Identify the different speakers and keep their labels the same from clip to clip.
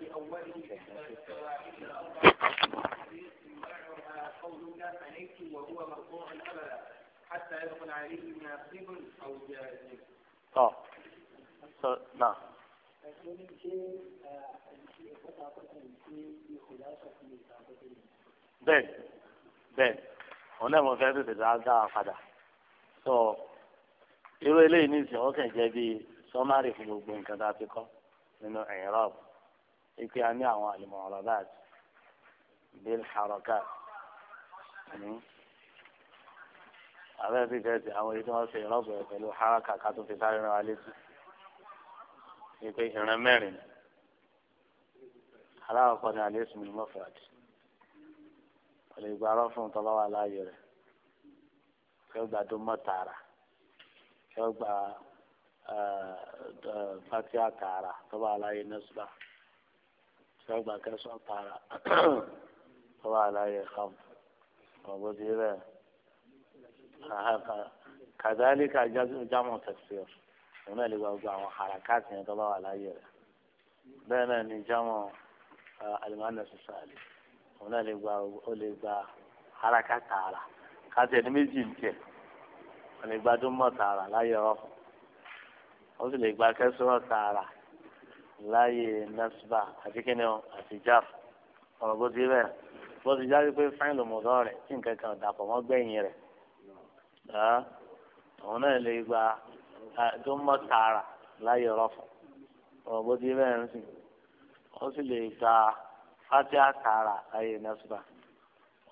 Speaker 1: في أوله يسمعها قولك فنيت وهو مرفوع أبدا حتى يدخل عليه ناصب أو جازم.
Speaker 2: آه. نعم. bẹ́ẹ̀ bẹ́ẹ̀ òun náà mo fẹ́ tètè dáadáa padà sọ irú eléyìí ní ìsìn ọkàn jẹ́ bíi sọmárì fún gbogbo nǹkan tá a ti kọ́ nínú ẹ̀yìn rọ́ọ̀bù ipe a ní àwọn al-mu'aradat bil-harakat abẹ́ ti gẹ̀ẹ́sì àwọn èyí tí wọ́n ṣe ìrọ́bù ẹ̀ pẹ̀lú haraka ká tó fi sáré rán wa létí ipe ìran mẹ́rin aláwọ̀kọ́ ni alẹ́ sùn ní mọ́fàdì pẹ̀lú ìgbàrọ́ fún tọ́lọ́wà láàyè rẹ̀ kí ó gbà tó mọ́ tààrà kí ó gbà eh, eh, fatia tààrà tọ́lọ́wà láàyè nọ́sùlá sọgbà kẹsàn tààrà ọba àlàyé kàm ọgbọ́n ti rẹ̀ kàdálíkà jámọ̀ tẹ̀síọ̀ òun náà lè gba gbogbo àwọn àràkàtì yẹn tó bá wà láyé rẹ̀ bẹ́ẹ̀ náà ni jámọ̀ alimánà sísàlẹ̀ òun náà lè gba ó lè gba àràkà tààrà kàtì ẹni méjì ń tiẹ̀ òun lè gba tààrà láyé ọ̀fọ̀ ó sì lè gba kẹsàn tààrà láyé nasba àti kíni o àti jaf ọ̀rọ̀ bó ti bẹ́ẹ̀ bó ti jáde pé fáìn ló mú dán rẹ̀ tí nǹkan kan dàpọ̀ mọ́ gbẹ̀yìn rẹ̀ àwọn náà lè gba tó mọ́ tààrà láyé rọ́fù ọ̀rọ̀ bó ti bẹ́ẹ̀ ń sìn ó sì lè gba fatia tààrà láyé nasba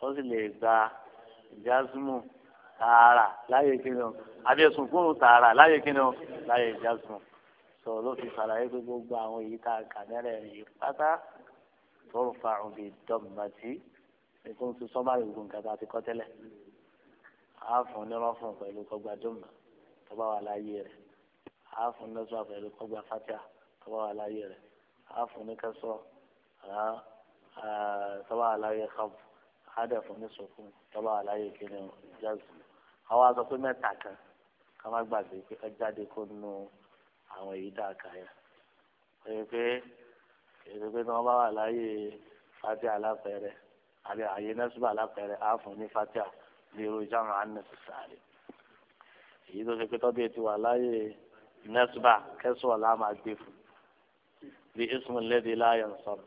Speaker 2: ó sì lè gba jazmu tààrà láyé kíni o àbí ẹ̀sùn kúrò tààrà láyé kíni o láyé jazmu sọ ló fi ṣàlàyé pé gbogbo àwọn èyí tá a kà nílẹ̀ yìí pátá tó ń fa òbí dọ́mọ̀tì ètò ń tún sọ́mà ìlú nǹkan tá a ti kọ́ tẹ́lẹ̀ á fún nírọ́ fún pẹ̀lú kọgbà dùnmọ̀ tó bá wà láyé rẹ̀ á fún nọ́sọ̀ pẹ̀lú kọgbà fatia tó bá wà láyé rẹ̀ á fún ní tó bá wà láyé kọ́bù á dẹ̀ fún ní tó bá wà láyé kíni jáàzù àwọn aṣọ pé mẹ́ta kan ká má gbàgbé pé ẹ jáde kó nù àwọn èyí tá a kà yẹn wọ́n yẹ pé èdè pé tí wọ́n bá wà láyé fati alápẹ̀rẹ̀ àbí àyè nẹ́sùbà alápẹ̀rẹ̀ àfọ̀ ní fati bí irú ìjàmù anẹ́sì sáré èyí tó ṣe pé tọ́bí ti wà láyé nẹ́sùbà kẹ́sùn ọ̀la máa gbé fún bí ismu lẹ́dí láyé sọ̀rọ̀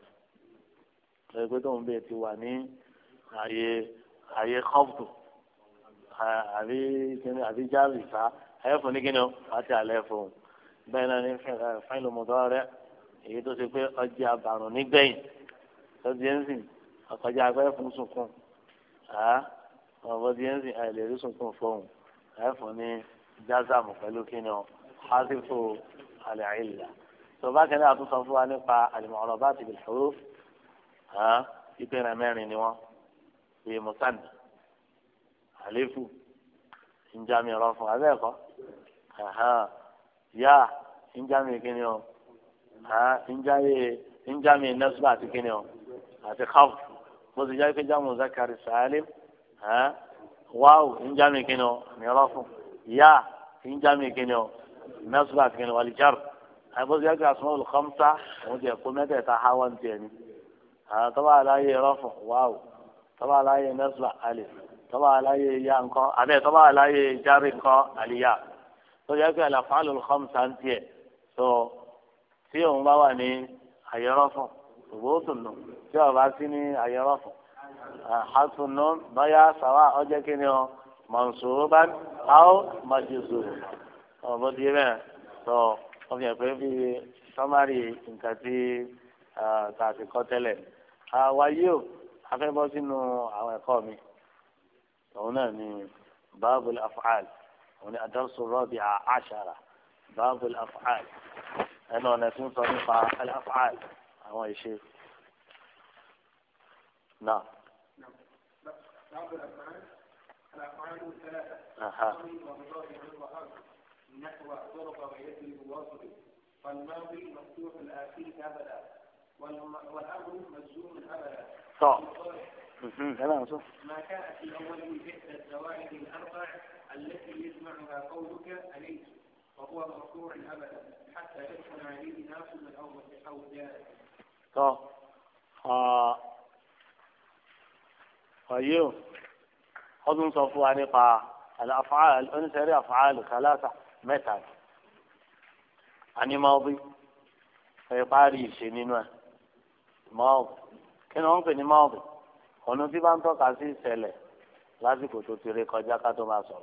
Speaker 2: lórí pé tóun bẹ́ẹ̀ ti wà ní àyè àyè kọ́fù àbí àbí jáàbì sá ẹ̀fọn ní kíni ó fati alẹ́ fún un bẹ́ẹ̀ náà ní fáìlì mọ̀tọ́rẹ́ èyí tó ṣe pé ọjà àbàrùn nígbẹ̀yìn tó di ẹ́ńsìn ọkọjà agbẹ́ fún sunkún àá ọ̀bọ di ẹ́ńsìn àìlè rí sunkún fóun ẹ̀fọn ní jazamu pẹ̀lú kí ni ọ hásìfò àlẹ́ àìlà tó bá kẹ́lẹ́ àtúntò fún wa nípa àlùmọ̀ọ́rọ̀ bá ti bẹ̀rẹ̀ fúrú àá ìpínlẹ̀ mẹ́rin ni wọ́n bíi musanna àléfù ń fún abẹ́ẹ̀kọ́ yá ìjámi kíni o ìjámi ìjámi nẹ́sùbà àti kíni o àti káfù bó ti jáde pé jámù zakari sàálìm wáwù ìjámi kíni o nírọ́ fún yá ìjámi kíni o nẹ́sùbà àti kíni o wàlíjàrù àbó ti jáde pé asọ́mọ́ olùkọ́mùsá òun ti ẹ̀kọ́ mẹ́tẹ̀ẹ̀ta háwá ń tiẹ̀ ni tọ́ba àlàyé rọ́fù wáwù tọ́ba àlàyé nẹ́sùbà àlè tọ́ba àlàyé yá nǹkan àbẹ́ tọ́ba àlàyé járe nǹkan àlìyá sọjá pé àlàfáà ló lọ́kọ́ mi sáńtì ẹ̀ sọ tí òun bá wà ní àyẹ̀rọ̀fọ̀ ṣùgbọ́n tó nù tí ò bá sí ní àyẹ̀rọ̀fọ̀ àtúnú báyà sàwà ọjọ́ kìíní ọ mọ̀nsòrò bá áwọ̀ mọ̀jòzò ọ̀bọ̀ di rẹ̀ sọ ọmọ ẹ̀pẹ́ bí sọ́márì nǹkan tí tààtì kọ́ tẹ́lẹ̀ àwáyé o afẹ́bọ́ àwọn ẹ̀kọ́ mi òun náà ni báàbù afaal. هنا الدرس الرابع عشرة باب الأفعال أنا نكون طريقة الأفعال هو شيخ نعم
Speaker 1: باب الأفعال الأفعال ثلاثة أها نحو ضرب ويدلب واضرب فالماضي مفتوح الآخر أبدا والأمر مجزوم أبدا طيب كلام ما كان في أوله إحدى الزوائد الأربع التي يسمعها قولك عليه فهو مقطوع أبدا حتى يدخل عليه ناقل أو أو جاهل.
Speaker 2: طيب ọdún sọ fún wa nípa àfààl oníṣẹ́rí àfààl kàlásà mẹ́ta animọ́bí ìparí ìṣe nínú ẹ̀ mọ́ọ̀bù kí ni wọ́n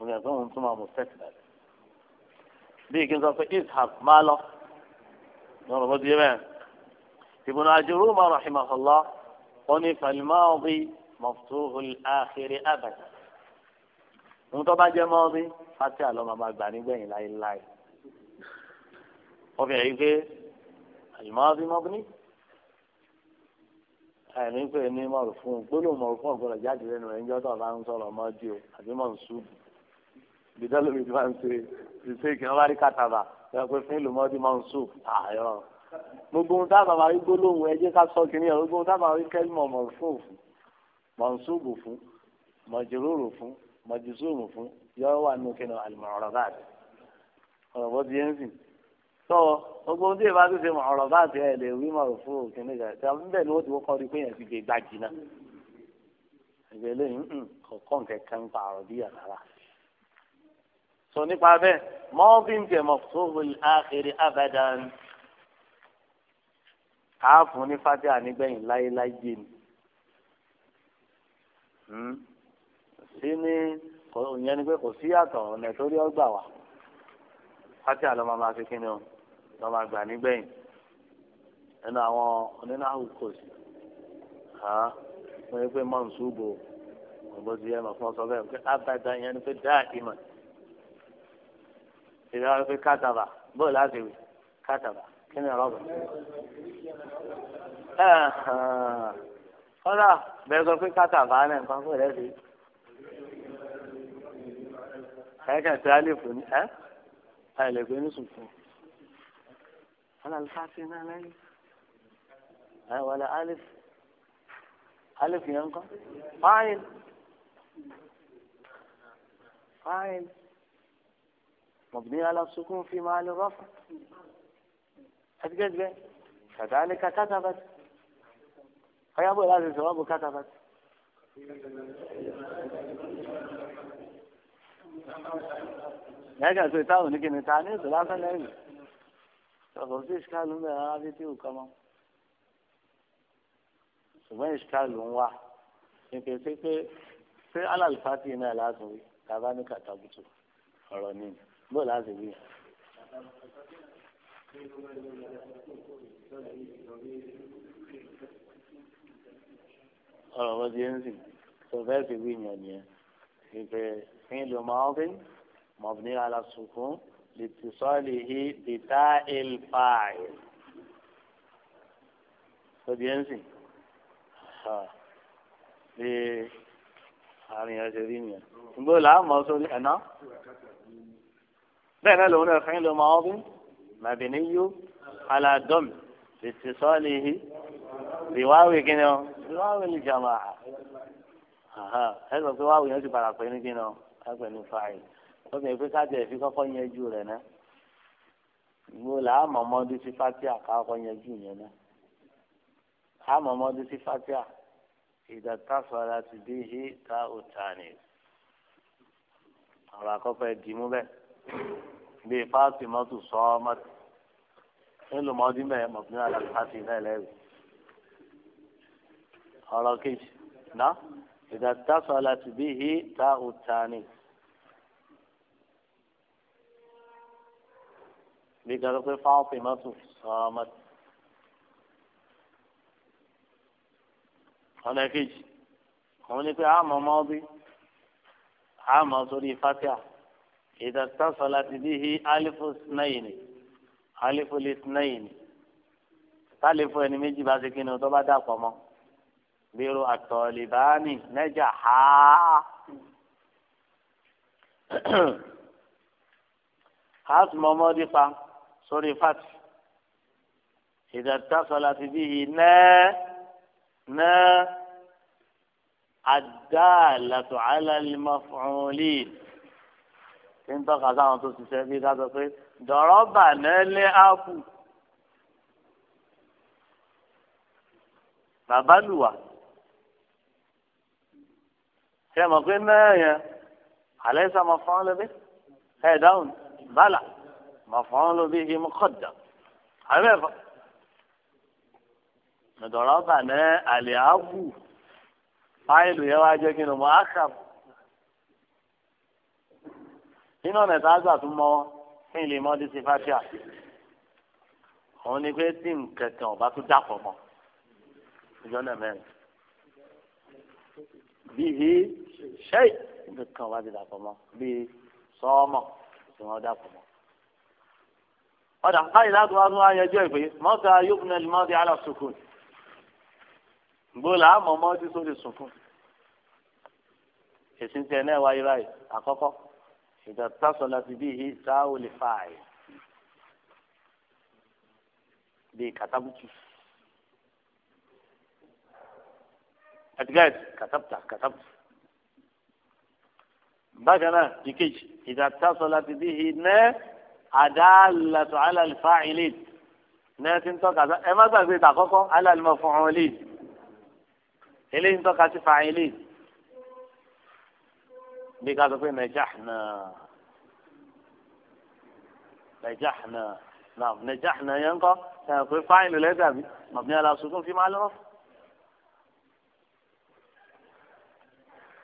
Speaker 2: òun yàtọ̀ òun tún máa mú sẹ́ẹ̀tì dàdé bí kí n sọ pé ishaq máa lọ ní ọ̀rọ̀ bó ti yé bẹ́ẹ̀ ibùdó àjòrò máa rahimahullah wọn ni falimáwọ́bí maftuhul akhiri abada òun tó bá jẹ́ mọ́ọ́bí fati àlọ́ máa máa gbà nígbẹ̀yìn láéláé wọ́n fi hàn yí pé àlùmọ́ọ́bí mọ́bí àìní pé ní mọ̀rùfún gbólóhùn mọ̀rùfún ọ̀gbọ́dọ̀ jáde ìdíjọ́ lómi ti máa ń ṣe ṣiṣẹ́ kí wọ́n bá rí kàtàbà ẹ pé fún ìlú máa ń sùn ààyọ́ gbogbo ohun bàbá rí gbólóhùn ká sọ gbogbo ohun bàbá rí fún fún fún yọ wà nù kí ni àlùmọ̀ọ́rọ̀ bá ti ọ̀rọ̀ sìn tọ́ gbogbo ohun tí ìbá ti ṣe mọ̀ọ́rọ̀ bá ti ẹ̀ lè fún tí a ń bẹ̀ So nípa bẹ́ẹ̀ mọ́ọ́bìn jẹ́ mọ̀fúnhùn àkèrè abadan káàfù ní fatiha nígbẹ̀yìn láyéláyé ni hmm? sí ní ìyẹn ni pé kò sí yàtọ̀ ọ̀nà tó rí ọgbà wá fatiha ló máa ma fi kíni o ló máa gbà nígbẹ̀yìn ẹnu àwọn onínáhù kò sí wọ́n yẹ pé mọ́ǹsúbò ọ̀gbọ́n ti yẹ mọ̀ fún ọ sọ bẹ́ẹ̀ pé abadan ìyẹn ni pé dáa ìmọ̀ ìdá wọn pé kátàbà bóòlù láti wí kátàbà kí ni rọ́bà. kọ́dà bẹ́ẹ̀ sọ pé kátàbà náà nǹkan fún ìrẹsì. ẹ̀ka tí a lè fò ní ẹ́ a lè gbé ní sùkùn. alàlùfáà ti náà lẹ́yìn. ẹ̀ wọlé alif alif yẹn ń kọ́ fáyìn مبني على السكون في محل الرفع هتجد كذلك كتبت فيا ابو لازم جوابه كتبت لكن سويتاو لكن تاني ثلاثة لعيبة فقلت إشكال هم هذه تيو كمان ṣùgbọ́n ìṣkàlù ń wà nípa ṣe pé ṣé alàlùfáàtì náà lásán wí tàbá bó láti wí. ọ̀rọ̀ wọn ti ń sìn tó bẹ́ẹ̀ sì wí yàn nìyẹn ìpè fún ìlú mọ́ọ́fín mọ̀bìnrin alásùnkún lè ti sọ́ọ̀lì hí bìtá ìlfààyè tó di ń sìn bí àárín ẹsẹ̀ rí nìyẹn. ìgbó làá mọ̀ sórí ẹ̀ náà bẹ́ẹ̀ náà lòun náà fẹ́ẹ́ lọ máa ọdún màbìní yó aládọ́m tètè sọ́ọ̀lì yìí ìwáwí kí ni ọ ìwáwí ni jàmà ẹ sọ pé wáwí yẹn ti padà pé ní kí ni ọ ẹ pè ní fàáyì ó sì ń pè káàdì ẹ̀ fi kọ́kọ́ yanjú rẹ̀ náà ìwọ là á mọ̀ ọmọdé sí fatia káàkọ́ yanjú yẹn náà á mọ̀ ọmọdé sí fatia ìdàtàfàlà ti dé yìí ká òtàn ni ọ̀rọ̀ àkọ́kọ́ ẹ̀ dì mú bẹ́ẹ̀ bíi fásimọ́tù sọ́ọ́mọ́tù nílùú mọ́dúnmẹ́ mọ̀tún àlàkàtì náà lẹ́rìí ọ̀rọ̀ kejì ná ìdàtàsọ láti bí hi ta òtani. bí gàdọ́ pé fásimọ́tù sọ́ọ́mọ́tù. ọ̀nà kejì òun ni pé àmọ́ mọ́bí àmọ́ sórí fásíà. إذا اتصلت به ألف اثنين ألف الاثنين تألف أن ميجي بازكين وطبع داقما بيرو الطالبان نجحا هات ممارقة صرفت إذا اتصلت به نا نا الدالة على المفعولين ṣe ń tọ́ka sáwọn tó ṣiṣẹ́ bí ká sọ pé dọ̀rọ́bà lẹ́lẹ́ áàpù bàbá lùwà ṣe mọ̀ pé náà yẹn àlẹ́ sá mọ̀ fọ́n lóbi ẹ̀ dáhùn bàlà mọ̀ fọ́n lóbi ìmú kọ̀dà àbẹ́fọ́ dọ̀rọ́bà náà àlẹ́ áàpù fáìlì yẹn wá jẹ́ kí ni mo á kà fún nínú ọ̀nà ìtajà tó mọ fún ilé mọ́ dísí fáṣíà òun ni pé tí nǹkan kan ọba tó dàpọ̀ mọ́ ìjọ náà mẹ́rin bíi ṣe nǹkan kan ọba ti dàpọ̀ mọ́ bíi sọ́ọ́mọ̀ tí wọ́n dàpọ̀ mọ́ ọ̀dà káyìí láti wá tún ayẹjọ́ ìpè mọ́ta yókùnà lèmọ́dé aláṣukùn gbọ́dọ̀ àmọ́ mọ́tí sórí sùkùn èsì tiẹ̀ náà wáyé báyìí àkọ́kọ́. إذا اتصلت به تاو لفاعل بكتبت أتقاد كتبت كتبت بكنا بكيش إذا اتصلت به نا أدالة على الفاعلين نا تنتقى إما تقول على المفعولين إليه تنتقى فاعلين bí ká sọ pé nàìjáhìnà nàìjáhìnà náà nàìjáhìnà yẹn ń kọ́ ẹ̀ pé fáìlì lẹ́gàbí màbí aláṣùkún fi máa lọ́wọ́.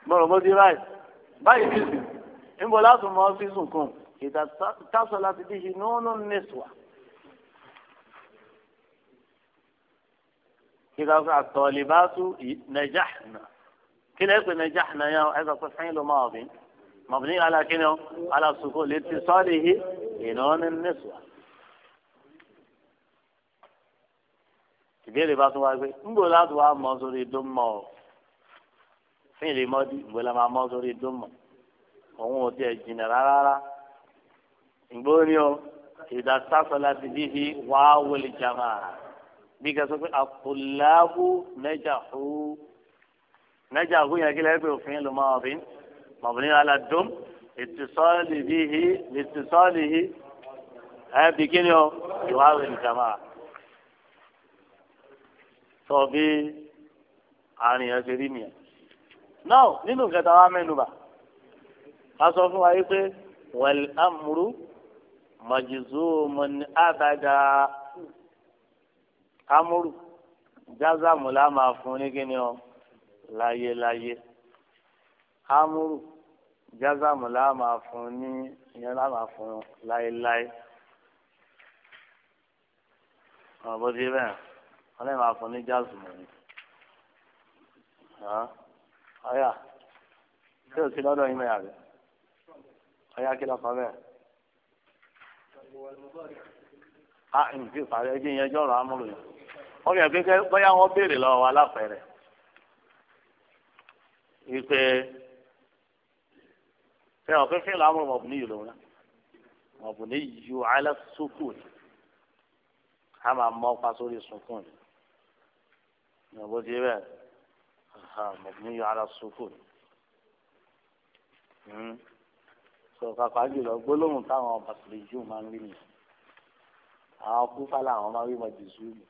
Speaker 2: mọ̀rọ̀ bó ti ráì báyìí ti sùn níbo láti mọ ọ́fíìsì kan ìta tásọ láti dí ṣe nínú nẹ́sùwà. kíkà sọ àtọ̀lẹ́bàtú nàìjáhìnà kí lẹ́yìn pé nàìjà nàìjà ẹ sọ pé fẹ́yìn ló máa ọ̀bí mọ̀bìnrin alákínní alásùkò lè ti sọ́ọ̀lì yìí ìnáwó ní nísùwà. ìbéèrè bá tún wá pé ń gbòòrò láti wá mọ sórí dómọ ọ fún ìlè mọdí ìgbò la máa mọ sórí dómọ òun ò tiẹ̀ jìnnà rárá ìgbóni o ìdásásọlá ti bí fi wàá wọlé jama bí kẹsàn-án pé àpòláàbù mẹjà fún nẹ́jà ògùn yẹn kílẹ̀ pé òfin ló máa bí mọ̀bìnrin aládùn ìtìsọ́ọ̀lì bíi ìtìsọ́ọ̀lì yìí ẹ̀ bí kíni o ìwáwé nìjàmá sọ bí àárín yẹn ṣe rí nìyẹn. náà nínú kẹta wa mẹ́nuba a sọ fún wa yìí pé wal amru majzumun abada amúrù jázámù la máa fún ní kíni o láyéláyé amúrù jázámù la máa fún ní ìyẹn la máa fún láéláé ọ̀nà bó ti bẹ́ẹ̀ wọ́n lè máa fún ní jázámù ni ọ̀yà tí o ti lọ́dọ̀ yín mẹ́yà rẹ̀ ọ̀yà kí lọ́kọ̀ bẹ́ẹ̀. a ǹjẹ́ ìpàdé ẹjẹ́ ìyẹn jọ̀rọ̀ amúrù yẹn wọ́n yẹ kékeré bóyá wọ́n béèrè lọ́wọ́ alápẹ̀rẹ̀ wípé ṣé ọ̀fẹ́ fẹ́ làwọn ọmọ ọ̀bùn níyì lòun náà ọ̀bùn níyì yóò alẹ́ sókùn ni a máa mọ ọ̀pá sórí sunkún ni ìyàbọ̀ ti bẹ́ẹ̀ ọ̀bùn níyì alẹ́ sókùn ni hmm. sọ pàpà jùlọ gbólóhùn táwọn ọba sọ̀rọ̀ ìjú máa ń rí ni àwọn kúfà làwọn máa ń rí mọ́jú sùúrù.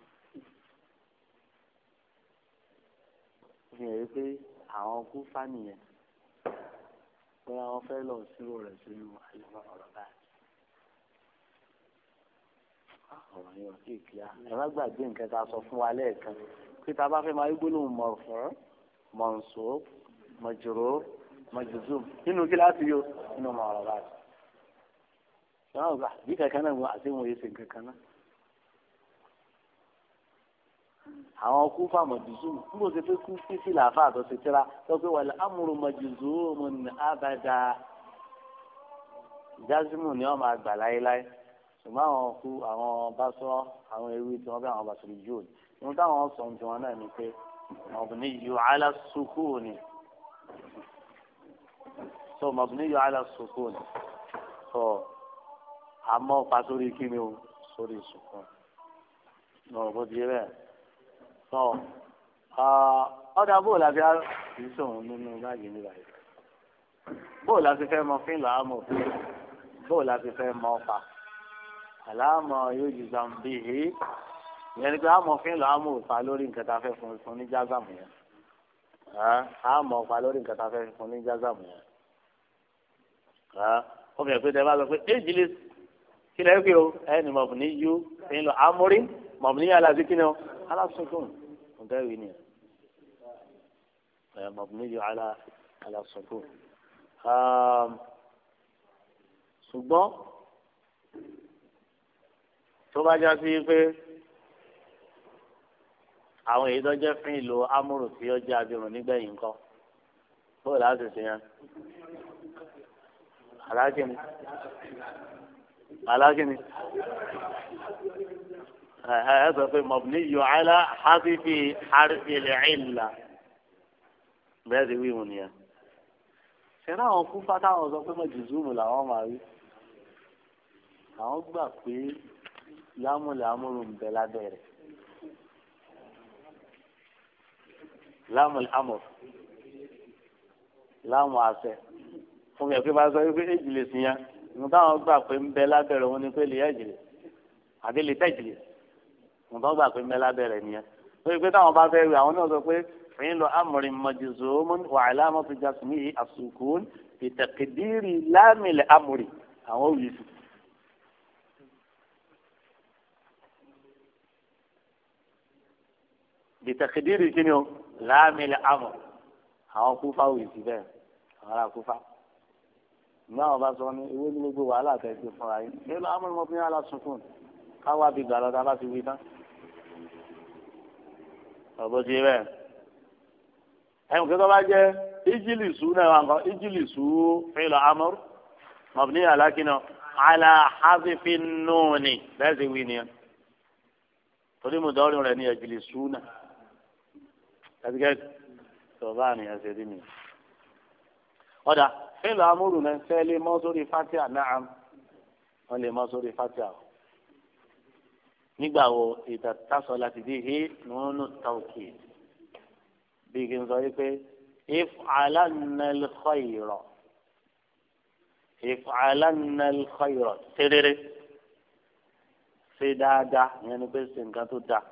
Speaker 2: ìyẹn pé àwọn kúfà nìyẹn pé àwọn fẹ́ lọ sírò rẹ̀ sínú àyẹ̀wò ọ̀rọ̀ báyìí. ọ̀rọ̀ yẹn ò tíì kíá ẹ má gbàgbé nǹkan tá a sọ fún wa lẹ́ẹ̀kan pé tá a bá fẹ́ máa rí gbólóhùn mọ̀fọ́ mọ̀nsó mọ̀jòrò mọ̀jùzùm nínú kíláàsì yóò nínú ọ̀rọ̀ báyìí. bí kankan náà àti wọn ṣe nǹkan náà. àwọn kú fáwọn jùzú níbo ṣe pé kú fífi làáfà àtọ́sí tíra sọ pé wàlẹ̀ amúrò mọ jùzú mo ní abada jazimu ni wọn máa gbà láéláé ṣùgbọ́n àwọn kú àwọn bá sọ àwọn ewé tí wọ́n bá àwọn bàtò lè jù òní ohun táwọn sọ ohun tí wọn náà ni pé mọ̀bùnì yóò ala sukuni so mọ̀bùnì yóò ala sukuni so àmọ́ pa sórí kí ni o sórí sukuni. Não, vou dizer, é sọ uh, ọ̀dà bóòlù àti àìsàn nínú báyìí nígbà yìí bóòlù àti fẹ́ mọ fílà àmọ̀ fílà bóòlù àti fẹ́ mọ ọ̀fà àlámọ̀ yóò jù zàmbí yìí ìyẹn ni pé àmọ̀ fílà àmọ̀ ọ̀fà lórí nǹkan tá a fẹ́ fún ní jágàmù yẹn àmọ̀ ọ̀fà lórí nǹkan tá a fẹ́ fún ní jágàmù yẹn ọmọ ẹgbẹ́ tẹ bá sọ pé éjìlélẹ́sì kí lẹ́yìn pé o ẹni mọ̀mùní yú ẹni lọ amúrí mọ̀mùní yàrá sí kí ni o. على السكون مداويني مبني على على السكون ṣùgbọ́n tó bá já sí pé àwọn èyí tó jẹ́ fún ìlò amúrù tí ó jẹ́ abirùn nígbẹ̀yìn nǹkan bóyá láti ṣe yẹn aláàkíní aláàkíní ẹ sọ pé mọ̀bìlì yọ àlà hafifi harfilẹ̀ ìlà bẹ́ẹ̀ ti wí wọn nìyẹn. ṣẹlẹ àwọn kú fátáwọn sọ pé mọ̀jùzúmù làwọn máa rí àwọn gbà pé lámùlẹ̀ amúrù ń bẹ lábẹ́ rẹ̀ lámùlẹ̀ amúr lámù àṣẹ fún mi ẹ̀ pé bá sọ pé èjìlè sí yẹn nǹkan táwọn gbà pé ń bẹ lábẹ́ rẹ̀ wọn ni pé lè yẹ jìlè àbí lè tẹ̀ jìlè mo bá gbà pé mẹ́lá bẹ̀rẹ̀ nìyẹn lórí pé táwọn bá fẹ́ rí àwọn náà sọ pé fìyín lọ amòrin mọ̀jìzó wà aláàmọ́ fi jasumi yìí àsùkún ìtẹ̀kìdírì láàmìlẹ̀ amòrin àwọn òyìn sí. ìtẹ̀kìdírì kí ni o láàmìlẹ̀ amọ̀ àwọn kúfà òyìn sí bẹ́ẹ̀ àwọn ará kúfà náà bá sọ ní ewé ní gbogbo wàhálà tẹ̀sí fúnra yìí ṣé lọ́ amòrin mọ̀ fi hàn lásùkún káwá bí gbàlọ́dá bá ti wí tán ọ̀bọ̀ ti bẹ́ẹ̀ ẹ̀wọ̀n kí tó bá jẹ́ ìjìlì sùn náà wà nǹkan ìjìlì sùn fìlọ amọ́rù mọ̀bìnrin ní alákínà àlà hazifi nùní bẹ́ẹ̀ sì wí ni ẹ̀ torí mo dọ́rin rẹ̀ ní ìjìlì sùn náà ẹ̀dígẹ́ tó bá ní ẹsẹ̀ dì mí. ọ̀dà fìlọ amọ́rù náà fẹ́ lè mọ́ sórí fatia náà wọ́n lè mọ́ sórí fatia o nígbà wo ìtàtàsọ láti bí hí nùnú tàwùkì bí kì ń sọ yìí pé ìfàlànàlùkọ̀yìrọ̀ ìfàlànàlùkọ̀yìrọ̀ téréré ṣe dáadáa ìyẹn ni pé ṣe nǹkan tó dáa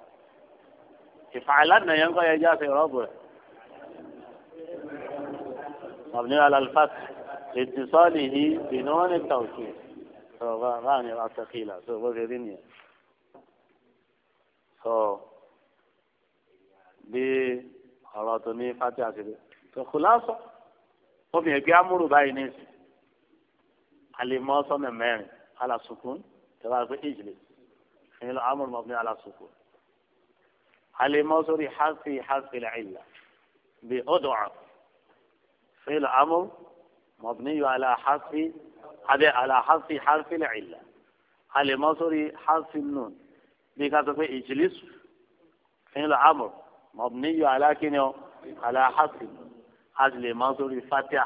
Speaker 2: ìfàlànà yẹn ń kọ́ yẹn já sí rọ́ọ̀bù rẹ̀ mabni alalfat ìtìsọ́ọ̀lì yìí ìnáwó ní tàwùkì sọ̀rọ̀ bá ní àtàkìlà sọ̀rọ̀ bó ṣe rí nìyẹn sọ bí ọ̀rọ̀ tó ní fati àṣírí tòkù lásán obìnrin ẹgbẹ́ amúrù báyìí ní ìsìn àlèmọ́ sọ́nà mẹ́rin alásùkún tẹ́lá pé ìjìlẹ̀ ìyẹn lọ amúrù mọ́ fún alásùkún àlèmọ́ sórí hasi hasi làìlà bí ọ̀dọ̀ àpò فعل الأمر مبني على حذف على حذف حرف العلة على مصر حذف النون bí ká sọ pé ìjìlísù fún ilẹ̀ amọ̀ mọ̀bùníyọ̀ alákíní ọ aláhàsì àti lè máa sórí fatia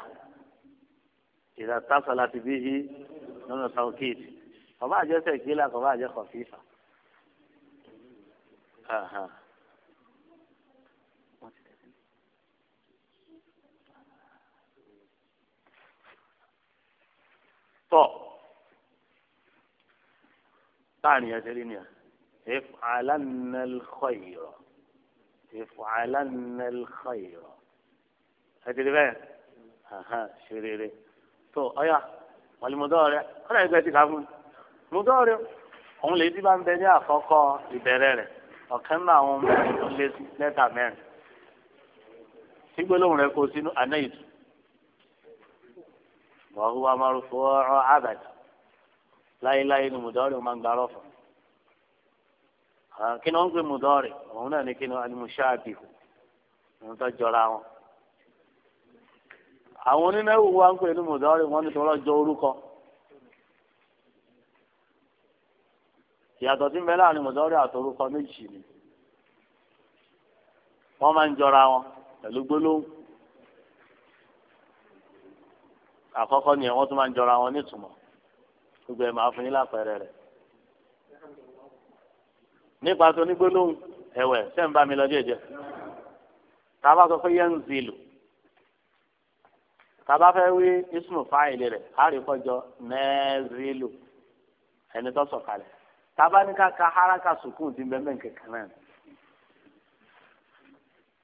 Speaker 2: ìdàtàsọ̀ láti bí i nínú sankit kọ̀bá àjẹsẹ̀ kílà kọ̀bá àjẹkọ̀ fífa. tọ́ táà nìyẹn ṣe rí nìyẹn. افعلن الخير افعلن الخير هتدي بقى اها شريري تو ايا والمضارع انا عايزك تعرفوا مضارع òun lè ti bá ń bẹ ní àkọ́kọ́ ìbẹ̀rẹ̀ rẹ̀ ọ̀kan náà àwọn ọmọ rẹ̀ ló lé lẹ́tà mẹ́rin sígbélóhùn rẹ̀ kó sínú anáyìtú wàhùwà márùfọ́ ọ̀rọ̀ àbàdà láéláé ni mùdọ́rì máa ń gbárọ̀ fún un kí ni wọ́n ń pè mùdọ́rì òun náà ní kí ni alimusabi òun tó jọra wọn. àwọn onínáwó wa ń pè ní mùdọ́rì wọ́n ní tọ́lọ́ jọ orúkọ. ìyàtọ̀ tí ń bẹ láàrin mùdọ́rì àtọrúkọ méjì ni wọ́n máa ń jọra wọn pẹ̀lú gbólóhùn. àkọ́kọ́ ni wọ́n tún máa ń jọra wọn nítumọ̀ gbogbo ẹ̀ máa fún yín lápẹẹrẹ rẹ̀ nípa tó ní gbólóhùn ẹ̀wẹ̀ ṣé ń bá mi lọ díẹ̀ díẹ̀ sọ pé yẹn ń zilu tá a wí ismu fáìlì rẹ̀ á rí kọjọ nẹ́ẹ̀zilu ẹni tó sọ̀kalẹ̀ tá a bá ní ká ka haraka sukùn ti bẹ́ẹ̀ mẹ́ǹkẹ̀ kan náà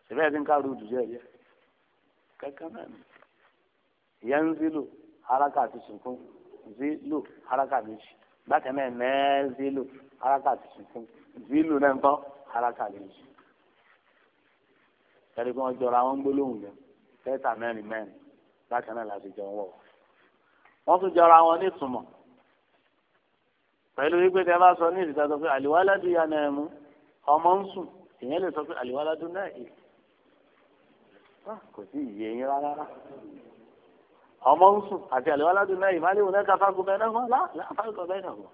Speaker 2: ti ń ká rúdù díẹ̀ díẹ̀ kankan náà yẹn ń zilu haraka àti sukùn zilu haraka méjì bákan náà nẹ́ẹ̀zilu haraka àti sukùn zilu náà ń kọ́ haraka lè jù ẹni kí wọ́n jọra wọn gbólóhùn yẹn tẹ́tà mẹ́rin mẹ́rin bákan náà láti jọ wọ̀ wọ́n tún jọra wọn ní ìtumọ̀ pẹ̀lú wípé tẹ́ bá sọ ní ìdíta sọ pé àlìwáládù ya náà mú ọmọ ń sùn ìyẹn lè sọ pé àlìwáládù náà yìí ah, kò sí ìyẹ yín rárá ọmọ ń sùn àti àlìwáládù náà yìí má léwu náà ká fágùn bẹ́ẹ̀ náà wọ́n láfágùn bẹ́ẹ̀ náà wọ́n.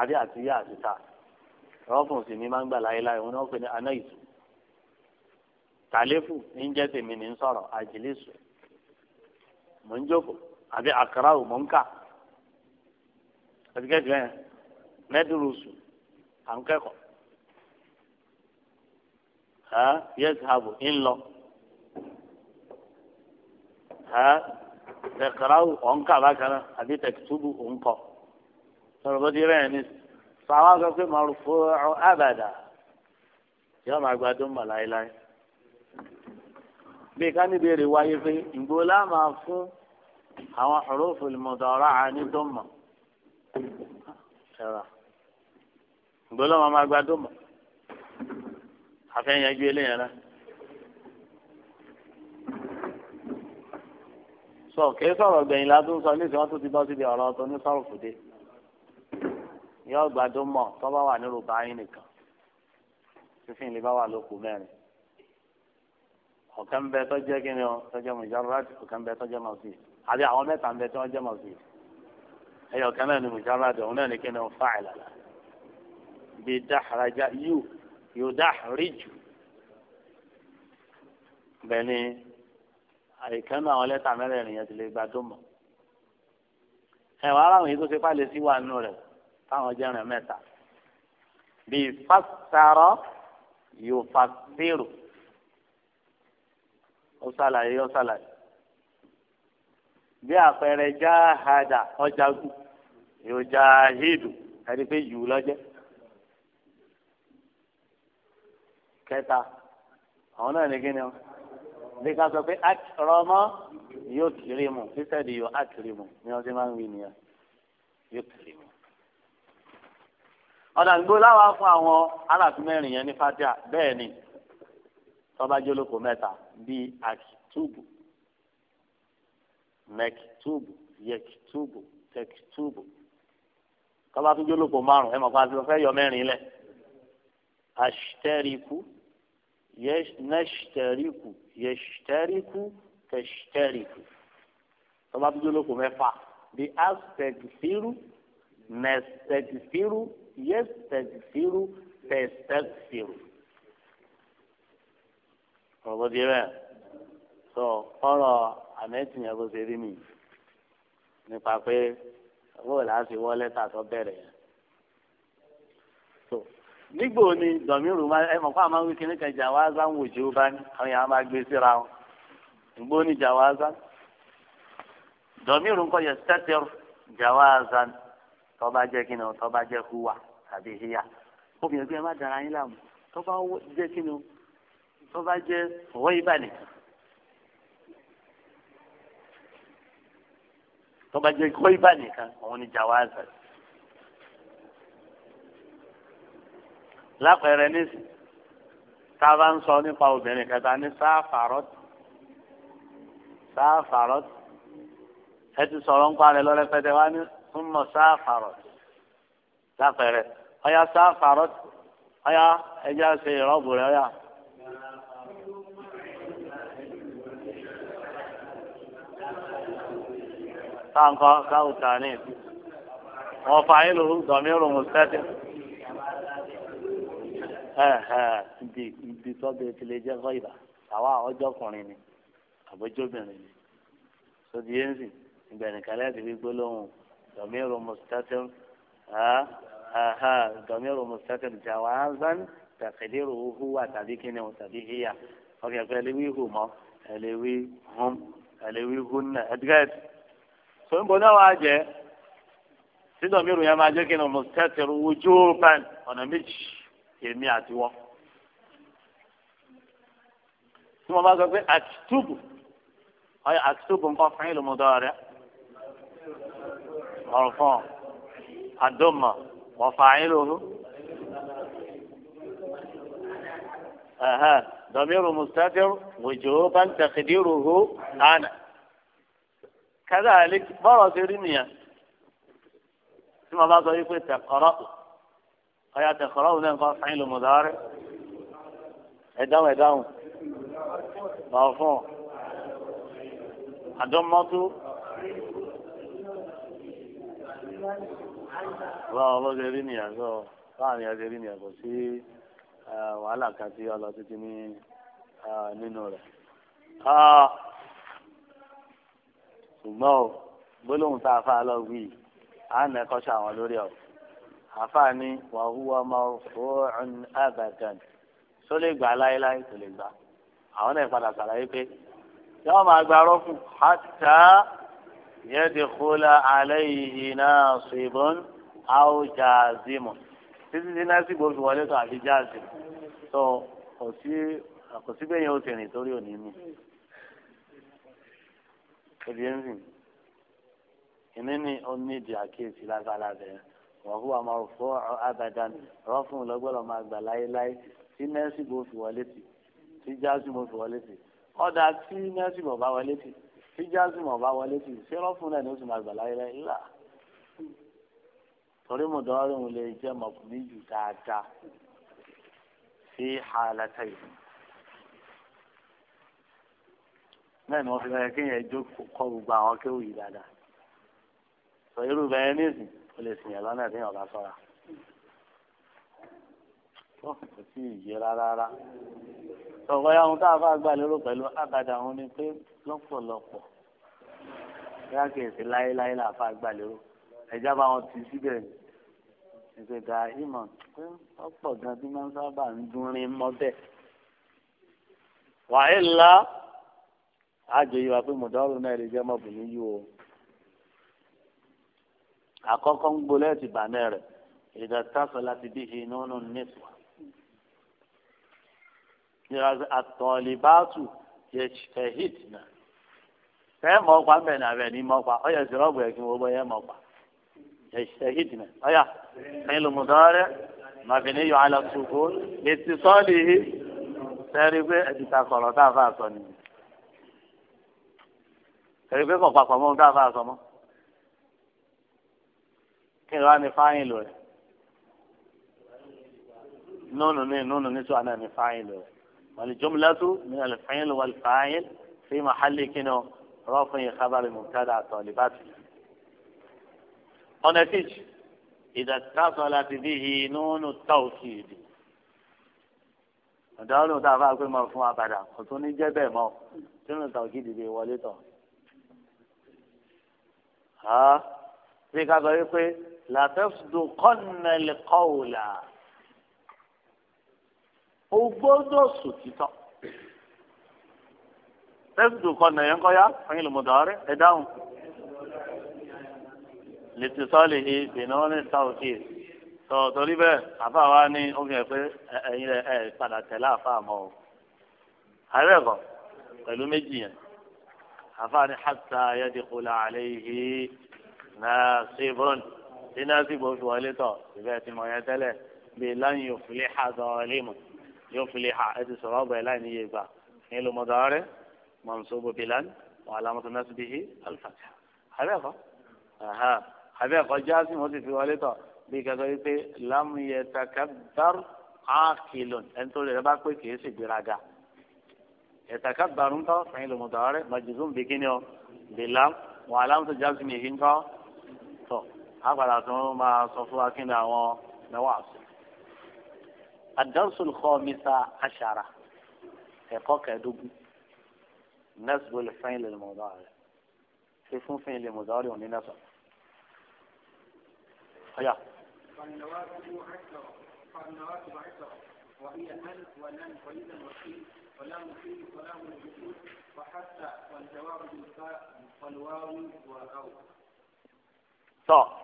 Speaker 2: àbí àti ìyá àti ta rọ́fùn sì ni máa ń gbà láéláé òun náà pè ní anáìtù tàlẹ́fù ń jẹ́ tèmi ní sọ̀rọ̀ àjìlẹ́sù mò ń jókòó àbí àkàrà ò mò ń kà bẹ́ẹ̀ à ń kẹ́kọ̀ọ́ lọ bákan náà àbí sọ̀rọ̀ bó ti rẹ̀ ní fàwa sọ pé màrúfò àbàdà yóò máa gba tó ń bọ̀ láéláé bí ká níbi èrè wáyé pé ìgbóòlá máa fún àwọn hurufu al-mudara'a ní tó mọ̀ ẹ̀rọ ìgbóòlá máa máa gba tó mọ̀ àfẹ́yẹ́jú eléyẹn náà. sọ kìí sọ̀rọ̀ gbẹ̀yìn la sọ ní ìsìn wọn tó ti bọ́ síbi ọ̀rọ̀ ọ̀tọ̀ ní sọ̀rọ̀ fòde yọ gbàdó mọ̀ tó bá wà nírú báyìí nìkan fífi ìlú bá wà lóko mẹ́rin ọ̀kan bẹ tó jẹ́ kí ni ọ tó jẹ́ mujarrat ọ̀kan bẹ tó jẹ́ mọ̀sí àbí àwọn mẹ́ta ń bẹ tó jẹ́ mọ̀sí ẹ̀yọ̀ kan náà ni mujarrat òun náà ni kí ni ọ fa'ala bí dáhàrájà yóò yóò dáhàríjù bẹ́ẹ̀ ni àìkan náà àwọn lẹ́tà mẹ́rẹ̀ẹ̀rin yẹn ti lè gbàdó mọ̀ ẹ̀ wàá ráwọn yìí tó ṣe pálẹ̀ sí wà nínú rẹ̀ táwọn jẹ́rìn mẹ́ta bíi fásitárọ́ yóò fásitérò ó ṣàlàyé ó ṣàlàyé bí àpẹẹrẹ jáhàdà ọjàgùn yóò jáhìdù ẹni pé yù lọ́jẹ́ kẹta àwọn náà ní kíni ọ bí ká sọ pé àtìrọmọ yóò kiri mu sísẹ́ẹ̀dì yóò àkiri mu ni wọ́n ti máa ń wí nìyẹn yóò kiri mu ọ̀nà àgbo láwa fún àwọn aláàfin mẹ́rin yẹn ní fatia bẹ́ẹ̀ ni tọ́ba jólókòó mẹ́ta bíi akitubu mẹkitubu yẹkitubu tẹkitubu tọ́ba tún jólókòó márùn ẹ̀ mọ̀ pa àti fẹ́ yọ mẹ́rin lẹ̀ ashtariku nashtariku yashtariku tashtariku tọ́ba tún jólókòó mẹ́fà bíi astagfiru nẹstagfiru. yẹ́sítẹ́gìfìrú tẹ́sítẹ́gìfìrú. siru di rẹ̀ sọ ọ̀rọ̀ àmẹ́tìyàn bó ṣe rí mi nípa pé owó lẹ́tà tó bẹ̀rẹ̀ yẹn. nígbò ni dọ̀míìrù ẹ fún àwọn wí kíní kan bá ní àwọn yàrá máa gbé síra wọn nígbò ni ń tọ́ba jẹ́ kí ni o tọ́ba jẹ́ húwa tàbí híyà obìnrin pé ẹ má dara yín láàmú tọ́ba jẹ́ kí ni o tọ́ba jẹ́ ọ̀wọ́ ìbàdàn tọ́ba jẹ́ kọ́ ìbàdàn kan òun ni jàwáàzà lápẹẹrẹ nísìnyí tá a bá ń sọ nípa obìnrin kẹta ní sáfàrọ́t sáfàrọ́t ẹ ti sọ̀rọ̀ ń parẹ́ lọ́rẹ́pẹ́tẹ́ wá ní. ثم سافرت سافرت هيا سافرت هيا اجا سيرابو هيا كان كاو تانيب وفاعله ضمير مستتر ibi ibi tọ́bi ti lè jẹ́ gọ́ìbà àwa ọjọ́kùnrin ni àbójóbìnrin ni sọdí yẹn sì ìgbẹ̀nìkan lẹ́ẹ̀dì gbígbó lóhùn ضمير مستتر ها ها ضمير مستتر جوازا تقديره هو تبي كنا وتبي هي فكيف لوي هما لوي هم لوي هن أدقات سوين بنا واجه sí ضمير يا ما جاكين مستتر وجوبا أنا مش يمي أتوا ثم ما قلت أكتب أي أكتب نقف فعل مضارع مرفوع الضمة وفاعله أها ضمير مستتر وجوبا تقديره أنا كذلك برز رمية ثم بعض يقول تقرأ أيا تقرأ نقرأ فعل مضارع إدام إدام مرفوع الضمة ọlọ́wọ́ bó ṣe rí nìyà sọ láàrin ẹsẹ̀ rí nìyà kò sí wàhálà kan tí ọlọ títí ní nínú rẹ̀. ṣùgbọ́n o gbólóhùn tá a fà lọ wí à ń nẹ́kọ́ṣọ àwọn lórí ọ̀ àfáà ní wàhúwà máa fọ́ ọ̀n àbàdàn só lè gbà láéláé kò lè gbà àwọn náà padà sàlàyé pé yọ́n máa gba rọ́ọ̀fù hátà yẹ́dìkúlá aláìhì náà ṣìbọn áwò jáàzìmù títí tí násìkò fi wọlé tó àfi jáàzìmù tó kò sí kò sí bẹ́ẹ̀ yẹn ó ti rìn torí òní mi. Ebienzi ìní ni ó ní ìdí àkíyèsí lágbára bẹ́ẹ̀ wọ́n hùwà máa fọ́ abadan rọ́fún lọ́gbọ́dọ̀ máa gbà láéláé tí nẹ́ẹ̀sì bò fi wọlé tì tí jáàzìmù fi wọlé tì ọ̀dà tí nẹ́ẹ̀sì bò bá wọlé tì fíjásìmọ̀ bá wọlé sí ìṣẹ́rọ́ fún náà ní oṣù màgbà láyé rẹ̀ ńlá torí mo dọ́rọ̀ òun lè jẹ́ mọ̀kùnrin jù dáadáa sí àlàtà yìí. náà ni wọ́n fi bẹ́ẹ̀ kéèyàn jókòó kọ́ gbogbo àwọn kéwì yìí dáadáa sọ irú bẹ́ẹ̀ nísìn ó lè sìn yẹn lọ́nà tí yẹn ọ̀gá sọ́ra tó kò sí ìyẹ rárá sọ̀rọ̀ ya ohun tá a bá gbà lérò pẹ̀lú àbàdà òun ni pé lọ́pọ̀lọpọ̀ yá kìí sí láéláé là fà gbà lérò ẹ̀já bá wọn ti síbẹ̀ ìgbẹ̀dà ìmọ̀ pé ọ̀pọ̀ gan tí máa ń sábà ń dúnrin mọ́ bẹ́ẹ̀. wàhálà ńlá àjò yìí wà pé mọ̀dọ́rù náà lè jẹ́ mọ̀bìnrin yìí o. àkọ́kọ́ ń gbolẹ́ ti bàmẹ́ rẹ̀ ìdàtàfẹ́ láti bí inú nù nísùn. ìrànṣẹ́ àtọ̀lìbátù yẹ̀tẹ̀hìtìnà fẹ́ mọ̀ pa mẹ́rin àbẹ̀ ní mọ̀ pa ọ̀yà ìṣòrọ̀bù ẹ̀ kí wọ́n bọ́ yẹ mọ̀ pa yẹ̀tẹ̀hìtìnà ọ̀yà ìlùmùdọ́rẹ́ màfìníyàn alàtúkò ètí sọ́ọ̀lì yìí sẹ́rí pé ẹ̀dìtà kọ̀rọ̀ tá a fà sọ nìyí sẹ́rí ọkwa kọ̀pà pọ̀ mọ́ tá a fà oh, sọ والجملة من الفعل والفاعل في محل كنو رفع خبر مبتدع طالبات ونتيج إذا اتصلت به نون التوكيد دارو دافع كل مرفوع بعد خطوني جبه ما نون التوكيد دي ها في كذا يقول لا تصدقن القول o gbọ́dọ̀ sòtítọ́ tẹsítù kan nàyẹn kọ ya fẹyìn lùmọdàárẹ ẹ dáhùn lẹtìsọlì yìí bìnnà wọn ní sáwùtì yìí tọ torí bẹ́ẹ̀ àfa wa ní omi ẹ pé ẹ̀yin ẹ ẹ padà tẹ̀lé àfa àmọ́ o àárẹ kọ pẹ̀lú méjì yẹn àfa ní hàtà yadikula àlẹyìí náà ṣèbọn tí náà sì gbọ́ wọlé tọ̀ ìbẹ́ẹ̀ tí mo yẹn tẹ́lẹ̀ bí láyìn òfìlẹ̀ àzọ̀ ọ̀lẹ́mọ̀ yóò fi lè ha ẹ ti sọ̀rọ̀ ọ̀bẹ láì níye gbà ní ìlú mọ̀dọ́rẹ́ mọ̀nsóbó bilan wọn alámọ̀tò náà ti bí hi alifatiha abẹ́ẹ̀kọ́ abẹ́ẹ̀kọ́ jáàsì wọn ti fi wọlé tọ̀ bí kẹ́kọ́ yìí pé lámúyẹ̀tàkàbàr ákìlọ̀n ẹni tó lè rẹ bá pé kìí sì gbéraga ẹ̀tàkàbàrún tọ́ fún ìlú mọ̀dọ́rẹ́ mọ̀jùzùm bikini ọ bilan wọn alámọ̀tò jáàsì mi yìí ń kọ́ tọ̀ á padà tún máa sọ fún wa àwọn mẹ́wàá sí. الدرس الخامس عشرة حقاك دب نسب الفعل للمضارع في اسم فعل وني نسب هيا
Speaker 1: فالنواتب عشرة فالنواتب عشرة وهي أن ولن وإذا وحيد ولام في ولام الوجود وحتى والجواب بالفاء والواو والأو.
Speaker 2: صح.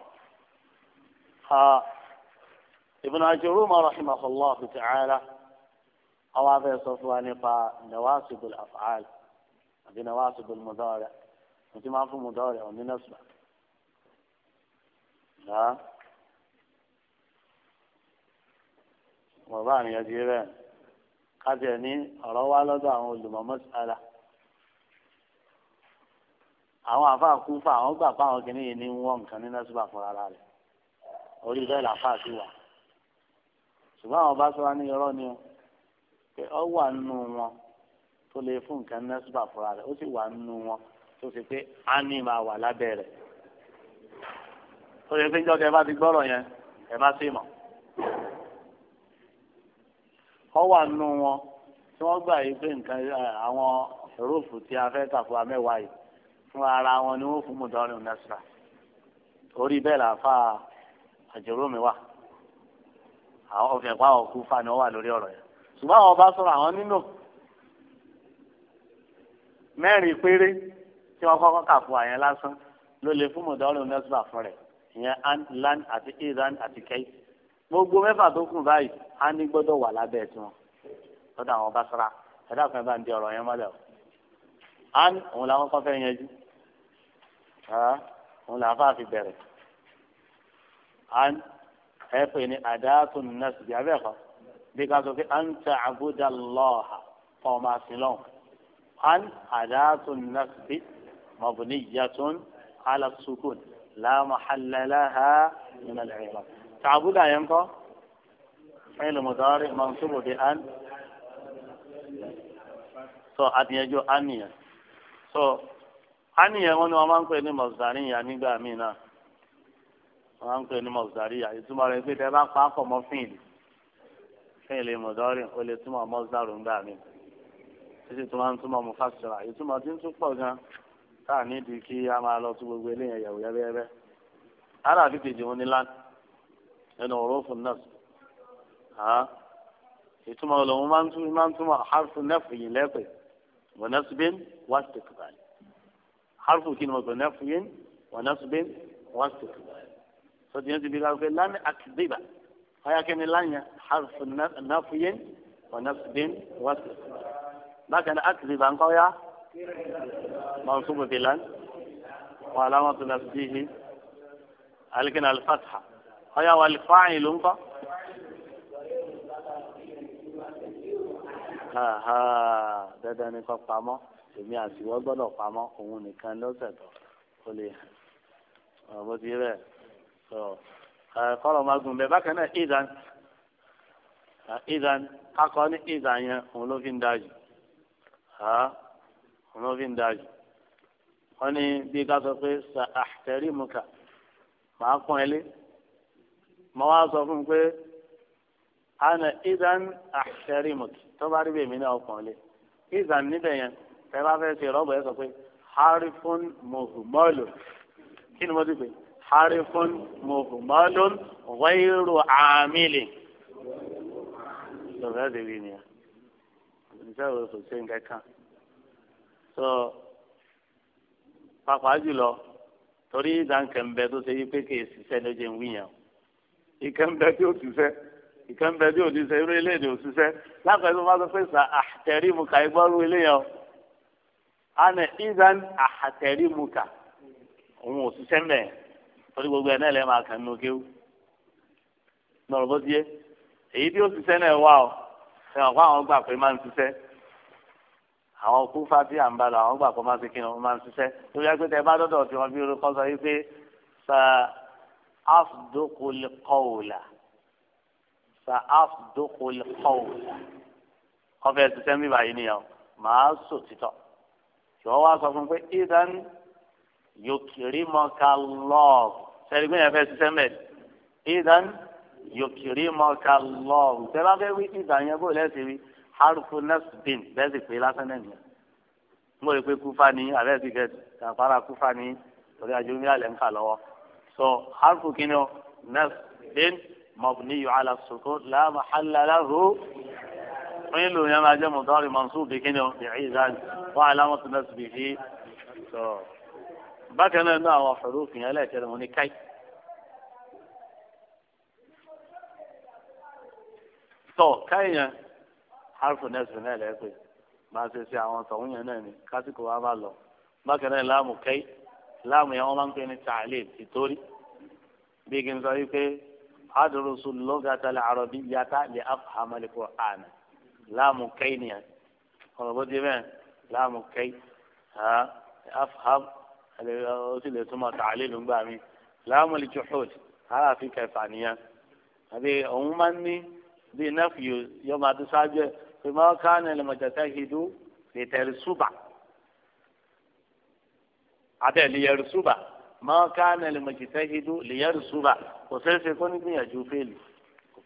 Speaker 2: آه، ابن عجرومة رحمه الله تعالى أو هذا با نواسب الأفعال نواسب المضارع أنت ما في مضارع ومن نسبة لا وضعني يجيبان قد يعني روى لدعه لما مسألة àwọn àfáà kú fún àwọn gbà fún àwọn kìnìún ní أريد أن ní nọ́ọ̀sì ṣùgbọ́n àwọn bá sọ wá ní irọ́ ni o pé ọ wà nínú wọn tó lè fún nǹkan nẹ́sùbà fúnra rẹ̀ ó sì wà nínú wọn tó ṣe pé á ní máa wà lábẹ́ rẹ̀ tó ṣe pé jọ́dọ̀ ẹ bá ti gbọ́rọ̀ yẹn ẹ má sì mọ̀ ọ wà nínú wọn tí wọ́n gbà yí pé nǹkan àwọn rúùfù tí a fẹ́ kà fún yìí fún ara wọn ni wọ́n fún mùdọ́rin nẹ́sùbà orí bẹ́ẹ̀ làáfà àjẹrò mi wà àwọn ọ̀fẹ́ pa àwọn kúfà ni wọ́n wà lórí ọ̀rọ̀ yẹn ṣùgbọ́n àwọn ọba sọ̀rọ̀ àwọn nínú mẹ́rin péré tí wọ́n kọ́kọ́ kà fún àyẹn lásán ló lè fún mọ̀dọ́rùn nẹ́sùbà fún rẹ̀ ìyẹn lan àti iran àti kẹ́yì gbogbo mẹ́fà tó kù báyìí á ní gbọ́dọ̀ wà lábẹ́ tiwọn lọ́dọ̀ àwọn ọba sọ̀rọ̀ ẹ̀dá kan bá ń di ọ̀rọ̀ yẹn mọ́lẹ̀ o an òun làwọn kọ́ fẹ́ yẹn jú òun làwọn fà fi bẹ̀rẹ̀ an ẹ pè ní àdáàtún nẹ́sìbì abẹ́ẹ̀kọ́ bí ká sọ pé à ń ta àbúdá lọ́ọ̀hà ọmọ àsìlọ́n an àdáàtún nẹ́sìbì mọ̀bùnì yàtún alásùkùn láàmú halalaha nínú ìrìnà. tàbúdà yẹn kọ́ fẹ́ẹ́ lè mọ̀tàrí mọ̀nsúbù bí an sọ àtìyànjú an sọ an wọn ni wọn máa ń pè ní mọ̀sánìyàn nígbà míì náà wọn ń pè ní mọ̀sáríyà ìtumọ̀ rẹ̀ pé tẹ́ bá pa á pọ̀ mọ́ fíìlì fíìlì mọ̀dọ́rìn ó lè túmọ̀ mọ́sálù ń gbà mí títí tó máa ń túmọ̀ mú fásitìrà ìtumọ̀ tí ń tún pọ̀ gan táà nídìí kí a máa lọ tún gbogbo eléyàn yẹ̀wò yẹ́bẹ́yẹ́bẹ́ aláàbí kejì wọn ní lan nínú òrófù náà ìtumọ̀ olóhùn máa ń túmọ̀ máa ń túmọ̀ harfu nẹ́fù yìí lẹ́pẹ̀ wọ́n nẹ́fù صديق بلال قال لنا أكذبة فيكن لنا حرف نفي ونصب وصل لكن أكذبة أن قويا منصوب بلال وعلامة نصبه لكن الفتحة هيا والفاعل انقى ها ها ده ده نقى فاما جميع سوى البلو فاما هون كان لو سيطر قولي ابو ديبه kọ́rọ̀ máa gùn bẹ́ẹ̀ bákan náà ìdán ìdán akọ ní ìdán yẹn òun ló fi ń dájú òun ló fi ń dájú wọ́n ní bí ká sọ pé sa àtẹ̀rí mu kà máa pọ́n ẹ lé mo wá sọ fún un pé ana ìdán àtẹ̀rí mu kì tó bá rí bèmí náà pọ́n lé ìdán níbẹ̀ yẹn tẹ́ bá fẹ́ ṣe rọ́bù ẹ sọ pé harifun muhumọ́lù kí ni mo ti pè é. حرف muhmalun غير عامل. lọ́wọ́ ẹ̀dẹ̀ rí ni nígbà wo kò sí nǹkan kan so pàápàá jùlọ torí ìdáǹkẹ̀ ń bẹ tó ṣe yí pé kì í ṣiṣẹ́ ló jẹun wíyàn ìkẹ́ńbẹ tí ó ṣiṣẹ́ ìkẹ́ńbẹ tí ò ní ṣe irú ilé èdè ò ṣiṣẹ́ lápẹ̀lú máa sọ pé sà àtẹ̀rímùkà ìgbọ́rú ilé yẹn o àna ìdán àtẹ̀rímùkà òun ò ṣiṣẹ́ mẹ́ẹ̀ torí gbogbo ẹ̀ náà lẹ́ẹ̀ máa kàn nínú kéwù nọ̀rọ̀ bó ti yé èyí tí ó ṣiṣẹ́ náà wà ó ẹ̀ wọ́n kó àwọn gbà pé máa ń ṣiṣẹ́ àwọn kú fati àǹbalà àwọn gbà pé máa ń ṣe kí wọ́n máa ń ṣiṣẹ́ tó yẹ tẹ bá dọ́dọ̀ tí wọ́n bí orúkọ sọ yìí pé sa afdokul kọ́ọ̀là sa afdokul kọ́ọ̀là kọ́fẹ́ ṣiṣẹ́ mi báyìí nìyẹn máa sòtítọ́ ṣùgbọ́n wá sọ fún pé ìdánù yukirimaka lọ́ọ̀bù sẹ́ni gbé yẹn fẹ́ ṣiṣẹ́ mẹ́rin ìdán yukirimaka lọ́ọ̀bù tẹ́ bá fẹ́ wí ìdán yẹn bó lẹ́sìn rí harufu nasbin bẹ́ẹ̀ sì pé lásán náà nìyẹn mo rò pé kúfà ní abẹ́ ti kẹ́ kàfàrà ní torí àjò mi àlẹ́ ń kà lọ́wọ́ so harufu kìíní o nasbin mabniyu ala sukun la mahalla lahu fún ìlú yẹn máa jẹ́ mọ̀tọ́rì mọ̀nsúbì kìíní o bìí ìdán wà á lámọ̀tún yìí so bákan náà náà àwọn ọ̀fẹ́rú òfin ẹlẹ́ẹ̀kẹ́ wọn ní káì. tọ́ káì yẹn harfu nẹ́sì náà lẹ́ẹ̀pẹ́ máa ṣe ṣe àwọn tọ̀hún yẹn náà ni kásìkò wa bá lọ bákan náà láàmù káì láàmù yẹn wọ́n máa ń pè ní tààlẹ́ ìtòrí bí kì í sọ wípé adùrùsù lọ́gàtà lè àròbí yàtà lè àfàmàlẹ́kọ̀ àná láàmù káì nìyẹn ọ̀rọ̀ bó ti bẹ́ẹ̀ láàmù káì ó sì lè túmọ̀ tààlé ló ń gbà mí láàmúlì juhud aláàfin kẹfà nìyẹn àbí òun máa ń ní bí nẹ́fìyò yọ máa ti ṣáájú ẹ̀ pé máa ká ní ẹlẹ́mọ̀jẹ̀tẹ̀ hidú lè tẹ̀rí súbà àtẹ̀lé yẹrù súbà máa ká ní ẹlẹ́mọ̀jẹ̀tẹ̀ hidú lè yẹrù súbà kò ṣeéṣe kó ní gbìyànjú fèlè kò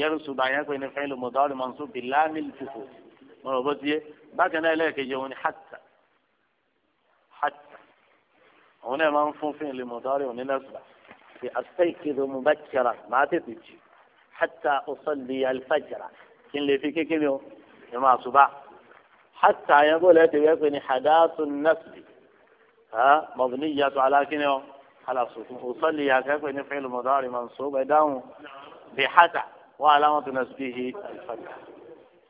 Speaker 2: yẹrù ṣùgbọ́n àyàn pé ní fẹ́ẹ́ lò mọ̀dọ́ ọ̀rẹ́ mọ̀nsó bí láàmìlì tìfò mo rò bó ti yé bákan náà ẹlẹ́ẹ̀kejì òun ni hàtà hàtà òun náà máa ń fún fún ìlú mọ̀dọ́ ọ̀rẹ́ òun ní nẹ́sùlá fi àṣẹ́kìrì mu bá kyerà máa tètè jù hàtà ọ̀sọ́lì alifájàrà kí n lè fi kékeré o ní máa ṣùbà hàtà àyàn bó lẹ́ẹ̀tẹ̀ wẹ́ pé ní hàdáàtù nẹ́sùlì mọ̀bìnìyàtọ̀ alákínní o alàṣùkùn ọ̀sọ́lì yàtọ̀ pé ní fẹ́ẹ́ lò mọ̀dọ́ ọ̀rẹ́ mọ̀nsó bẹ́ẹ̀ dáhùn bí hàtà wọ́n aláwọ̀ tó náà sùpìhì àlùfáàjà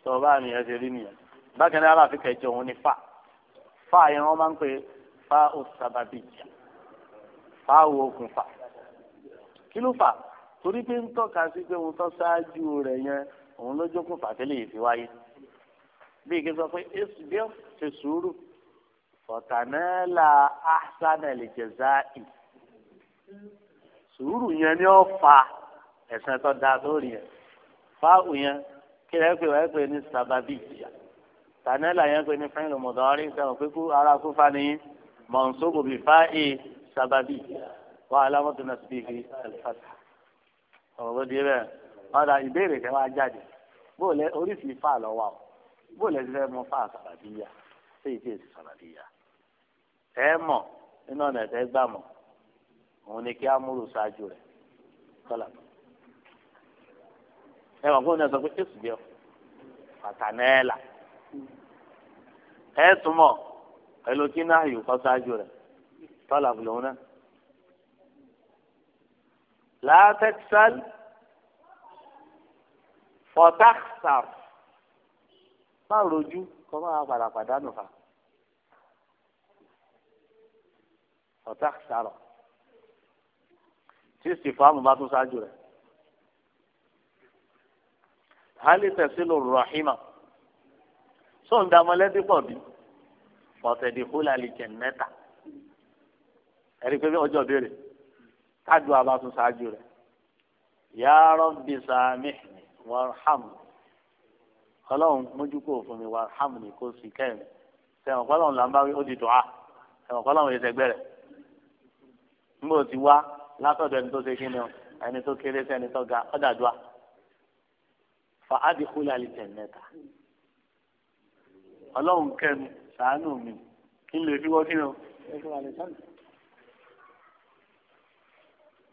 Speaker 2: tó o bá mi ẹ̀ ṣe rí nìyẹn bákan náà aláàfin kẹjọ òun ni fa fa yẹn wọ́n máa ń pè fa òsàbàbíjà fa wo okùnfà kí ló fà torí pé ń tọ́ka sí pé òun tó ṣáájú rẹ̀ yẹn òun ló jókòó fàtẹ́lẹ̀ yìí fi wáyé bí ike sọ pé èsì bí ó ṣe sùúrù fọ̀tànẹ́là ahsanẹ̀lì jẹ̀záì sùúrù yẹn ni ó fa ẹ̀sìn tó da lórí yẹn fáwù yẹn kí lẹ́yìn pé wọ́n pè ní sábàbí ìyá tànẹ́là yẹn pé ní fẹ́yìn lòmọ̀dọ́ ọ̀rìn sẹ́wọ̀n pé kú ara kú fani mọ̀nsókò bí fáì sábàbí wọ́n alámọ̀tò náà ti fi àlùfáà ọ̀rọ̀ ló dé bẹ́ẹ̀ ọ̀dà ìbéèrè kẹ́ wá jáde bó lẹ oríṣi fà lọ́wọ́ bó ti fẹ́ mọ fà sábàbí yá ṣé ìdí èsì sábàbí yá ẹ wà fún ẹsọ pé jésù bí ọ pàtàmẹ́ẹ̀là ẹ túmọ̀ pẹ̀lú kí náà yòó kọ́ sáájú rẹ̀ tọ́lá bùlọ́hún náà. látẹ́kísàl fọ́tàkìsàr má rojú kọ́ máa padà pàdánù fa fọ́tàkìsàr tí sìfàmù bá tún sáájú rẹ̀. hali tẹ̀sílù rọ̀hìmà sọ̀ ń da mọ̀lẹ́bí pọ̀ bí pọ̀tẹ́dì húlà lè jẹ̀ mẹ́ta pé ọjọ́ béèrè kájú àbá tún ṣáájú kọlọ́hún mójúkó mi warhamni kó sì kẹ́mi sẹ̀wọ̀n kọlọ́hún là ó di dùá sẹ̀wọ̀n kọlọ́hún yìí sẹ́gbẹ́ rẹ̀ ti wá látọ̀dọ̀ ẹni tó ṣe kí ni ẹni tó kéré sí ẹni tó fa adìkúlẹ̀ àlìjẹ̀ mẹ́ta ọlọ́run kẹ́mi sàánù mi kí n lè fi wọ́n kí ni o.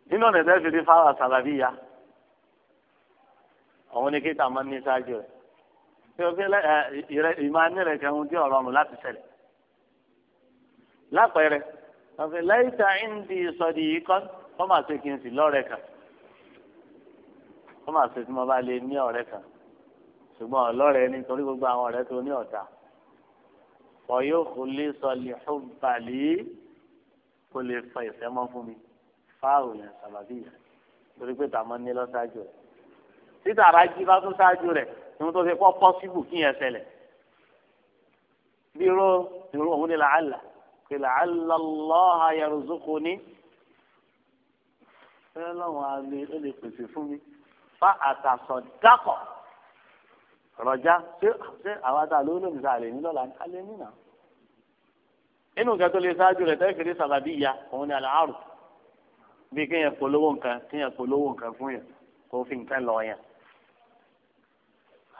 Speaker 2: nínú ọ̀nà ẹ̀dá ìfìdí fáwọn àṣàlàbí ya àwọn ni kíkà máa ń ní sáájú rẹ̀ tí o fi ẹ ìmọ̀ anírẹ̀ kẹrin tí ọ̀rọ̀ ọ̀run láti ṣẹlẹ̀ lápẹẹrẹ ọ̀fẹ́ láìsà ń di ìsọdí yìí kọ́ wọ́n máa kí n sì lọ́ọ̀rẹ́ kan ó mà ṣe tí mo bá lè ní ọ̀rẹ́ kan ṣùgbọ́n ọlọ́rẹ̀ nítorí gbogbo àwọn ọ̀rẹ́ tó ní ọ̀tá ọ̀yọ́ kò lè sọ lè fún balẹ̀ kò lè fa ìfẹ́ mọ́ fún mi fáàrù yẹn sàbàbí yẹn torí pé tàmọ́ ní lọ́sájú rẹ̀ títà rájí bá tún ṣáájú rẹ̀ ni mo tó fi kọ́ pọ́sibù kí yẹn ṣẹlẹ̀ bí irú irú òun ni làálà pé làálà lọ́ha yẹrù zókò ní fẹ́ lọ́wọ́n á lè pèsè fún mi fa àtàsọ̀dákọ̀ rọjá ṣé ṣé àwọn ata ló lóbi sáà lè ní lọ́la ká lè nínà. inú nǹkan tó lè ṣáájú rẹ̀ tẹ́kìrì sàbàbí ìyá òun ni àlàárù bí kéèyàn polówó nǹkan kéèyàn polówó nǹkan fún yẹn kó fi nǹkan lọ yẹn.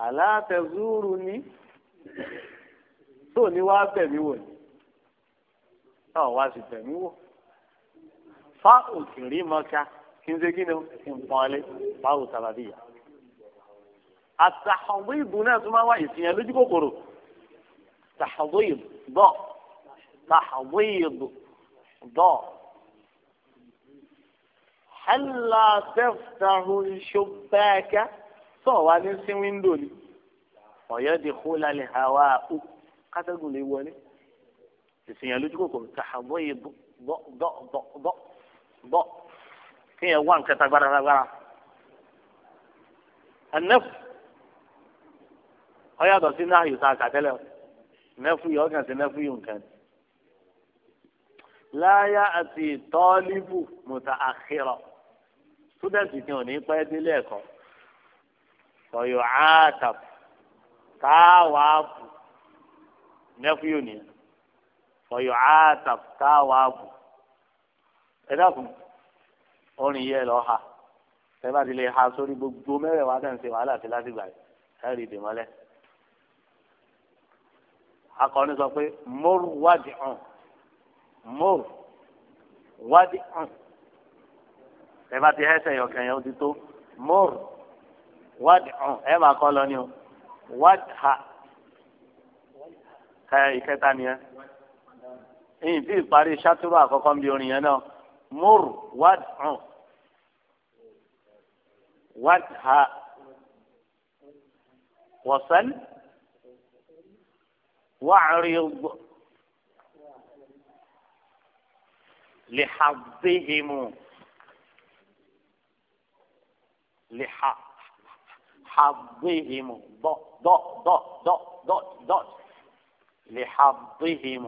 Speaker 2: àlàtẹ̀zúrù ni tó ní wá tẹ̀mí wò ni náà wá sí tẹ̀mí wò fa òkèrè mọ́ká kí n ṣe kí ni nǹkan báwo sábàbí yà. àtàwọn ìbò náà tún máa wá ìfihàn lójú kòkòrò tàwọn ìbò tàwọn ìbò hàlà tẹ̀fùtàrù ṣọ́bẹ́ẹ̀kẹ́ sọ̀ wá ní sí wíńdò ni ọ̀yọ́ di kó lálẹ́ àwa ó kátàgùn lè wọlé ìfihàn lójú kòkòrò tàwọn ìbò bọ́ bọ́ bọ́ bọ́ kéèyàn wá nǹkan tá gbáradágbára ẹnẹfù ọyàtọ̀ sí náà yìí sáà kàtẹ́lẹ̀ nẹfù yìí ọkàn sí nẹfù yìí nǹkan láyà àti tọ́líbù mùtà àkìrọ̀ túdẹ̀ǹtì kan ò ní pẹ́ délé ẹ̀kọ́ ọ̀yọ̀ àtàp táwàápù nẹfù yìí ò ní ọ̀yọ̀ àtàp táwàápù ẹ dákun orin yẹ lọ ha tẹ́lá ti lè ha sórí gbogbo mẹ́rẹ̀ẹ̀wá náà ń ṣe wàhálà sí láti gbà ẹ̀ rí ìdèmọ́lẹ̀. akọni sọ pé mọ́rù wádìí hàn mọ́rù wádìí hàn tẹ́lá ti hẹ́sẹ̀ yọ̀kẹ́ yẹn ó ti tó mọ́rù wádìí hàn ẹ̀ máa kọ́ lọ ni o wádìí ha ẹ̀ ìkẹta nìyẹn. èyí tí ìparí ṣátúrò àkọ́kọ́ ń bi orin yẹn náà. مر ودع وجه وصل واعرض لحظهم لحظهم ض ض ض ض ض ض لحظهم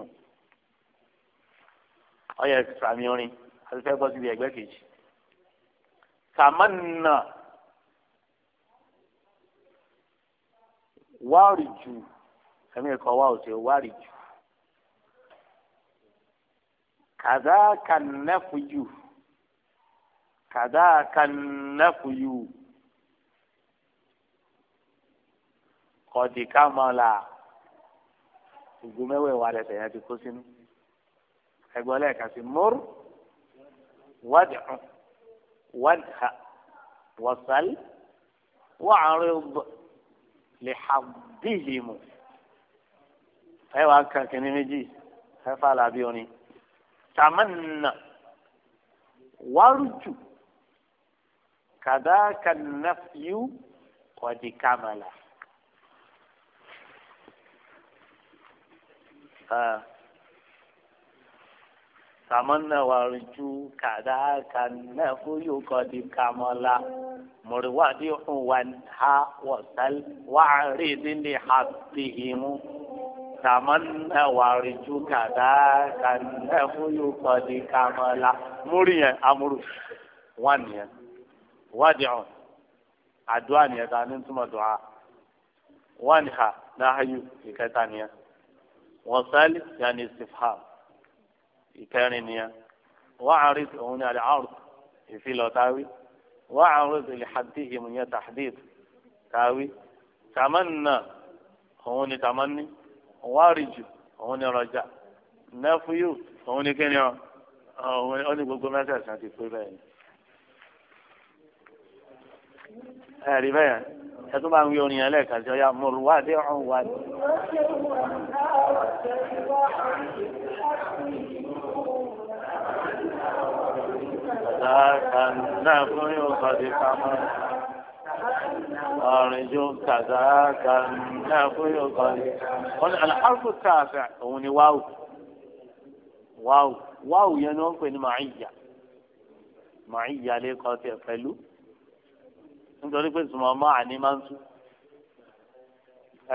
Speaker 2: أيها الكفر عميوني àti fẹ́ bọ́ síbi ẹgbẹ́ kejì tàmánà wárì jù ẹ̀mí ẹ̀kọ́ wá òsè wárì jù kàdáàkà nẹ́fùjù kàdáàkà nẹ́fùjù kọ̀dìkà mọ́la ògùn mẹ́wẹ̀ẹ́wà rẹ̀ tẹ̀yẹ́ ti kó sínú ẹgbẹ́ ọlẹ́ẹ̀ka sí mọ́rù. وادع وادع وصل وعرض لحظهم أيوة كان كنمجي هفعل بيوني تمنى وارجو كذاك النفي قد كمل آه. سمن ورجو كذاك النفي قد كملا مرود وانها وسل وعرض لحقهم سمن ورجو كان النفي قد كملا مريا أمر وانيا وادع أدوانيا تانين ثم دعاء وانها في كتانيا وصل يعني استفهام كانيا وعرض هنا العرض في لطاوي وعرض لحده من يتحديد تاوي تمنى هون تمني وارج هون رجع نفي هون كان آه، هون هون يقول ما زال ساتي في بيان هذي بيان هذو بعو يوني عليك هذا يا مر وادي عن وادي
Speaker 1: كذاك النبي قد كمل أرجو كذاك
Speaker 2: النبي قد كمل الحرف التاسع هوني واو واو واو ينوم كن معية معية لقاتل فلو nítorí pé sùnmọ́ ọmọ àní máa ń tú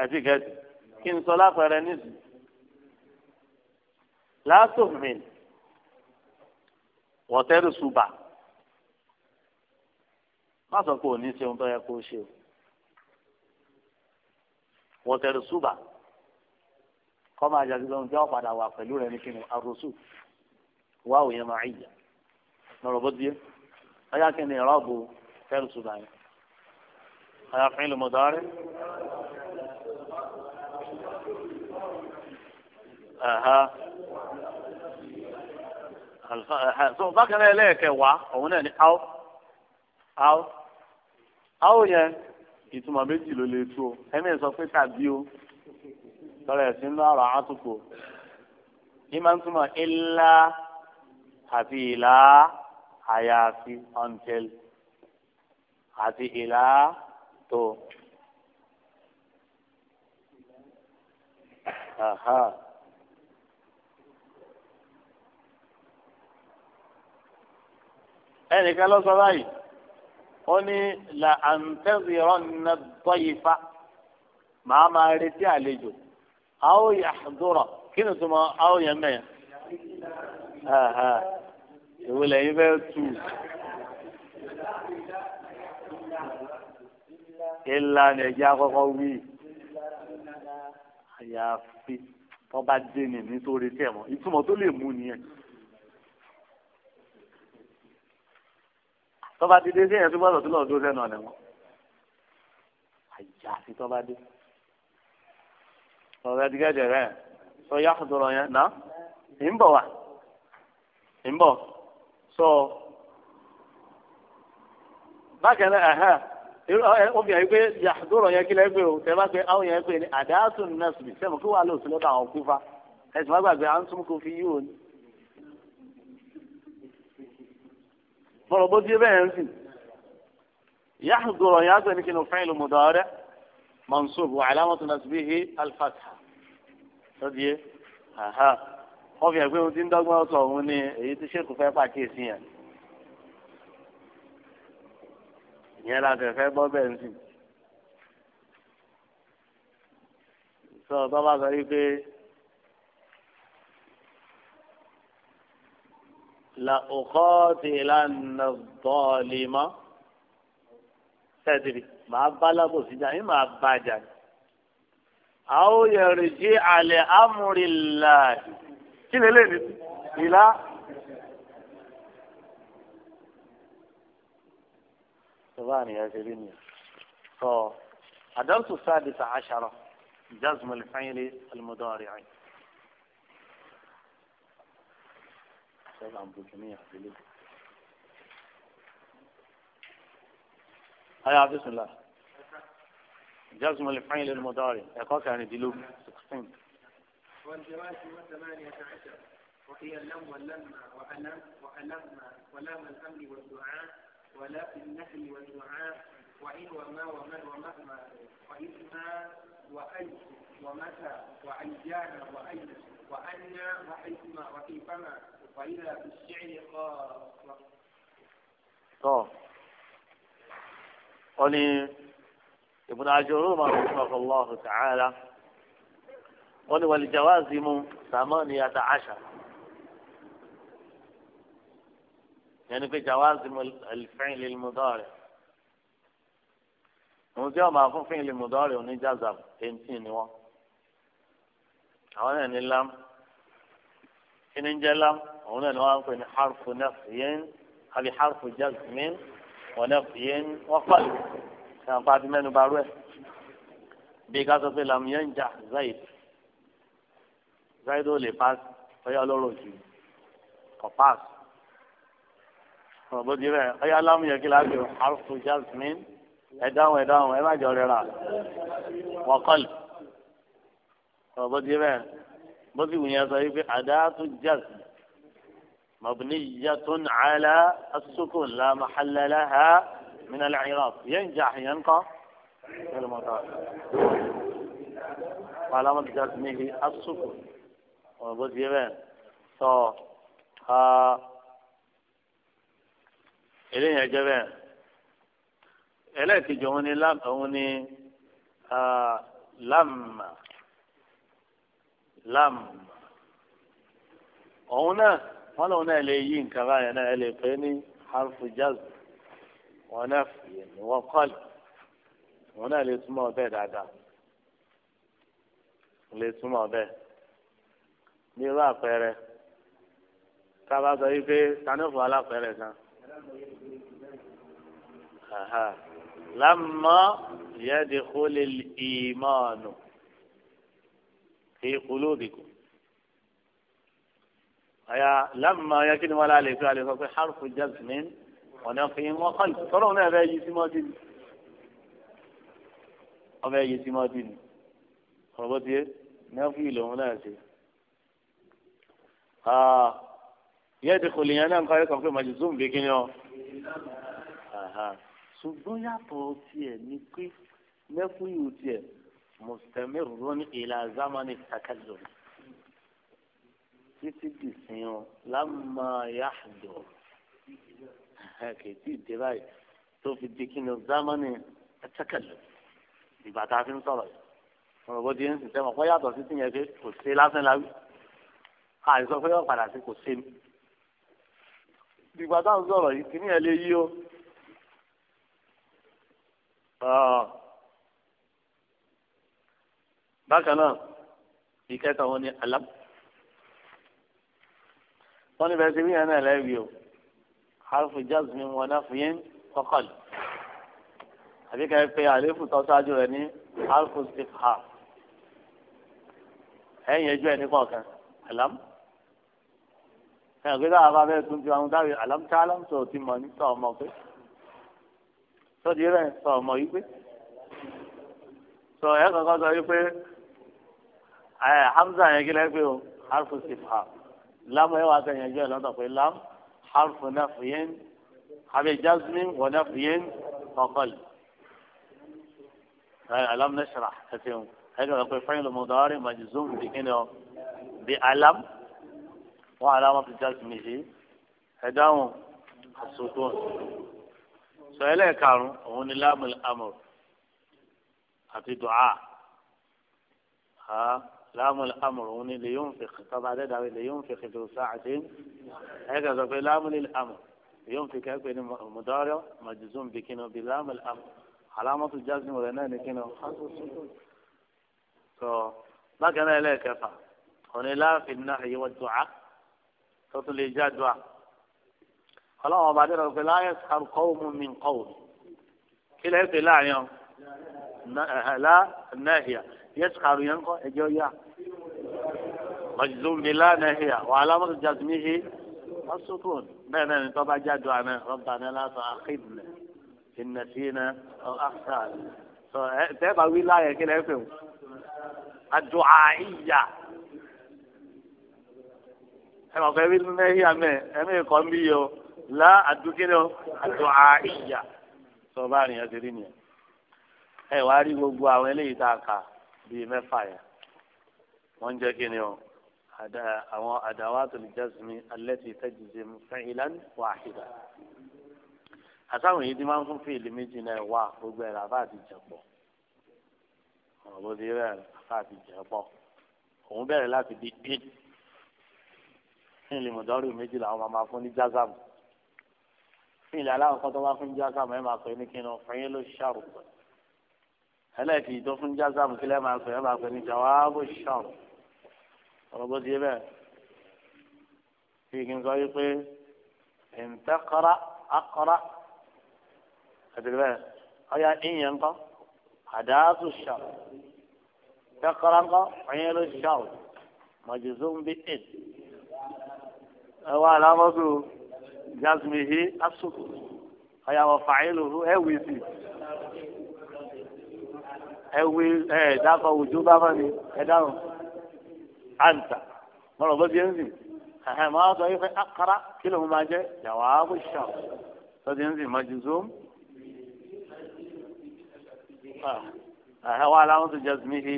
Speaker 2: àti gẹ̀ẹ́sì kí n sọ lápẹẹrẹ nísì látòmìn wọ́tẹ́rù ṣùbà má sọ pé òní ṣe ohun tó yẹ o ṣùbà kọ́ máa wà pẹ̀lú rẹ̀ ní kíni wà yẹ máa lọ́rọ̀ bó díẹ̀ ọ̀yá kíni ìrọ́bù ṣùbà yẹn ọ̀yá fún ìlú mọ̀dọ́rẹ́. Eh, eh, so bákan náà lẹ́ẹ̀kẹwàá òun náà ni áó áó áó yẹn ìtumọ̀ méjì ló lè tó ẹ̀mí sọ pé tàbí o lọ́rọ̀ ẹ̀sìn ńlá ọ̀rọ̀ àtúkò ní máa ń túmọ̀ ilá àti ìlà àyàfi until àti ìlà tó. Uh-huh. ẹnìkan lọ sọ báyìí ó ní là à ń tẹ́sí ọ̀nà dọ́yìfá màá máa retí àlejò àwọn yàtúrọ̀ kí ni tuma àwọn yẹn mẹ́yẹn ìwé lẹ́yìn bẹ́ẹ̀ tù. ìlà ni ẹ̀jẹ̀ akọ́kọ́ wí àyàfi tọ́ba dé ni nítorí tẹ̀ mọ́ ìtumọ̀ tó lè mú nìyẹn. tọ́ba ti dé sí ẹ̀yẹ́ tó gbọ́dọ̀ tó lọ́ọ́ dó sẹ́nu ọ̀nà wọn. àyà sí tọ́ba dé. ọ̀rẹ́ ti gẹ́gẹ́ rẹ̀ sọ yá fún tọrọ yẹn náà ń bọ̀ wá ń bọ̀ sọ. bákan náà ẹ̀hẹ́ obìnrin yẹn pé yàtúrọ̀ yẹn kí lẹ́gbẹ̀ẹ́ o tẹ́ bá pé àwọn yẹn pé ni àdáàtún nọ́ọ̀sì sẹ́mu kí wàá lò sí lọ́dọ̀ àwọn kúfa ẹ̀sìn wá gbàgbé à ń tún fi yí òní. mọ̀rọ̀ bó ti bẹ́ẹ̀ ń sìn yaxduro yaasa ni kinu ficil mudaare mansuub wa calaamatu nasbihi alfatxa sadiye aha qof yàgbé ohun tí ń dọ́gbọ́n sọ òun ni èyí tí sèkú fẹ́ pàkíyèsí yẹn ìyẹn la tẹ̀ fẹ́ gbọ́ bẹ́ẹ̀ ń sìn sọ tọ́ bá sọ yìí pé. لأقاتلن الظالم تدري ما بلا بوسيجا إيه ما باجا أو يرجع لأمر الله كلا لين إلى ثواني يا جليني فأدرس السادسة عشرة جزم الفعل المضارع سأل عن بوكمية عبدالله هيا بسم الله جزم الفعيل المضارع إعقاك عن يعني الدلوب 16
Speaker 1: والجواز والثمانية عشر وهي اللم واللمة وألم وألمة ولام الأمر والدعاء ولا في النهي والدعاء وإن وما ومن ومهما ما وأي ومتى وأيانا وأين وأنا وحيثما وكيفما وإذا في الشعر خاصة
Speaker 2: طب قولي ابن عجرومة رحمه الله تعالى قولي والجوازم ثمانية عشر يعني في جوازم الفعل المضارع ونجا ما هو فعل المضارع ونجا زب تنتين و أولا اللام كنين جلام òun náà ni wọ́n á ń pè ní harfu nafyin àbí harfu jazmin wa nafyin wa fal ẹ̀hàn pa abimẹ́nu barú ẹ̀ bí ká sọ pé lam yanja Zaid Zaid ó lè pass ọyá ọlọ́rọ̀ jù kọ pass ọ̀bọ̀dì rẹ̀ ọyá lámúyẹ̀ kí láti harfu jazmin ẹ dáhùn ẹ dáhùn ẹ má jọ rẹra wọkọlì ọ̀bọ̀dì rẹ̀ bó sì wù yẹn sọ yìí pé àdáàtú jazmin. مبنية على السكون لا محل لها من العراق ينجح ينقى المطار علامة جزمه السكون وبس يبان صا آه، ها إليه جبان إليك تجوني لم أوني آه لم لم أونا wọn lòun náà lè yí nǹkan báyẹn náà ẹ lè pè é ní harfu jazm wọn náà fi ẹni wọn kọlì wọn náà lè túmọ̀ ọbẹ̀ dáadáa lè túmọ̀ ọbẹ̀ bí irú àpẹẹrẹ tá bá sọ yìí pé sanufu alápẹẹrẹ kan lámọ́ yẹ́dìkú lè ìmọ̀ ọ̀nù kí kúlóòdìkù àyà lámà ya kí ni wọn lálẹ́ fi àlẹ́ sọ pé harfu jasmin ọ̀nà fi ń wọ́n kọ́lù tọ́lọ́ náà fẹ́ yí sí mọ́tì ni wọ́n fẹ́ yí sí mọ́tì ni ọ̀rọ̀ bó ti yé náà fún ìlò òun náà ṣe. yẹ́ ti kò lè yan náà ń kọ́lé kan pé màjú zoom bí kíni o. ṣùgbọ́n yàtọ̀ tiẹ̀ ni pé mẹ́fúyù tiẹ̀ mustamir ní ìlà zamani takallum títí dìsín o lámà yáàdùn kì í tí ì dé báyìí tó fi di kí ni zámánì ẹtẹkẹlẹ ìgbà tá a fi ń sọ̀rọ̀ yìí ọ̀rọ̀ bó di ń sìn sẹ́wọ̀n kó yàtọ̀ sí tìyẹn pé kò ṣe lásán láwí àìsọ pé yóò padà sí kò ṣe ni ìgbà tá a ń sọ̀rọ̀ yìí kìíní ẹ̀ lè yí o bákan náà ìkẹta wọn ni alam wọ́n ní bẹ́ẹ̀ ti bí yẹn náà lẹ́bi o harfu jazmi wọn náà fi yín kọ́kọ́l àbí ká ẹ pe àléfù tó ṣáájú rẹ ní harfu istifham ẹ̀ ń yẹjú ẹ̀ ní kọ̀ọ̀kan alam ẹ̀ gbé dáhà bá bẹ́ẹ̀ tún ju àwọn dáhùn alam tí alam tó ti mọ̀ ní sọ ọmọ pé tó di rẹ̀ sọ ọmọ yìí pé sọ ẹ̀ kọ̀ọ̀kan sọ yìí pé hamza yẹn kí lẹ́ pé o harfu istifham lámù ẹ̀ wá sẹ́yìn ẹjọ́ lọ́dọ̀ pé lámù harfu nafiyin àbí jazmin wọ nafiyin ọkọlì. alam nashrah ẹsẹ̀ wọn ẹ̀ka lọ́pẹ́ fẹ́yìn lọ́mọ dọ́rí majzum bí kíni ọ bí alam wọn alamọ̀ fi jazmihi ẹ̀dáhùn àsotún sọ ẹlẹ́ẹ̀karùn òun ni lámù amọ̀ àti dùá. لام الأمر هوني لينفق طبعا ده ده لينفق في ساعة هكذا في لام للأمر ينفق هكذا مضارع مجزوم بكنو بلام الأمر علامة الجزم ولنا نكنو so ما كان لا كفا هوني لا في النهي والدعاء تطلع جاء دعاء خلاص وبعدين لا يسخر قوم من قوم كلا لا يوم يعني. لا الناهية يسخر ينقى إجويا مجزوم بلا نهي وعلامة جزمه السكون بين طبعا جدعنا ربنا لا تؤاخذنا إن نسينا أو أخطأنا تبقى ولاية كده يفهم الدعائية ẹ máa fẹ́ rí nínú ẹ̀yìn àmì ẹ̀mí ẹ̀kọ́ ń bí yọ lá àdúkìrẹ́ àdúrà ìyà sọ bá rìn ẹ̀sìn rí nìyẹn. ẹ wá rí gbogbo àwọn eléyìí tá a kà bíi mẹ́fà yẹn wọ́n ń jẹ́ kí ni o àwọn àdáwàtò lè jásùmí alẹ́ ti tẹ́jú sí fẹ́hìlán wàhídà àtàwọn yìí ti máa ń fún fíìlì méjì náà wà gbogbo ẹ̀rọ àbá àti jẹ̀pọ̀ ọ̀rọ̀ ló dé rẹ̀ àbá àti jẹ̀pọ̀ òun bẹ̀rẹ̀ láti di eight fíìlì mọ̀dọ́rù méjì làwọn máa máa fún ní jásàmù fíìlì aláwọ̀ kan tó fún ní ẹ̀ máa pè é ní kí ni o fẹ́yìn ló ṣàrùkọ̀ọ́ ẹlẹ́ẹ̀kì tó fún jásámù kílẹ̀ máa sọ yẹn máa pè ní jawabu sham ọ̀rọ̀ bó ti yé bẹ́ẹ̀ fi kí n sọ yí pé ìntẹ́kọ́rá akọ́rá àti bẹ́ẹ̀ ọ̀yà ìyẹn ńkọ́ àdáàtú sham tẹ́kọ́rá ńkọ́ ọ̀yẹ́ ló sham mọ̀jùzún bí id ẹ wá alámọ́tò jásmìhí asùkù ọ̀yà wọ̀ fàáyé lòlú ẹ̀ wí ẹwé ẹ dákọ òjò bá bá mi ẹ dáhùn àǹtà mọ̀rọ̀ bó ah, ti ń sìn ẹ̀hẹ̀ máa sọ ife akara kí ló máa jẹ́ yàwá bó ṣà tó ti ń sìn máa ju zoom ẹ̀hẹ̀ wà láwọn tó jẹ́ mi hi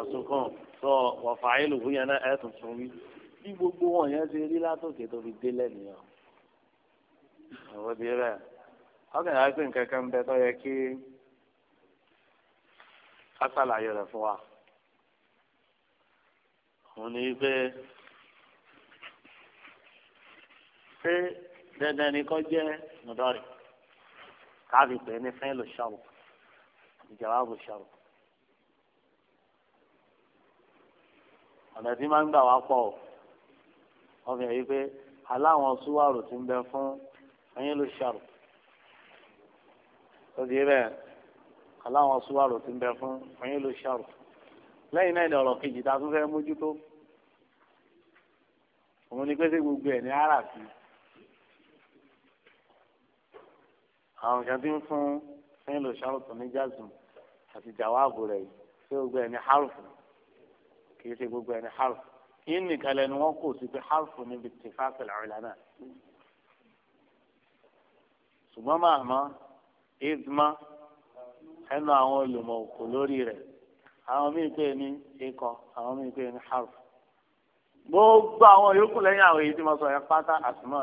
Speaker 2: àsùnkàn tó wọ̀fà ìlú yẹn náà ẹ̀ tuntun mi bí gbogbo wọn yẹn ti rí látòkè tó fi dé lẹ́nìyàn ọ̀rọ̀ bí rẹ̀ ọkàn yà á nǹkan kan bẹ tó yẹ kí kásàlàyé rẹ̀ fún wa òun ni pé ṣé dandan ni kò jẹ́ mọ̀dọ́rì káàbì pé ní fẹ́ lò ṣàwọ̀ ìjàwábù ṣàwọ̀ ọ̀nà tí máa ń gbà wá pọ̀ wọ́n fi pé aláwọn súwárò ti ń bẹ fún ẹyin ló ṣàrò. ó di bẹ́ẹ̀ aláwọn suwárò ti ń bẹ fún fúnyín ló ṣàrò lẹ́yìn náà ni ọ̀rọ̀ kejì tá a tún fẹ́ mójútó òun ni pété gbogbo ẹ̀ ní àràfí àwọn kan ti ń fún fúnyín ló ṣàrò tó ní jazm àti jàwáàbù rẹ̀ yìí ṣé gbogbo ẹ̀ ní harufu kì ṣe gbogbo ẹ̀ ní harufu yín nìkan lẹ́nu wọn kò sí pé harufu níbi tìfáfẹ́ làwọn ìlànà ṣùgbọ́n máa mọ ìdùnmọ́. ẹnu àwọn olùmọ̀ kò lórí rẹ̀ àwọn míì pè ní ikọ àwọn míì pè ní half gbogbo àwọn yòókù lẹ́yìn àwọn èyí tí mo sọ yẹn pátá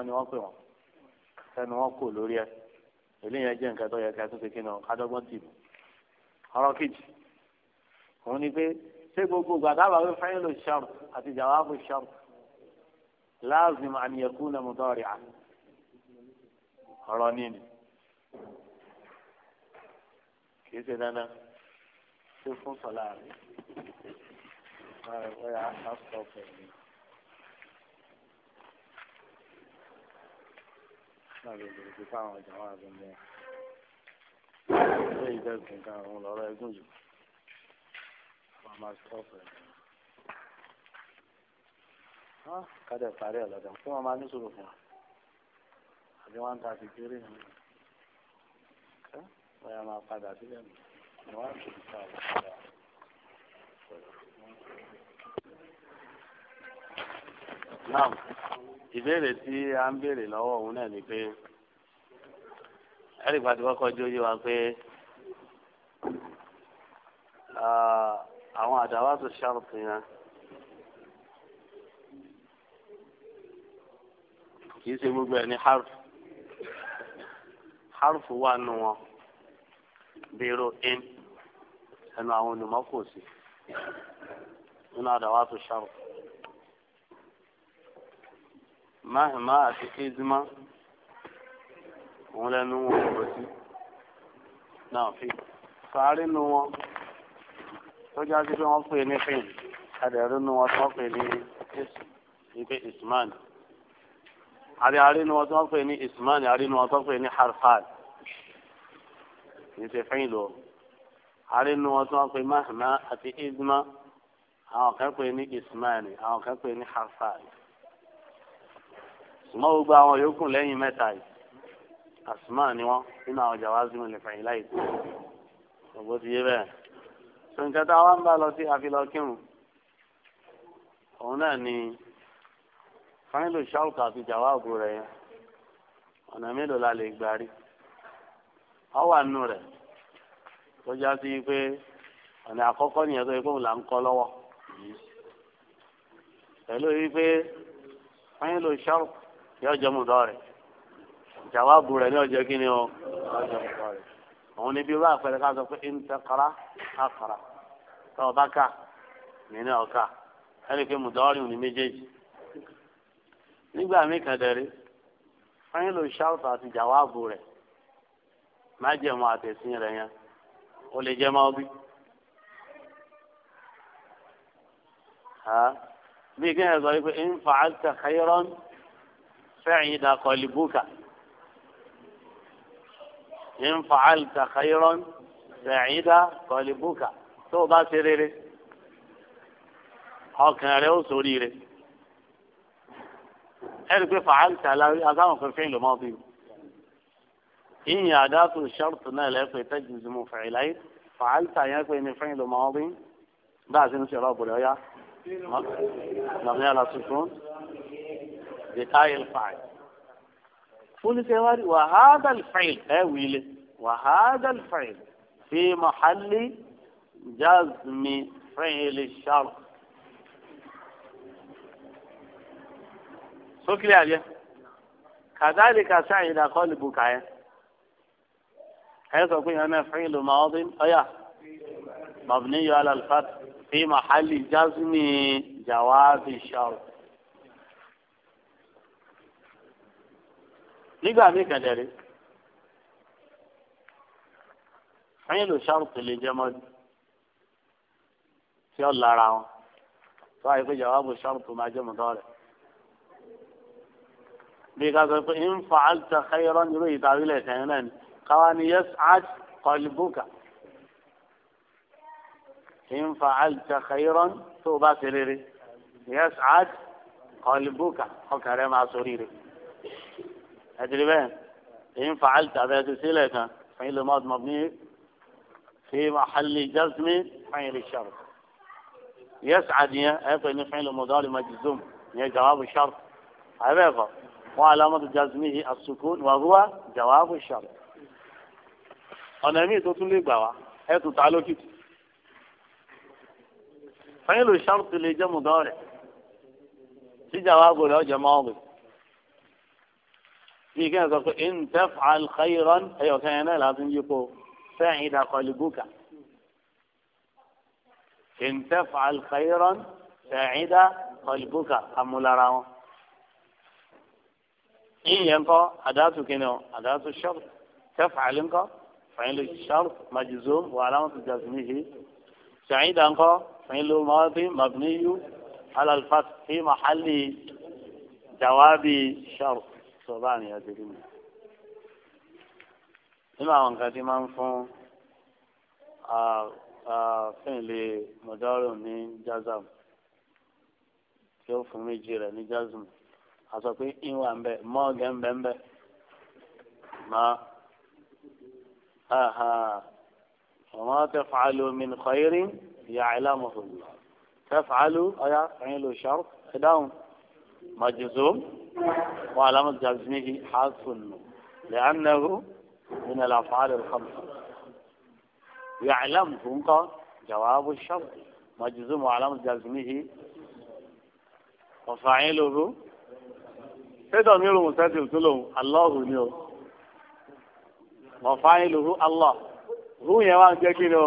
Speaker 2: ni wọ́n pè wọ́n ẹnu wọn kò lórí ẹ eléyìí jẹ́ nǹkan tó yẹ ká ṣe kí ni ni pé ṣé gbogbo gbàdábà wí fẹ́yìn lò ṣọ́ọ̀rù àti jàwáàbù ṣọ́ọ̀rù láàzìm àníyẹ̀kú lẹ́mú dọ́ọ̀rì à ọrọ nínú kì ṣe dandan ṣé fún sọlá rẹ wọ́n yà á sọ náà lè lè fi fáwọn ọjà wà lóun yẹn lẹ́yìn dẹ́kun kan òun lọ́rọ́ ẹgún jù wọ́n máa sọ pẹ̀lú. kádẹ̀ parí ẹ̀ lọ́dọ̀ wọn máa ní sọ̀rọ̀ fún wa àbí wọ́n ń ta ti kéré nìyẹn. bóyá máa padà sílẹ̀ mọ́ wá sí ìta ìbéèrè tí a ń béèrè lọ́wọ́ òun náà ni pé ẹ̀rì pàtó kọ́kọ́ wa pé àwọn àdáwà tó gbogbo ẹ̀ ní wà nù bírò in ẹnu àwọn olùmọ́kòsí nínú àdáwà tó ṣàrò máhìmá àti kézímá òun lẹ́nu wọn kò sí náà fi sàárì nu wọn tó jáde pé wọ́n pè ní fíìm adẹ̀rú nu wọn tó pè ní ismani a àrí nu wọn tó pè ismani a nu wọn tó pè ní harfad. kì í ṣe fẹ́yìn lọ. àrínú wọn tí wọ́n pe mahma àti idma àwọn kan pè ní ismaili àwọn kan pè ní hasan. ṣùgbọ́n gbogbo àwọn yòókù lẹ́yìn mẹ́ta yìí asma ni wọ́n nínú àwọn jàwáàzì mi lè fẹ̀yìn láì tó. ògbó ti yé bẹ́ẹ̀. sọ̀nkẹ́ tá ń bá lọ sí àfilọ́ òun náà ni fáìlù ṣáùkà àti jàwáàbù rẹ̀ yẹn ọ̀nà mélòó la lè gbà ọ nù tó já sí pé ọ̀nà àkọ́kọ́ nìyẹn tó yẹ kó là ń kọ́ lọ́wọ́ pẹ̀lú wọ́n lò o ọjọ́ mu dọ́ọ̀rẹ̀ òun ni bí wọ́n àpẹẹrẹ ká sọ pé ìntẹ́kọ́rá àkọ́rá tó o bá kà mí ní ọ̀ka ẹni pé mu ni méjèèjì nígbà mí kàn dẹ̀rí wọ́n lò àti rẹ̀ má jẹ̀mú àtẹ̀sìn rẹ̀ yẹn ó lè jẹ́ máa bí. bí kí ẹ sọ wípé ń fa àtẹ xeyrọ́n fẹ́yìn dàkọ̀lì búkà ń fa àtẹ xeyrọ́n fẹ́yìn dàkọ̀lì búkà tó o bá ṣe rere ọkàn rẹ ó sórí rẹ ẹ rí i pé fa àtẹ aláwí agáwọn fẹ́fẹ́ ìlú máa bí mi. إن أداة الشرط ما لا يكون تجزم مفعلين فعلت أن يكون فعل ماضي بعد نسي رابو العيا نغني على السكون بتاء الفعل فول سيواري وهذا الفعل أويل إيه وهذا الفعل في محل جزم فعل الشرط سكري عليه كذلك سعد قلبك حيث يكون هنا فعل ماض أي مبني على الفتح في محل جزم جواز الشرط لقى بك جري فعل شرط لجمد في الله راو فايق جواب الشرط ما جمع ذلك هذا إن فعلت خيرا يريد تعويله قال يسعد قلبك إن فعلت خيرا توبة سريري يسعد قلبك حكرا مع سريري أدري بين إن فعلت أبيت سلك فعل ماض مبني في محل جزم فعل الشرط يسعد يا إن فعل مضارع مجزوم يا جواب الشرط أبيضا وعلامة جزمه السكون وهو جواب الشرط ọ̀nà míì tó tún lè gbà wá ẹ tún ta lókìtì. fẹ́yìn ló ṣàrùtì lè jẹ́ mùdán rẹ̀ tíjà wa gbọ́dọ̀ ọ̀jẹ̀ máa ń gbè. bí kí n sọ pé in taf'al khayran ẹ̀yọ̀kẹ́ yẹn náà láti ń yípo fẹ́yìn qalbuka. in taf'al khayran fẹ́yìn qalbuka amúlára wọn. ìyẹn kọ́ àdáàtú kìnìún ṣọ́ọ̀bù tẹ́fà àlẹ́ فعل الشرط مجزوم وعلامة جزمه سعيد أنقى فعل ماضي مبني على الفتح في محل جواب شرط سبحان يا دليل إما عن قديما فون فعل مدار من جزم يوفو مجيرة من جزم أصبحت إنوان بي موغن بي ما وما تفعلوا من خير يعلمه الله تفعلوا أيا فعل شر داون مجزوم وعلامة جزمه حذف النون لأنه من الأفعال الخمسة فنقا جواب الشر مجزوم وعلامة جزمه وفعله في ضمير مستتر كلهم الله نيو mọ̀fáìlùhù allah hu yẹn wá ń jẹ́ kí ló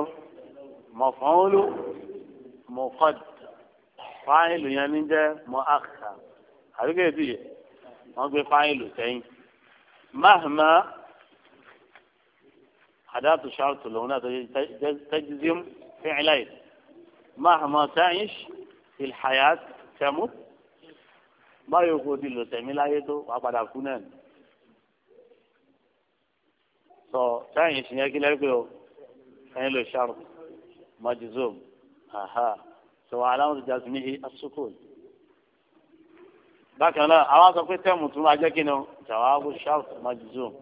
Speaker 2: mọ̀fáìlù mọ̀kọ́d fáìlù yẹn ní jẹ́ mọ̀ákà àdúgbò èdè yẹ wọ́n gbé fáìlù sẹ́yìn mahama àdáàtú ṣáàtù lòun náà tó yẹ tẹ́jìzìm fìcìláì mahama táyìṣ fìlhayat tẹ̀mú báyọ̀ kò di lò tẹ̀mí láyé tó wàá padà kú náà sọ sáyẹn sì yẹn kí lẹ́yìn pé o ẹ̀yin lò ṣàrò aha sọ aláwọn ti jásí ni o jawabu ṣàrò majizom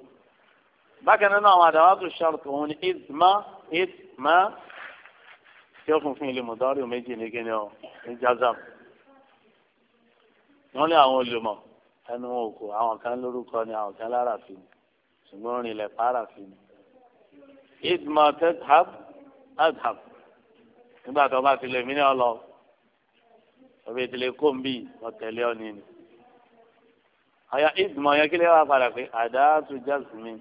Speaker 2: bákan náà àwọn àdáwàtò ṣàrò òun ni ìdìmá ìdìmá tí ó fún fún ilé mọ̀dọ́rì méjì ní ni ṣùgbọ́n rìn lẹ̀ fara sí ni. idma tadhab adhab nígbà tó bá tilẹ̀ mí ní ọ lọ ọbẹ̀ ìtìlẹ̀ kọ́ńbì ọ̀tẹ̀lẹ̀ ọ̀nì ni. àyà idma yẹn kí lè wá padà pé àdáàtú jazmi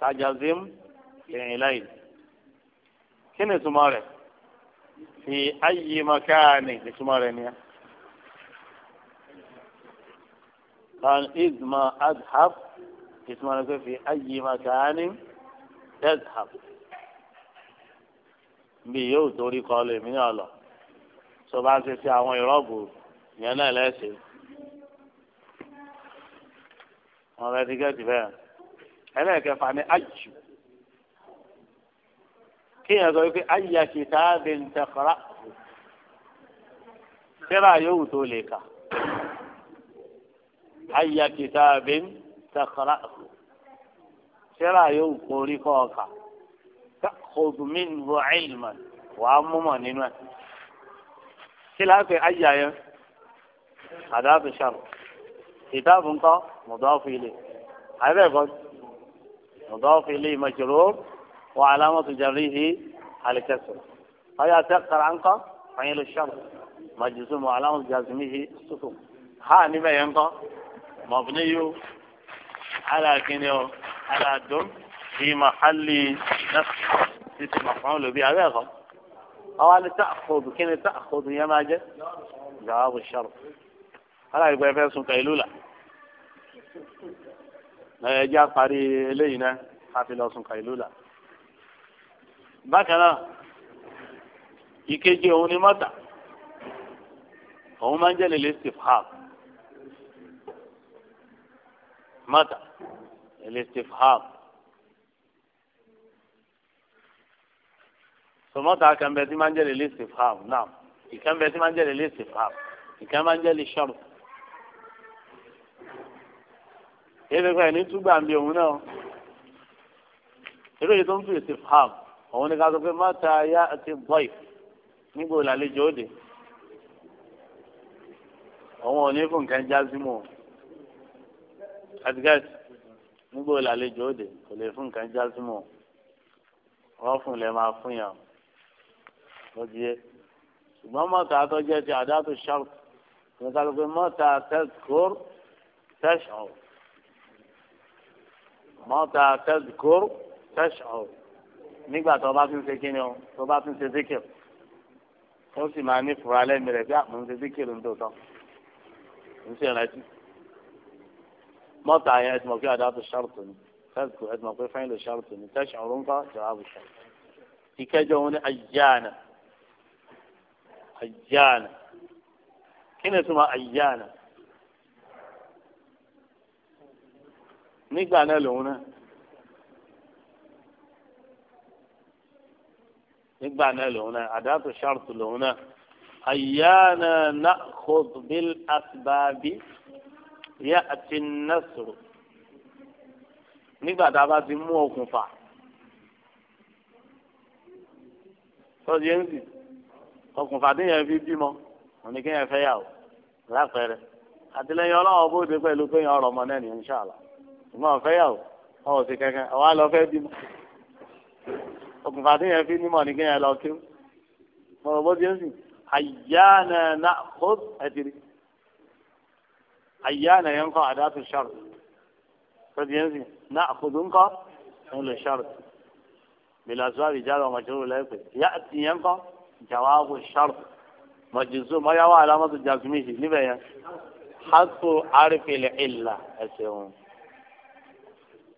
Speaker 2: tajazim lẹ́yìn láì. kí ni ìtumọ̀ rẹ̀? fi ayé makaani ìtumọ̀ rẹ̀ nìyẹn. kan idma adhab ìtumọ̀ ni pé fi ayé makaani tẹ́tàm bí yóò torí kọ́ lè mí náà lọ tó bá ti ṣe àwọn ìrọ́bù yẹn náà lẹ́sẹ̀ wọn bẹ ti gẹ́tì bẹ́ẹ̀ ẹlẹ́ẹ̀kẹfà ni ayù kíyàn sọ wípé ayà kìtà bí n tẹkọrọ tẹ́lá yóò tó lè kà ayà kìtà bí n tẹkọrọ tẹkọrọ sẹ́ra yóò kórí kọ́ ọkà kòdùmín bọ̀ ẹ̀lìmọ̀ wàá múmọ̀ nínú ẹ̀. kí láti ayé ayé àdáàbò sàrò ìdáàbò ńkọ́ mọ̀dọ́fù ilé àbẹ̀bọ̀ mọ̀dọ́fù ilé ìmọ̀jòrò wà alámọ̀tò jàríhi àlìkẹsọ̀ ọ̀yà tẹ́kọ̀rọ̀ ńkọ́ fàyín ló sàrò mọ̀jùsùn mọ̀ alámọ̀tò jàzùmíhi sùkùn ha níbẹ̀ yẹn ńkọ́ mọ̀bìnrin yóò. على كنيو على دم في محل نفس اسم مفعول به هذا غلط أو أن تأخذ كلمة تأخذ هي ما جاء جواب الشرط هلا يبقى فيها اسم قيلولة جاء قري إلينا حافظ اسم قيلولة بكنا يكجي هوني متى هو من جاء للاستفحام متى الاستفهام ثم kan bẹ tí máa ń jẹ lè istifham náà ìkan bẹ tí máa ń jẹ lè istifham ìkan máa ń jẹ lè ṣọrọ èyí kan ní túgbà ń bí òun náà eré yìí tó ń fi istifham òun ni ká sọ pé má ya àti bọ́ì nígbà òlàlejò òde òun ò ní fún nǹkan jásímù nígbò làlejò òde kò lè fún nǹkan jásímọ̀ wọ́n fún lè máa fún yàn lójú yẹ ṣùgbọ́n mọ́ta àtọ́jẹ́ ti àdáàtò ṣáàpù ní kálukú mọ́ta tẹ́kọ̀ọ́ tẹ́ṣọ̀ọ́ mọ́ta tẹ́kọ̀ọ́ tẹ́ṣọ̀ọ́ nígbà tó bá tún ṣe kíni o tó bá tún ṣe díkìrì ó sì máa ní fura lẹ́nu rẹ̀ bí àpò ah, ń ṣe díkìrì ń tòótọ́ ń ṣe rántí. مطع يعد اسمه في الشرط تذكر عد في فعل الشرط تشعرون جواب الشرط تكجون أجانا أجانا كنا اسمها أجانا نقع نالونا نقبع لهنا أداة الشرط لونا أيانا نأخذ بالأسباب yẹ àti nẹ́sùrù nígbà tá a bá ti mú okùnfà tọ́jú yẹn sì okùnfà téèyàn fi bímọ òní kéèyàn fẹ́ yà ó lápẹẹrẹ àtìlẹyìn ọlọ́wọ́ bóde pẹ̀lú kéèyàn ọ̀rọ̀ ọmọ náà ní inṣàlá ìmọ̀ ọ̀fẹ́ yà ó wọn ò sí kankan àwa lọ fẹ́ bímọ okùnfà téèyàn fi nímọ̀ ní kéèyàn lọ kí mọ̀rọ̀ bó ti ń sìn àyà náà náà kó ẹ̀tìrì ayyana yanka adatu shart kaji yanzu na akhudunka wala shart bil asbab jar wa majrur la yakun ya'ti yanka jawabu shart majzu ma yawa alamatu jazmi shi ni bayan hasu arfi al illa asawun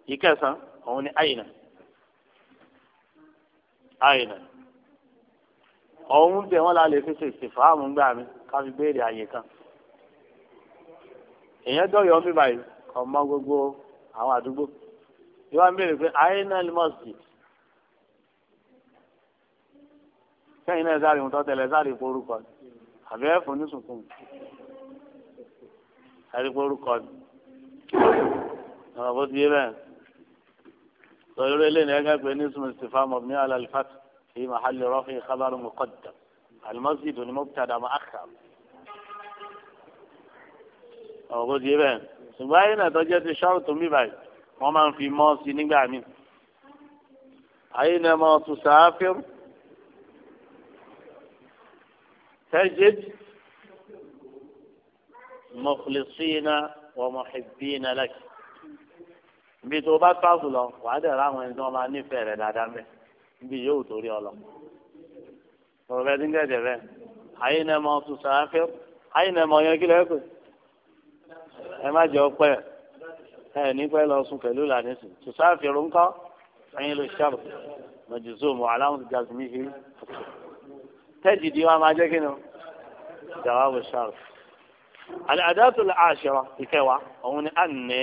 Speaker 2: yikasan wani aina aina ọ̀hún bẹ̀ wọ́n la lè fi ṣe ìsìfàámù gbà mí ká fi béèrè àyè kan èèyàn dọ̀yọ̀ mi báyìí kò mọ gbogbo àwọn àdúgbò ìwà ń béèrè pé ainal mosque sẹ́yìn náà sáré ìmútọ́ tẹ̀lé sáré ìforúkọ ni àbí ẹ̀fọ́ nísùnkùn sáré ìforúkọ ni ọ̀rọ̀ bó ti yé bẹ́ẹ̀ lórí eléyìí náà gẹ́gẹ́ pé nísùn istifam mabni ala al-fath fi mahalli rafi khabar muqaddam al-masjid ni mubtada mu'akhkhar ọ̀rọ̀ bó ti yé bẹ́ẹ̀ ṣùgbọ́n ayé náà tọ́jú ti ṣọ́ọ̀rù tó ń bí báyìí wọ́n máa ń fi mọ́ sí nígbà míì ayé náà mọ́ tún sàáfíìrù tẹ́jẹ́d mọ̀kìlìsínà wọ́n mọ̀hìbínà lẹ́kì ibi tó bá tààfù lọ wàá dẹ̀ ra àwọn ẹni tó máa nífẹ̀ẹ́ rẹ̀ dáadáa mẹ́ ibi yóò torí ọ lọ. ọ̀rọ̀ bẹ́ẹ̀ ti ń gẹ̀dẹ̀ bẹ́ẹ̀ ayé náà mọ́ tún sàáfíìrù ayé náà mọ́ yẹn kí lẹ́kọ̀ọ́ ẹ má jẹ́ ọpẹ́ ẹ nípẹ́ lọ sùn pẹ̀lú ìlànà ìsìn tùsáàfì rúńkọ́ ẹ̀yin ló ṣàbù mọ̀jùsọ́ mọ̀ aláwọ̀ ti jàzù mí hìí tẹ́jì di wa máa jẹ́ kí ni jàwábù ṣàbù. àdáàtò àṣọ ìkẹwàá òun ni àná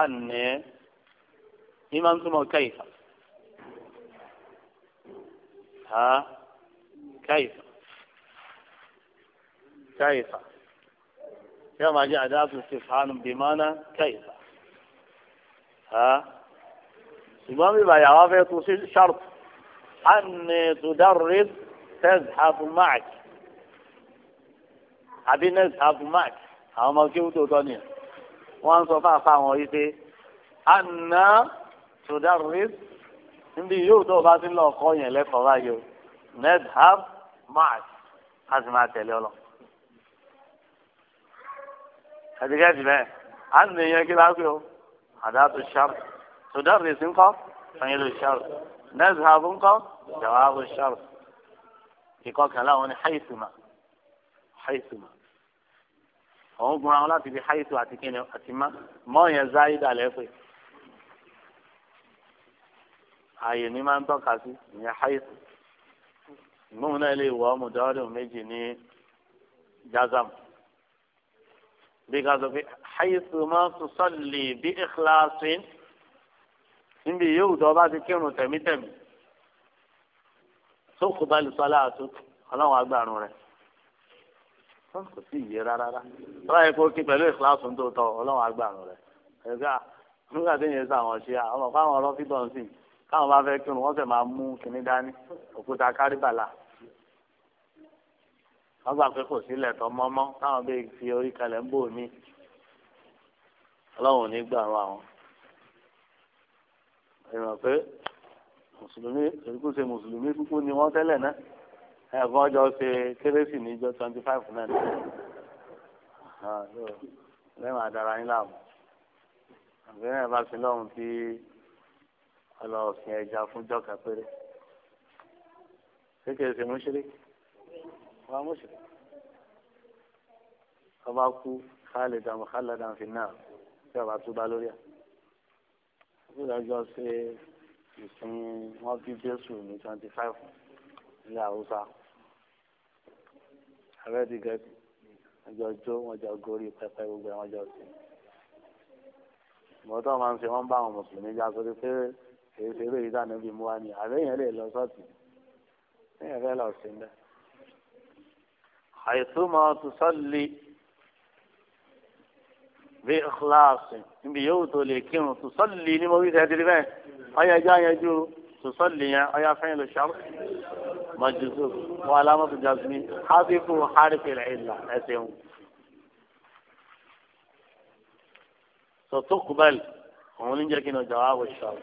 Speaker 2: àná ìmọ̀ ń túmọ̀ kẹ́yìfà ha kẹ́yìfà tí wọn máa jẹ àdáàtú stéphane bimana kẹyìfà ṣùgbọ́n bí bàyà wá fẹ́ tún sí sharp àni tudarrid tezhab mark àbí nezhab mark àwọn ọmọ kéwù tó tọ́ ni wọ́n ń sọ fún àfa àwọn yìí pé àná tudarrid níbi yóò tó o bá ti lọ kọ́ yẹn lẹ́kọ̀ọ́ báyìí o nezhab mark a sì máa tẹ̀lé ọ lọ ẹ̀dẹ̀gẹ́dì bẹ́ẹ̀ á ń lè yẹn kí lágbè o àdáàtò ṣáàrù sùdọ́ọ̀rù èsì ńkọ́ fẹ̀yìn ló ṣáàrù nẹ́ẹ̀sì ààbò ńkọ́
Speaker 3: jàwáàbò ṣáàrù
Speaker 2: ìkọ́ kan láwọn ní haìsùmá haìsùmá òun gun àwọn láti fi haìsù àti kíni àti má mọ́ọ̀yẹn záyídà lẹ́pẹ́ ààyè ní máa ń tọ́ka sí ìyẹn haìsù ìmúhùn náà lè wọ́ ọmọdé ọdún méjì ní jazam bí ká sọ pé haythu ma tusalli bí ikhlasin níbi yóò tó bá ti kírun tẹ̀mítẹ̀mí tó kù bá lè sọ aláàtú ọlọ́run agbárun rẹ̀ kò sí ìyè rárá rárá báyìí kó kí pẹ̀lú ìkíláàsì tó tọ̀ ọlọ́run agbárun rẹ̀ ẹ̀ka nígbà tí yẹn sàwọn ṣe àwọn fáwọn ọlọ́fíìtàn sí káwọn bá fẹ́ kírun wọ́n sì máa mú kinní dání òkúta kárìbàlà wọ́n gbà pé kò sílẹ̀ tó mọ́mọ́ táwọn bẹ́ẹ̀ fi orí kalẹ̀ ń bò mí ọlọ́run ò ní gbà wọ́n àwọn. ìrọ̀ pé mùsùlùmí èkó ṣe mùsùlùmí kúkú ni wọ́n tẹ́lẹ̀ náà ẹ̀gbọ́n ọjọ́ ṣe kérésì níjọ́ twenty five náà ni lẹ́wọ̀n adara yín láàmú àbẹ̀rẹ̀ ẹ̀ bá fi lọ́hùn tí ọlọ́ọ̀sìn ẹja fúnjọ́ kà péré ṣé ṣe mú ṣírí wà mùsùlùmí ọba kú khalidan mukhalladan finnar tí ọba tó bá lórí ẹ̀ ó dájọ́ ṣe ìsìn wọn bí jésù ní twenty five ní haúsá àrẹ́dì gẹ̀ẹ́sì wọ́n jọ jó wọ́n jọ gorí pẹpẹ gbogbo ẹ̀ wọ́n jọ sí mọ́tò máa ń ṣe wọ́n bá àwọn mùsùlùmí já sórí pé kì ṣe eré yìí dáná bíi mú wa ni àrẹ́yìn lè lọ sọ́ọ̀tì ẹ̀yìn fẹ́ lọ sí ń حيثما تصلي بإخلاص بيوتو لكن تصلي لمويت هذه البيت أيا جاء يجو تصلي أيا فعل الشر مجزوب وعلامة الجزمي حذف حرف العلة أسهم ستقبل ومن جاكين جواب الشر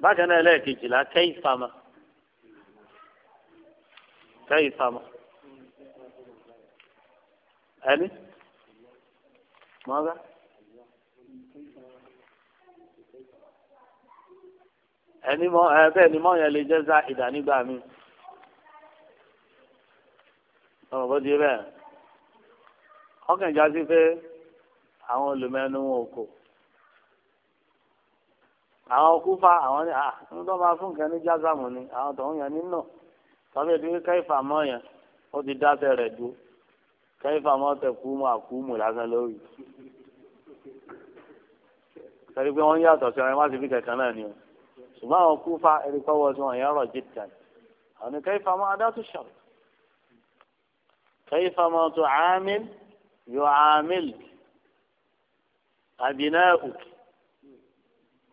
Speaker 2: بعد أنا لا تجلا كيفما كيفما ẹni mọ́gá ẹni mọ ẹ bẹ́ẹ̀ ni mọ́ yẹn lè jẹ́ za ìdánigbà mi ọ̀rọ̀ bó di bẹ́ẹ̀ ọkàn ìjà sí pé àwọn olùmẹ́nu wọn àwọn kúfà ah ń tọ́ máa fún nǹkan ní jágàmù ni àwọn tọ̀hún yẹn nínú tọ́bí ẹ̀dínwó káìfà mọ́ yẹn ó ti dá bẹ̀rẹ̀ dúró kẹfà mọ tẹ kú mu àkúmu lásán lórí sẹ́ni pé wọ́n yàtọ̀ sí ọ̀rẹ́ má ti fi kankan náà ni o ṣùgbọ́n àwọn kú fa ẹni pọ́wọ́ sí wọn yẹn rọ̀ jìtìkan àwọn kẹfà mọ adátú sọ̀rọ̀ kẹfà mọ tó àmìl yóò àmìl àbínáàkù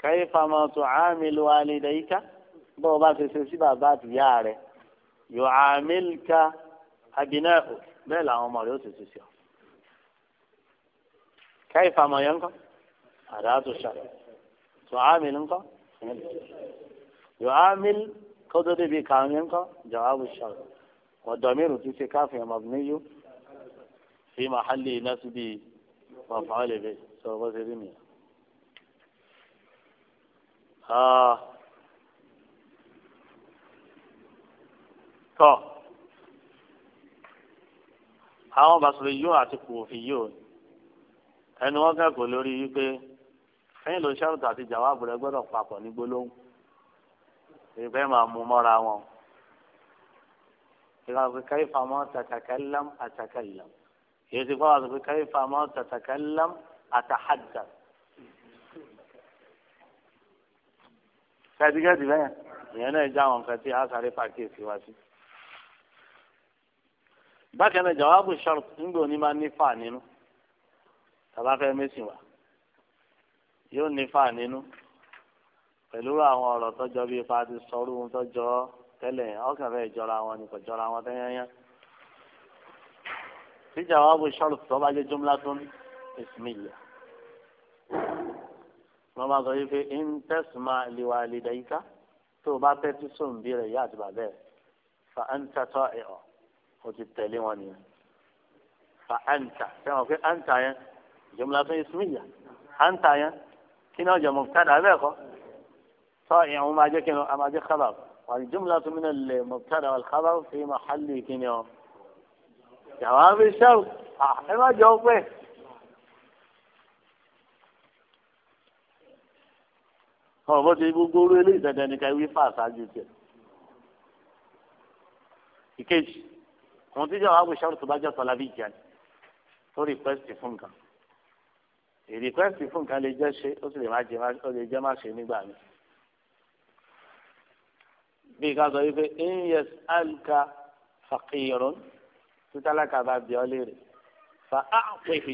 Speaker 2: kẹfà mọ tó àmìl wàlídàyíká bọ́ọ̀ bá ṣe ṣe sí bàbá àtìyá rẹ̀ yóò àmìl ká àbínáàkù bẹ́ẹ̀ làwọn ọmọ rẹ̀ ó sì ti sọ. káyì fàmọ̀ yẹn ńkọ́ àdáàtò ṣàlẹ̀ sọ̀hámìl ńkọ́ yọ̀hámìl kótó débi kàwọn yẹn ńkọ́ jọ̀hábù ṣàlẹ̀ ọ̀dọ̀mírù ti ṣe káfíń mabniyu fi mahalli nasibi maf'ul bi sọ bó ṣe rí mi. Ah. tọ́ àwọn bàṣẹlẹ yóò àti kùfì yóò ẹnu wọn kẹ́kọ̀ọ́ lórí wípé ẹ̀yìn ló ṣàrùtà àti jàwáàbù rẹ gbọ́dọ̀ papọ̀ ní gbólóhùn ìfẹ́ máa mú mọ́ra wọn ìlànà kaifa ma tatakallam atakallam èyí ti fọwọ́ àti kaifa ma tatakallam atahaddath. kẹ́tíkẹ́tì bẹ́ẹ̀ ìyẹn náà já àwọn nǹkan tí a sáré pàkíyèsí wá sí bákan náà jawabu shart ńgbò ní máa ní fà nínú tàbá fẹ́ mẹ́sìn wá yóò ní fà nínú pẹ̀lú àwọn ọ̀rọ̀ tọ́jọ́ bíi ipa ti sọrú ohun tọ́jọ́ tẹ́lẹ̀ ọkàn fẹ́ jọra wọn ni kò jọra wọn tẹ́yẹ́yẹ́ tí jawabu shart tó bá jẹ́ jumlatun ismiyya wọ́n máa sọ wípé in tasma liwalidayka tó o bá tẹ́tí sóun bí rẹ̀ yá àti bàbá ẹ̀ fa anta ta'i'u. o ti tẹ̀lé wọn nìyẹn fa anta sẹ́wọ̀n pé anta yẹn jumla tó ismiya anta yẹn kí ni ọjà mubtada abẹ́ kọ́ tọ́ ìyẹn wọn máa jẹ́ kí ni a máa jẹ́ khabar والجملة من المبتدا والخبر في محل كنيو جواب الشرط ما جاوبه ọ bó ti gbogbo orí eléyìí dandan ni ká wí fà saju tiẹ̀ ìkejì àwọn tí jọ̀wọ́ àbùsọ̀ ọ̀rọ̀ tó bá jọ tọ́lá bí ìjà ni tó rìkwẹ́sìtì fún nǹkan rìkwẹ́sìtì fún nǹkan lè jẹ́ ṣe ó sì lè má jẹ ó lè jẹ́ má ṣe nígbà mi. bí ká sọ wípé inyes alka fakirun títálákà bá bí ọ léèrè fa á wéhi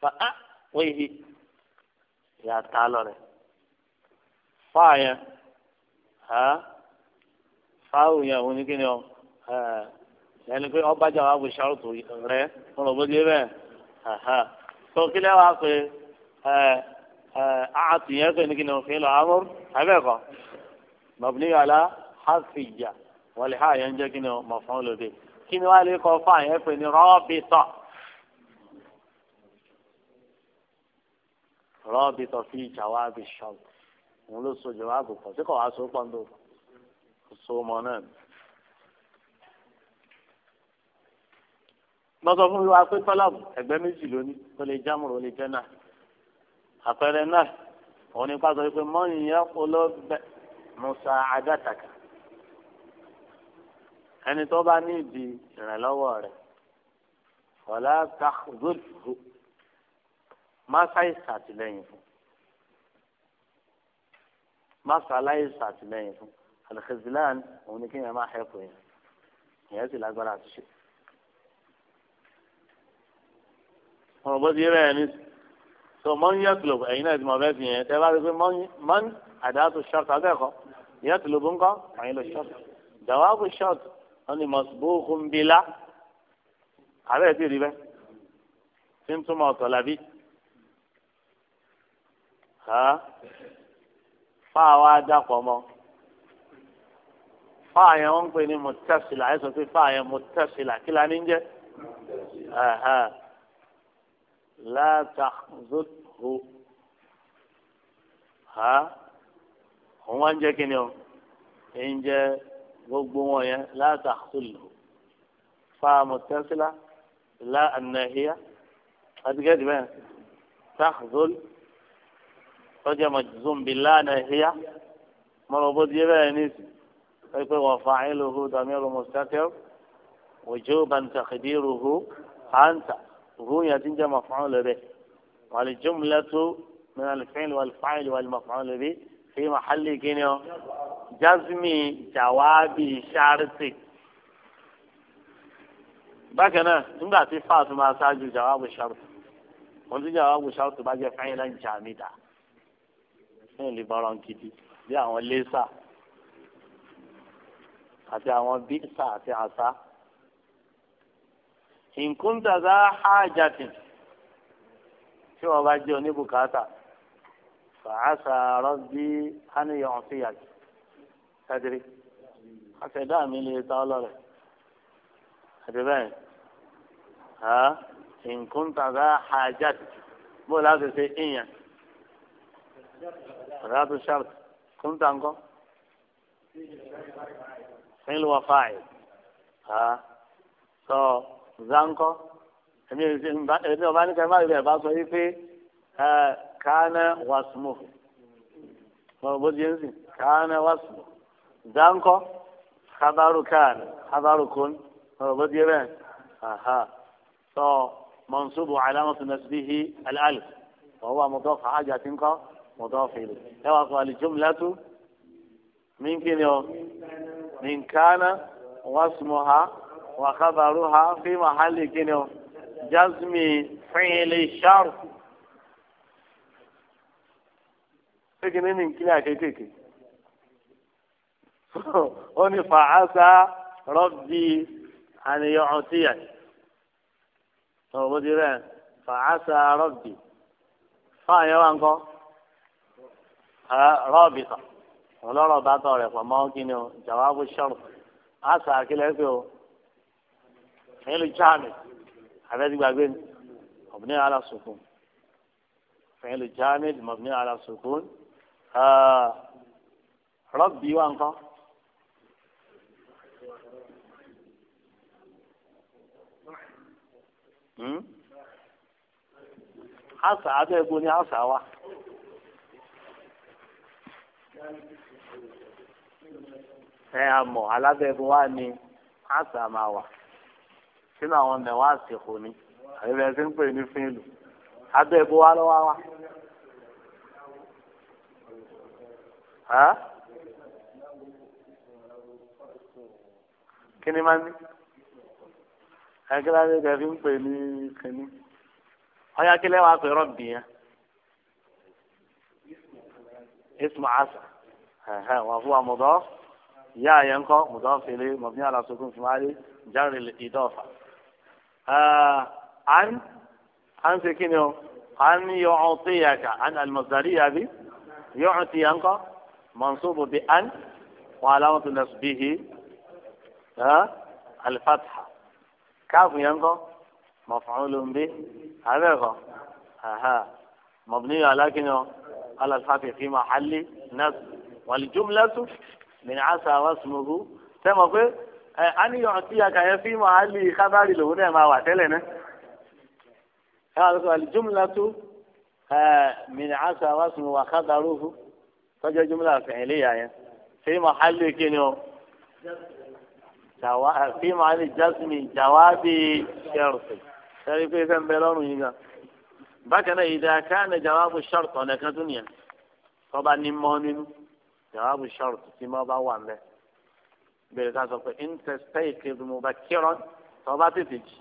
Speaker 2: fa á wéhi yà á ta lọ hàn fáwọn yẹn òun ní kí ni ọ ẹni pé ọba jà wà bó ṣàrùtù rẹ wọn lọ bó dé bẹ́ẹ̀ tó kí lẹ́ wàá pé àtìyẹn pé ní kí ni òfin lọ amúr abẹ́ẹ̀kọ́ mabniya ala hafiya wọ́n lè ha yẹn jẹ́ kí ni mọ̀fọ́n lòdì kí ni wàá lè kọ́ fáwọn yẹn pé ní rọ́ọ̀bì tọ̀. رابط في جواب الشرط ولو سو جواب فسقوا عسو قندو sọmọ náà ni. wọ́n sọ fún mi wá pé tọ́làbù ẹgbẹ́ méjì lónìí ó lè jámùrù ó lè jẹ́ náà àpẹẹrẹ náà òun nípa sọ pé mọ́yìn yẹn olóògbé musa agataka ẹni tó bá ní ìdí ìrànlọ́wọ́ rẹ̀ ọ̀la takzulhu másáì sàtìlẹ́yìn fún másáláì sàtìlẹ́yìn fún alxezilan òun ni kéèyàn máa hẹ́pù yẹn èèyàn sì lágbára àtúnṣe. ọ̀rọ̀ bó ti yé bẹ́ẹ̀ ni so mọ́n yẹ kìlọ̀ ẹ̀yin náà ti mọ̀ bẹ́ẹ̀ fi yẹn tẹ́ bá rí i pé mọ́n àdáàtò ṣọ́ọ̀tì abẹ́ẹ̀kọ́ yẹ kìlọ̀ bó ń kọ́ ẹ̀yin lọ ṣọ́ọ̀tì dàwáàbò ṣọ́ọ̀tì wọn ni mọ̀sibókun bílá àbẹ́ẹ̀ sì rí bẹ́ẹ̀ tí ń túmọ̀ ọ̀tọ̀ làbí fáwa dàpọ̀ mọ́ fáà yẹn wọ́n ń pè ní mọ̀tẹ́sílà ẹ̀ sọ pé fáà yẹn mọ̀tẹ́sílà kí la ní jẹ́ látàzótó ha òun wá ń jẹ́ kí ni o ń jẹ́ gbogbo wọn yẹn látàzótó fáà mọ̀tẹ́sílà lánàhíyá àti gẹ́gẹ́ bẹ́ẹ̀ tàzótó tọ́jà mọ̀tẹ́sílà lánàhíyá mọ̀rọ̀ bó ti yẹ bẹ́ẹ̀ ní ìsìn pé wọ́n fa ayélujú damiru mustaqir wòjú bàǹtà kìdírù hu àǹtà hu yẹn ti ń jẹ́ maf'ul bihi wàlìjúmùlẹ́tù min alfẹ́ẹ̀l wàlfàìl wàlmaf'ul bihi fi mahalli kìíní o jazmi jawaabi sharti bákan náà nígbà tí fáàtú máa ṣáájú jawaabu sharti wọ́n ti jawaabu sharti bá jẹ́ fẹ́yìn láǹjà mi dà ní ìlú bọ́rọ̀ nkìtì bí àwọn lẹ́sà àti àwọn bíṣà àti àṣà. ìkúntàzá hájàtì tí wọ́n bá jẹ́ oníbùkátà fàásà rọ́bì hánìyàn sí yàtì kadiri àtẹ̀dá mi lè ta ọlọ́rẹ̀ àti bẹ́ẹ̀ ha ìkúntàzá hájàtì bó láti ṣe ìyàn ràtú sàrtì fẹ́ẹ́lì wọ fáìl sọ zankọ èmi èmi ọba nípa ẹ̀ma ìlú ẹ̀ bá sọ yìí pé kánẹ wàsùmù bó di ẹ̀sìn kánẹ wàsùmù zankọ habaru kánẹ habaru kún bó di ẹ̀rẹ̀ sọ mọ̀nsúbù alámọ̀tún nasbihi alálif ọwọ́ mọ̀tọ́fà ájà tí ń kọ́ mọ̀tọ́fà ìlú ẹ̀ wá sọ àlìjọ́mùlátú mí nìkanna wàsùmùhà wàkàbàrùhà fi màhálì kìíní o jazmi fìlì sharp. kékeré ní nkiri àkékèké ó ní fàásà rọ́bì àníyàn ọtí yẹn ọ̀rọ̀ bó ti rẹ̀ fàásà rọ́bì fáwọn yẹn wà ń kọ́ rọ́bì tán ọlọ́rọ̀ bá tọ̀ rẹ̀ pọ̀ mọ́ kí ni o jawabu sharf á sà àkílẹ̀ pé o fẹ́ẹ́lì jáàmì àbẹ́tí ni mabni ala sukun fẹ́ẹ́lì jáàmì mabni ala sukun ah, rọ́bì wa nǹkan. àṣà abẹ́gbó ni àṣà wa ẹ àmọ́ alábẹ́gun wa ni àṣà máa wà sínú àwọn mẹ́wàá àsìkò ni àyẹ̀bẹ̀ ti ń pè ní fún ìlú wa lọ́wọ́ wa. kí ni máa ní akíláàdé tẹ fi ń pè ní kínní ọyọ akílẹ̀ wa pè rọ́ọ̀bì yẹn ismu asa wọn fún wa mọ̀dọ́ ìyá yẹn ńkọ́ mùtọ́fìlì mọ̀bí àlàsókùn fìmárì járe ìdọ́fà. à ń ṣe kí ni o à ń yọ ọtí yàgà à ń alimọ̀sálì yàbí yọ ọtí yà ńkọ́ mọ̀nsóbù bí à ń wọn aláwọ̀ tó lẹ́sùn bí hi alifatiha káàfù yẹn ńkọ́ mọ̀fọ́nlù ń bí fi máa hali nẹ́sùn wàlíjúmlẹ́sùn min asa wa sumuhu tẹ mọ pé ẹ àníyàn tí a kà yẹ fi mọ àlì kábàárì lòun náà máa wà tẹ́lẹ̀ náà ẹ wà lóko àlì jumla tó ẹ min asa wa sumuhu wa kábàárùhu tọjọ jumla fẹ̀yìnlẹ̀ yà yẹn fi mọ àlì kíni o fi mọ àlì jasmi jawaabi ṣẹrùsì sẹri pé fẹ́ ń bẹ lọ́rùn yìí gan bákan náà ìdá káàní jawaabu ṣẹrùsì ọ̀nà kan tún yẹn tọ́ba ní mọ́ nínú jawabu shartu tí mo bá wà mẹ bẹ́ẹ̀ ká sọ pé intestate kiri mo bá kíran tó bá tètè jì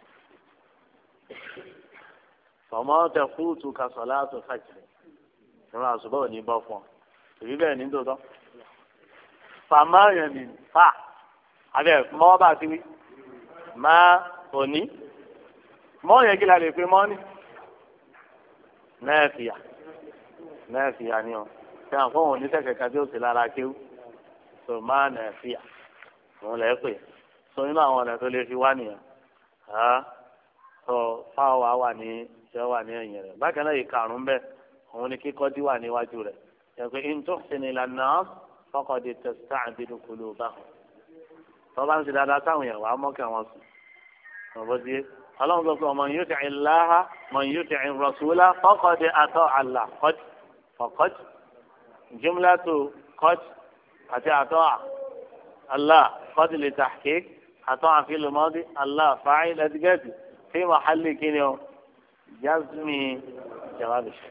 Speaker 2: tọmọ tẹ kúùtù ka sọlá tó fàjìrì ìrún àṣùbọ ò ní bọ fún ọ èyí bẹ́ẹ̀ ní tòótọ́ fàmà yẹn ni fà la lè pe mọ ni náà fìyà ṣe àfọwọ́n oníṣẹ́kẹ̀ kan tí ó sì lára kéwú tó máa nà fíà òun lẹ́ pè so nínú àwọn ọ̀nà tó lè fi wá nìyẹn tó fáwọn wà ní ṣe wà ní ẹ̀yìn rẹ̀ bákan náà ìkarùn bẹ́ẹ̀ òun ni kíkọ́ dí wà níwájú rẹ̀ yẹ pé ntòsìn ìlànà fọkàndé tẹ̀sítà àbínú kúló bá wọn tó bá ń ṣe dáadáa táwọn èèyàn wà á mọ́kẹ́ wọn sùn ọ̀bọ̀ ọlọ́run sọ pé ọmọ yóò tẹ̀ ẹ́ láha ọmọ yóò tẹ̀ ẹ́ rọ̀ṣúlá fọkàndé àtọ́ àlà fọkàndé jumlatu qad àti àtọ́à allah qad li tahqiq àtọ́à fil madi allah fa'il ẹ̀dígẹ́tì fi mahalli kíni o jazmi jawab ṣe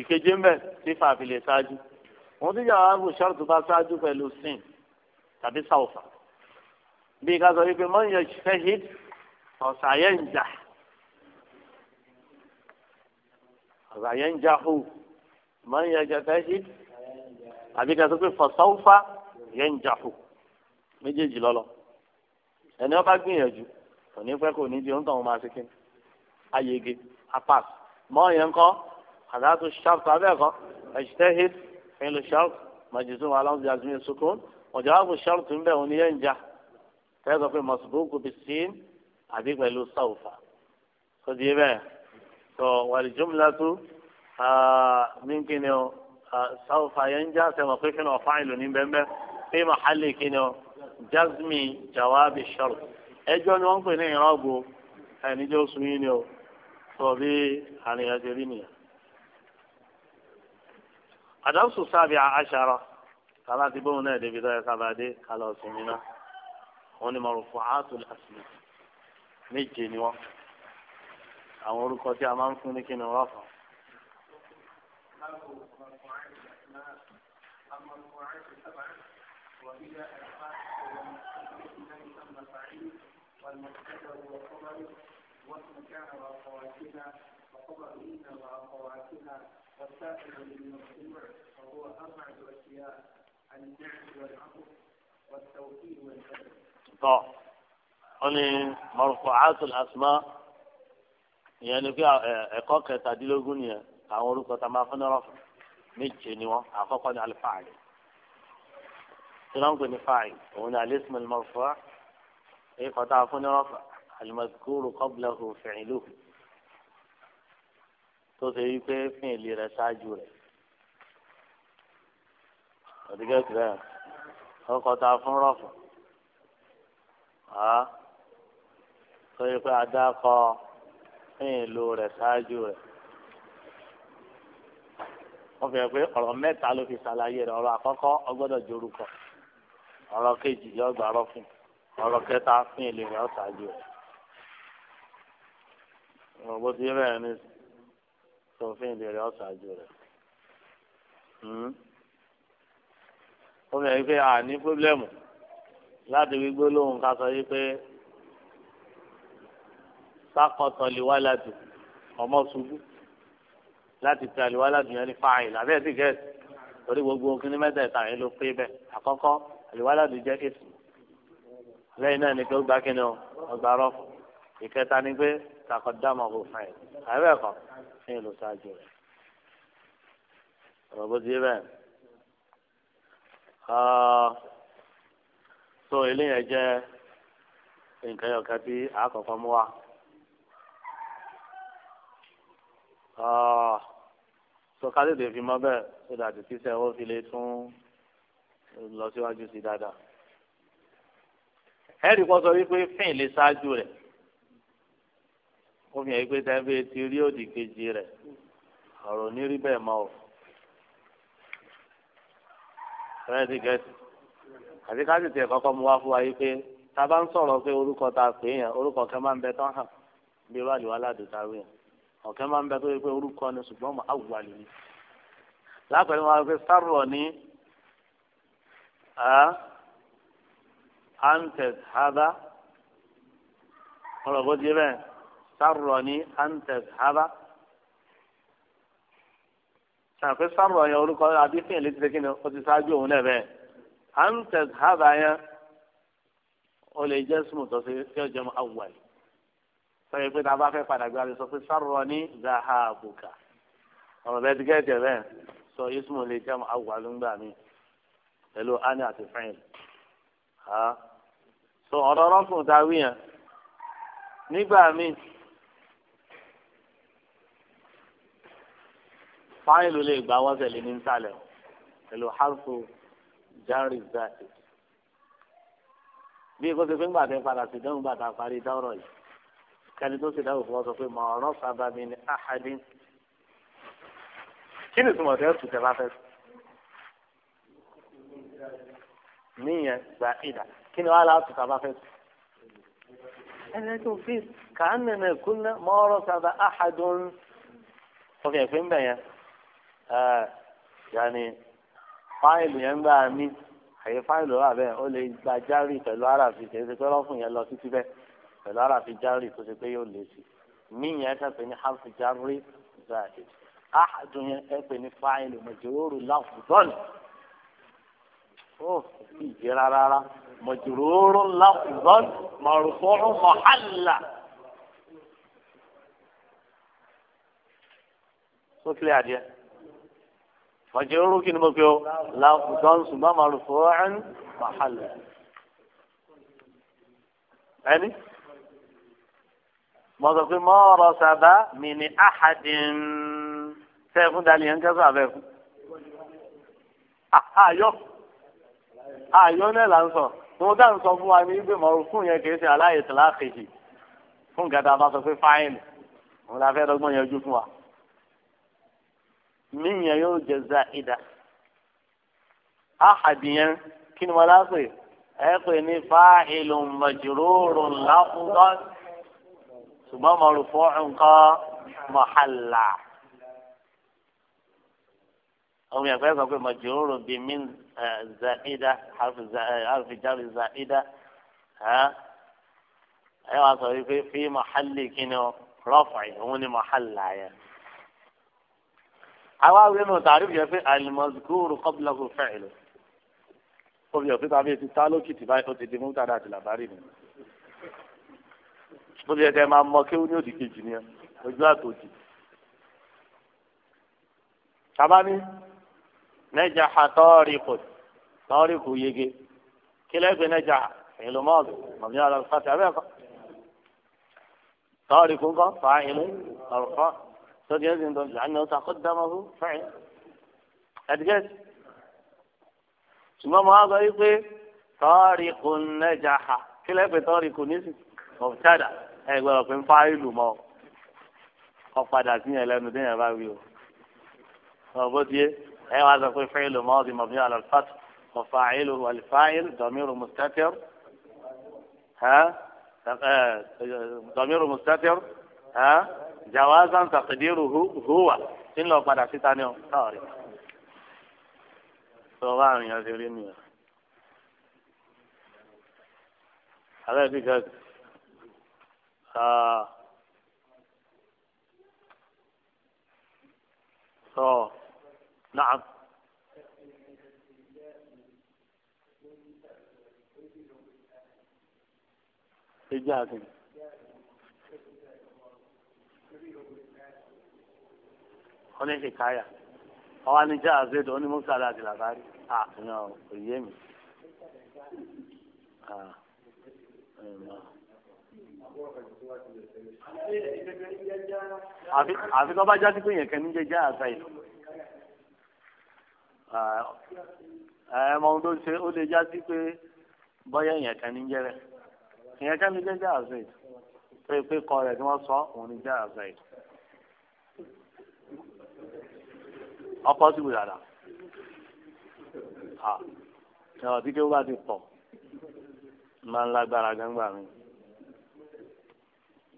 Speaker 2: ìkeje ń bẹ tí fàfilè ṣáájú wọn ti jà wàhálà ṣọ́ọ̀tù bá ṣáájú pẹ̀lú sin tàbí sàwùfà bí ká sọ wípé mọ́nyẹ ṣẹ́hìd ọ̀sàyẹ̀ ń jà fàyẹnjahu máa ń yàjà tẹ́sí àbí ká sọ pé fọ̀sọ́fà yẹnjahu méjèèjì lọ́lọ́ ẹni ọba gbìyànjú kò ní pẹ́ kò ní di oúnjẹ òun máa ṣe kíni ayege apas mọ́ yẹn kọ́ àdáàtú ṣáàpù abẹ́ẹ̀kọ́ ẹ̀jítẹ́hìd fẹ́lú ṣáàpù màjìsùn wà láwùjọ àzúmí sukùn ọ̀jọ̀wábù ṣáàpù ń bẹ̀ òun ní yẹn jà tẹ́sọ̀ pé mọ̀sùbùkù bìsín àbí pẹ̀lú sọ́ọ̀fà kò di bẹ́ẹ̀. tó wàlìjúmùlátú mí kíni o sáwùfà yẹn ń já sẹ́wọ̀n pé kíni ọ̀fà ìlú ní fi mahali kíni o jazmi jawabi shart ẹjọ́ ni wọn ń pè ní ìrọ́gbó ẹnìjọ́ sùn yín ni e, o tó bí àníyànjú rí nìyẹn. àdánsù sábìà àṣàrọ̀ kala ti bóun náà débi lọ́yẹ̀ sábàdé kala ọ̀sìn nínú wọn ni mọ̀rùfù àtúlẹ̀ àsìlẹ̀ méje ni àwọn orúkọ tí a máa ń fún ní kí ni wọ́n fà.
Speaker 1: والمقتدر وخبر واسم كان وأخواتها وخبر إن وأخواتها والسائل للمجتمع وهو أربعة أشياء النعم والعفو والتوكيل والكذب.
Speaker 2: طيب. قل مرفوعات الأسماء ìyẹn ni pé ẹ̀kọ́ kẹtàdínlógún nìyẹn àwọn orúkọ tá a máa fún ní rọ́ọ̀fù méje ni wọ́n àkọ́kọ́ ní alifáàlì tí wọ́n ń pè ní fáàlì òun ni alẹ́sìmọ̀lì mọ̀fọ́ ẹ̀kọ́ tá a fún ní rọ́ọ̀fù alimọ̀kúrò kọ́bùlà kò fẹ̀yìn lò tó ṣe yí pé fún ìlú rẹ̀ ṣáájú rẹ̀ ọ̀dùgẹ́ tìrẹ̀ ọkọ̀ tá a fún rọ́ọ̀fù tó yẹ pé adá kọ́ ọ. àfihàn lo rẹ̀ ṣáájú rẹ̀ wọ́n fi hàn pé ọ̀rọ̀ mẹ́ta ló fi ṣàlàyé rẹ̀ ọ̀rọ̀ àkọ́kọ́ ọgbọ́dọ̀ jorúkọ ọ̀rọ̀ kejì yọ gbàrọ̀ fún ọ̀rọ̀ kẹta rẹ̀ ṣáájú rẹ̀ ti rẹ̀ rẹ̀ ṣáájú rẹ̀ wọ́n hmm? fi hàn pé láti wí gbólóhùn ká sọ yí pé. sákọ̀tọ̀ lìwáládù ọmọ ṣubú láti pe àlìwáládù yẹn ní fáìlì àbẹ́ẹ̀ sì gẹ̀ẹ́sì torí gbogbo kíní mẹ́tẹ̀ẹ̀ta yẹn ló pé bẹ́ẹ̀ àkọ́kọ́ àlìwáládù jẹ́ kéṣù lẹ́yìn náà ni pé ó gbá kíni o ọgbà rọ́ọ̀fù ìkẹta ni pé takọ̀dámọ̀ kò fáìlì àbẹ́ẹ̀kọ́ ní ìlú ṣáájú rẹ̀ ọ̀rọ̀ bó ti yé bẹ́ẹ̀ ah, so eléyẹn jẹ́ nǹkan yọ̀ọ̀kan tí àkọ́kọ́ mú wa. Ah, sọkadì lè fi mọ́ bẹ́ẹ̀ tó dàtí kíṣẹ́ ó fi lè tún lọ síwájú sí dáadáa. ẹ̀rí kan sọ wípé fíìn lè ṣáájú ó fi hàn wípé ti rí òdì kejì rẹ̀ ọ̀rọ̀ ní bẹ́ẹ̀ mọ́ o. fẹ́rẹ́ ti gẹ̀ẹ́sì àti ká sì kọ́kọ́ mu wá fún wa wípé bá ń sọ̀rọ̀ pé orúkọ pè é ọ̀kẹ́ máa ń bẹ tó yẹ pé orúkọ ni ṣùgbọ́n mọ̀ àwùwalè ni lápẹ̀lẹ́ wọn pé sárọ̀ ní antes haba ọ̀rọ̀ bó ti yẹ bẹ́ẹ̀ sárọ̀ ní antes haba sàfẹ́ sárọ̀ yẹn orúkọ adífẹ́ létí pé kí ni ó ti ṣáájú òun náà bẹ́ẹ̀ antes haba yẹn ó lè jẹ́ súnmù tó ṣe kí ọjọ́ àwùwalè sọyìn pé tàbá fẹ́ padà gba lè sọ pé sáró ní zahabuka ọ̀rọ̀ bẹ́ẹ̀ ti gẹ́gẹ́ bẹ́ẹ̀ sọ ismu lè jẹ́ àwùwá ló ń gbà mí pẹ̀lú ani àti fẹ́yìn ha sọ ọ̀rọ̀ ọlọ́kùnrin ta wí yẹn nígbà míì fáìlì lè gbà wọ́n tẹ̀lé ní nsàlẹ̀ pẹ̀lú harfu jari zati bí kò ti fi ń gbà tẹ́ padà sí dẹ́hùn gbà tá a parí dáwọ́rọ̀ yìí. كان دوسي له فواصفه ما نصب من أحد كيف اسمه تيار تتغافز مية بعيدة كين غالا تتغافز أنا توفيت كأننا كنا ما رصد أحد طبعا فين بيا آه يعني فايل ينبع مين هي فايل هو أبي أولي بجاري تلو عرفي تيزي تلو فين يلو تيزي بيه فدار في جاري كتبي وليسي من يتبين حرف جاري زائد أحد يتبين فاعل مجرور لفظا أوه جرارارا مجرور لفظا مرفوع محلا سوك لي عادية مجرور كن مكيو لفظا مرفوع محلا يعني mọ sọ pé mọ ọrọ sábà mi ni ahadin sẹfún dalẹ yẹn kẹsàn abẹ fún ayọ ah, ayọ ah, náà là ń sọ mo dá ń sọ fún wa ní ibi mọ fún yẹn kì ṣe aláyè tí láàkejì fún gàdá bá sọ pé fáìlì òun la fẹ́ dọ́gbọ́n yẹn ojú fún wa mí yẹn yóò jẹ za ìdá ahadin yẹn kí ni wọn lásìkò ẹ pè ní fáìlì mọ̀jìrò rò láfúgọ́sì ṣùgbọ́n mọ̀rùfọ́ nǹkan mọ̀hálà àwọn yàgbẹ́ sọ pé mọ̀jòrò bíi min zaida alfijari zaida ẹ wá sọ wípé fi mọ̀hálì kíni o rọ́fàì òun ni mọ̀hálà yẹn. àwa wínú tààrí yẹn pé alimọ̀zikúrú kọ́bùlọ́kù fẹ́ẹ̀lú. ó fi tàbí ti tá lókìtì báyìí ó ti di mú tàdá àti làbárì nìyẹn bó ti yẹ kẹ́ máa mọ kéwú ní òdì kejì ni ojú àtòjì. sábàní nẹ́jà àtọ́ọ̀rì kò tọ́ọ̀rì kò yege kílẹ̀ pé nẹ́jà ìlú mọ́ọ̀dù mọ̀mí àlọ́fàtì abẹ́ẹ̀kọ́ tọ́ọ̀rì kò ń kọ́ fàá ìlú ọ̀rọ̀kọ́ tó ti yẹ kí n tó lànà ó fún fẹ́ẹ̀ ẹ̀dígẹ́sì ṣùgbọ́n mo á sọ yí pé tọ́ọ̀rì kò nẹ́jà kílẹ̀ pé tọ́ọ̀rì kò ní sí ọ̀tádà. ẹ gbọ́dọ̀ pé ń fáìlù mọ́ ọ padà sí yẹn lẹ́nu déyàn bá wí o. ọ̀bọ díẹ̀ ẹ wá sọ pé fáìlù mọ́ ọ̀dì mọ̀bí àlọ́fàt ọ̀fàìlù wàlífàìlù dọ̀míru mùsítátẹ́r dọ̀míru mùsítátẹ́r jawazan tàkìdírù hùwà tí ń lọ padà síta ní ọ̀ sọ̀rọ̀ sọ bá àrùn yẹn ṣe rí nìyẹn. alẹ́ bí gẹ́gẹ́. اه نعم إجازة oní ìkáyà ọwọ́ ni jẹ́ àzédò oní mùsàlá àti làbárí àyàn òye mi
Speaker 1: àfi tó bá jáde pé yẹn kẹ́ ní jẹjẹ àṣà yìí
Speaker 2: ẹ mọ ohun tó ṣe ó lè jáde pé bọ́yá yẹn kẹ́ ní jẹrẹ yẹn kẹ́ ní jẹjẹ àṣà yìí pé pé kọ rẹ̀ tí wọ́n sọ òun ní jẹ́ àṣà yìí ọkọ síbi dada ẹ ọtí kí ó bá ti pọ̀ máa ń lágbára gbangba mi.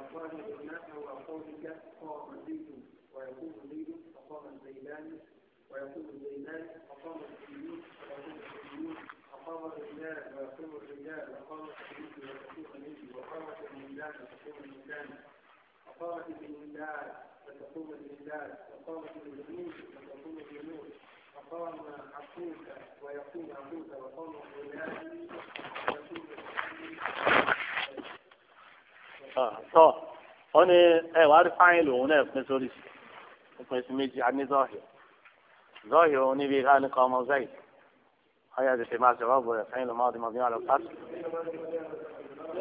Speaker 1: وقال ابناءه أو قولك قام زيد ويقوم زيد فقام الزيدان ويقوم الزيدان فقام الزيدون ويقوم الزيدون فقام الرجال ويقوم الرجال وقام الحديث ويقوم النبي وقامت الميلاد ويقوم الميلاد وقامت الميلاد وتقوم الميلاد وقامت الجنود وتقوم الجنود وقام عقوك ويقوم عقوك وقام الرجال ويقوم الرجال
Speaker 2: tọ́ ọ ní ẹ wàá rí fáyín lòun náà pín sórí pín sí méjì á ní zọ́ọ̀hìr zọ́ọ̀hìr òun níbi ká ní kọ́ ọmọ zayd ọyá tètè máa ṣe rọ́ọ̀bù rẹ̀ fẹ́yìn lọ́mọdé mọ̀ bí wọ́n lọ pàṣẹ.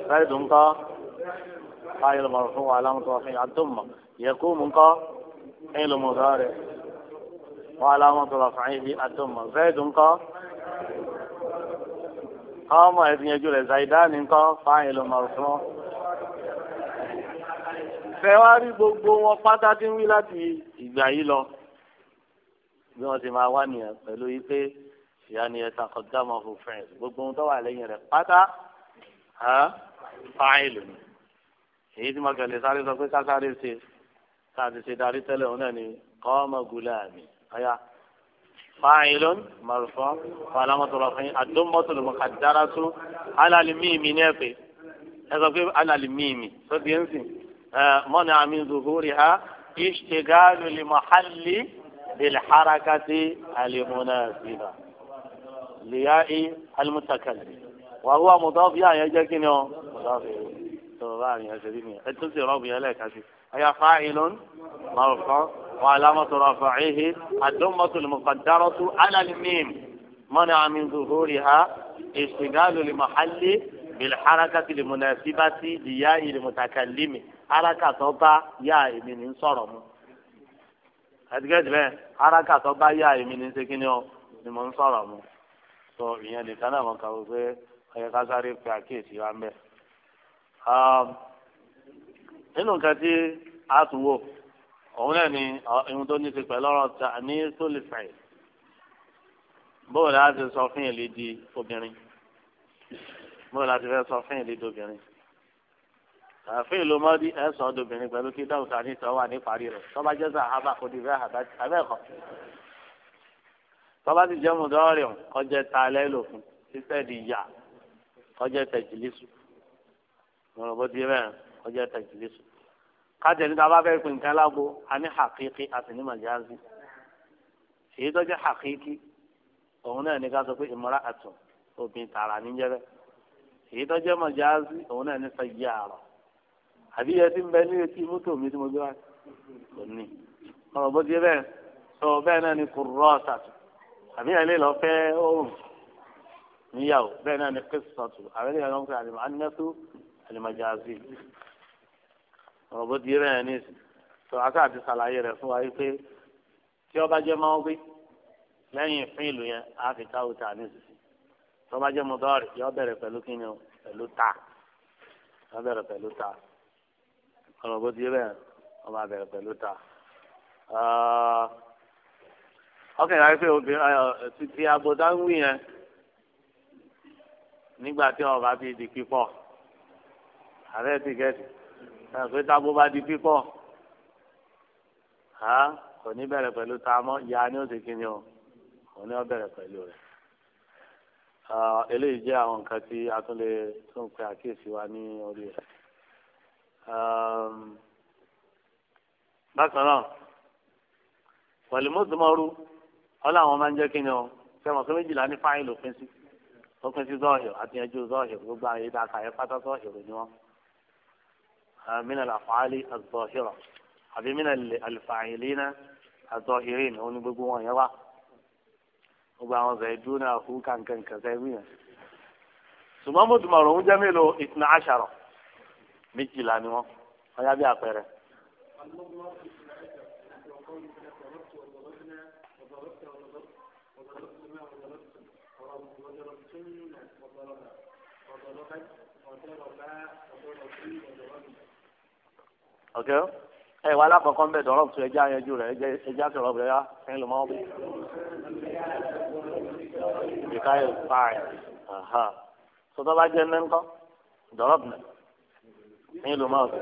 Speaker 2: zayd ńkọ́ fáyín lọ́mọ fún wa alámùtọ́ fẹ́yìn àdúmọ̀ yẹ̀kú mu ńkọ́ fẹ́yìn lọ́mọ rẹ̀ wa alámùtọ́ fẹ́yìn àdúmọ̀ zayd ńkọ́ ọmọ ẹ̀sìn yẹn jù rẹ̀ zaydani ńkọ́ fáyín lọ́mọ fún wa ẹ wá rí gbogbo wọn pátá tí ń wí láti ìgbà yìí lọ bí wọn ti máa wá nìyẹn pẹ̀lú yìí pé ìyá ni ẹ takọjá máa fò fẹrẹ gbogbo ohun tó wà lẹ́yìn rẹ pátá fáìlì ni èyí tí mo kẹlẹ sáré sọ pé kásáré ṣe káàdì ṣe darí tẹ́lẹ̀ òun náà ni kọ́ọ́mọ gulẹ̀ àmì ọ̀yà fáìlì màrúfọ́ fàlámọ́tòlọ́ fún yín àdómọ́tòlọ́ mọ́ kàdára tó alálì mímì ní ẹ̀pẹ́ ẹ sọ pé alálì mímì tó di ẹ̀ ń sìn. آه، منع من ظهورها اشتغال لمحل بالحركة المناسبة لياء المتكلم وهو مضاف يا يا جاكينو مضاف سبحان يا سيدي انتم ربي عليك عزيز هي فاعل مرفوع وعلامة رفعه الضمة المقدرة على الميم منع من ظهورها اشتغال لمحل بالحركة المناسبة لياء المتكلم arákàtọ́ bá yá èmi ní sọ̀rọ̀ mu àtikẹ́tì bẹ́ẹ̀ arákàtọ́ bá yá èmi ní ṣe kíni ọ ni mo ń sọ̀rọ̀ mu tó ìyẹn nìkan náà mo kà wọ́n pé ọyẹ ká sáré pe àkíyèsí wa ń bẹ̀. Um, nínú nǹkan tí a tún wò òun náà ni uh, ohun tó ní ti pẹ̀lú ọ̀rọ̀ ta ní sólìfẹ̀ẹ́ bóòlù á ti sọ fún ìlú di obìnrin bóòlù á ti fẹ́ sọ fún ìlú di obìnrin àfin ìlú mọ́dí ẹ̀sán ọdọbìnrin pẹ̀lú kí dáhùn sani sọ wà níparí rẹ̀ tọ́ba jẹ́ sàhábà kò dìbẹ́ abẹ́ẹ̀kọ́ tọ́ba ti jẹ́ mùdọ́rì kọjá ta alẹ́ lòfin títẹ̀ di yà kọjá tẹ̀jìlísù mọ̀rọ̀ bó ti bẹ́ẹ̀ kọjá tẹ̀jìlísù kájẹ níta bá fẹ́ pin nǹkan lágbo a ní hakiki a sì ní màjáàzì èyí tó jẹ́ hakiki òun náà ní ká sọ pé ìmúra àbí ẹ ti ń bẹ ní etí mọ́tò mi tí mo gbé wá kò ní ọ̀rọ̀ bó ti yẹ bẹ́ẹ̀ sọ bẹ́ẹ̀ náà ni kò rọ́ ọ̀sàtù àbí ẹ lè lọ fẹ́ òòrùn níyàwó bẹ́ẹ̀ náà ni kìsọ̀tù àbí ẹ lè lọ fẹ́ àlìmọ́tò àlìmọ́jáàzì ọ̀rọ̀ bó ti yẹ bẹ́ẹ̀ ní sọ aká àti sàlàyé rẹ̀ fún wa yìí pé tí ọba jẹ́ máa ń gbé lẹ́yìn fún ìlú yẹn á fi káwọ́ ta ní ìsìn tọ́ba jẹ́ mọ́tò rẹ̀ yọ bẹ̀rẹ̀ pẹ̀lú kíni o pẹ̀lú ta yọ bẹ̀rẹ̀ pẹ̀lú ta ọ̀rọ̀ bó ti yé bẹ́ẹ̀ wọ́n máa bẹ̀rẹ̀ pẹ̀lú ta. ọkàn ah, ìyá pé obìnrin títí abodá ń wí yẹn nígbà tí wọn bá fi di pípọ̀ ààrẹ ti gẹ̀ẹ́sì náà pé tábó bá di pípọ̀ kò ní bẹ̀rẹ̀ pẹ̀lú ta mọ́ ìyá ni ó ti kí ni o kò ní ó bẹ̀rẹ̀ pẹ̀lú rẹ̀ ah, eléyìí jẹ́ àwọn nǹkan tí a tún lè tún pe àkíyèsí wa ní orí rẹ̀. Ehm, bákan náà pẹ̀lú mọ́tòmọ́rú ọlọ́ àwọn máa ń jẹ́ kí ni o sẹ́wọ̀n kí méjìlá ní fáìlì òpin sí òpin sí zọ́ọ̀hìn àti ẹjọ́ zọ́ọ̀hìn gbogbo àwọn èdè àkàyẹ pátá zọ́ọ̀hìn ni wọ́n mina àfàálì àzọ̀hìrọ̀ àbí mina àlìfààyìlínà àzọ̀hìrìn òun ni gbogbo wọn yẹn wá gbogbo àwọn ọ̀sẹ̀ dúró náà kú kàǹkàǹkà sẹ́yìn wíyàn ṣùgbọ́n mọ́tòmọ́rú òun jẹ́ mélòó ìtìnà méjìlá ni wọ́n ọ̀yá bí àpẹẹrẹ. ok ẹ wà lákọ̀ọ́kọ́ ń bẹ̀ dọ̀rọ̀ tó ẹja yanjú rẹ̀ ẹja sọ̀rọ̀ bẹ̀rẹ̀ yá ẹ̀yin ló máa wọ́pẹ́. ìdíkà yóò fà ẹ̀ sọtọ́ bá jẹ́ ńlẹ́ ńkọ́ dọ̀rọ̀ bìnrin nílùú mọ́ọ̀sì.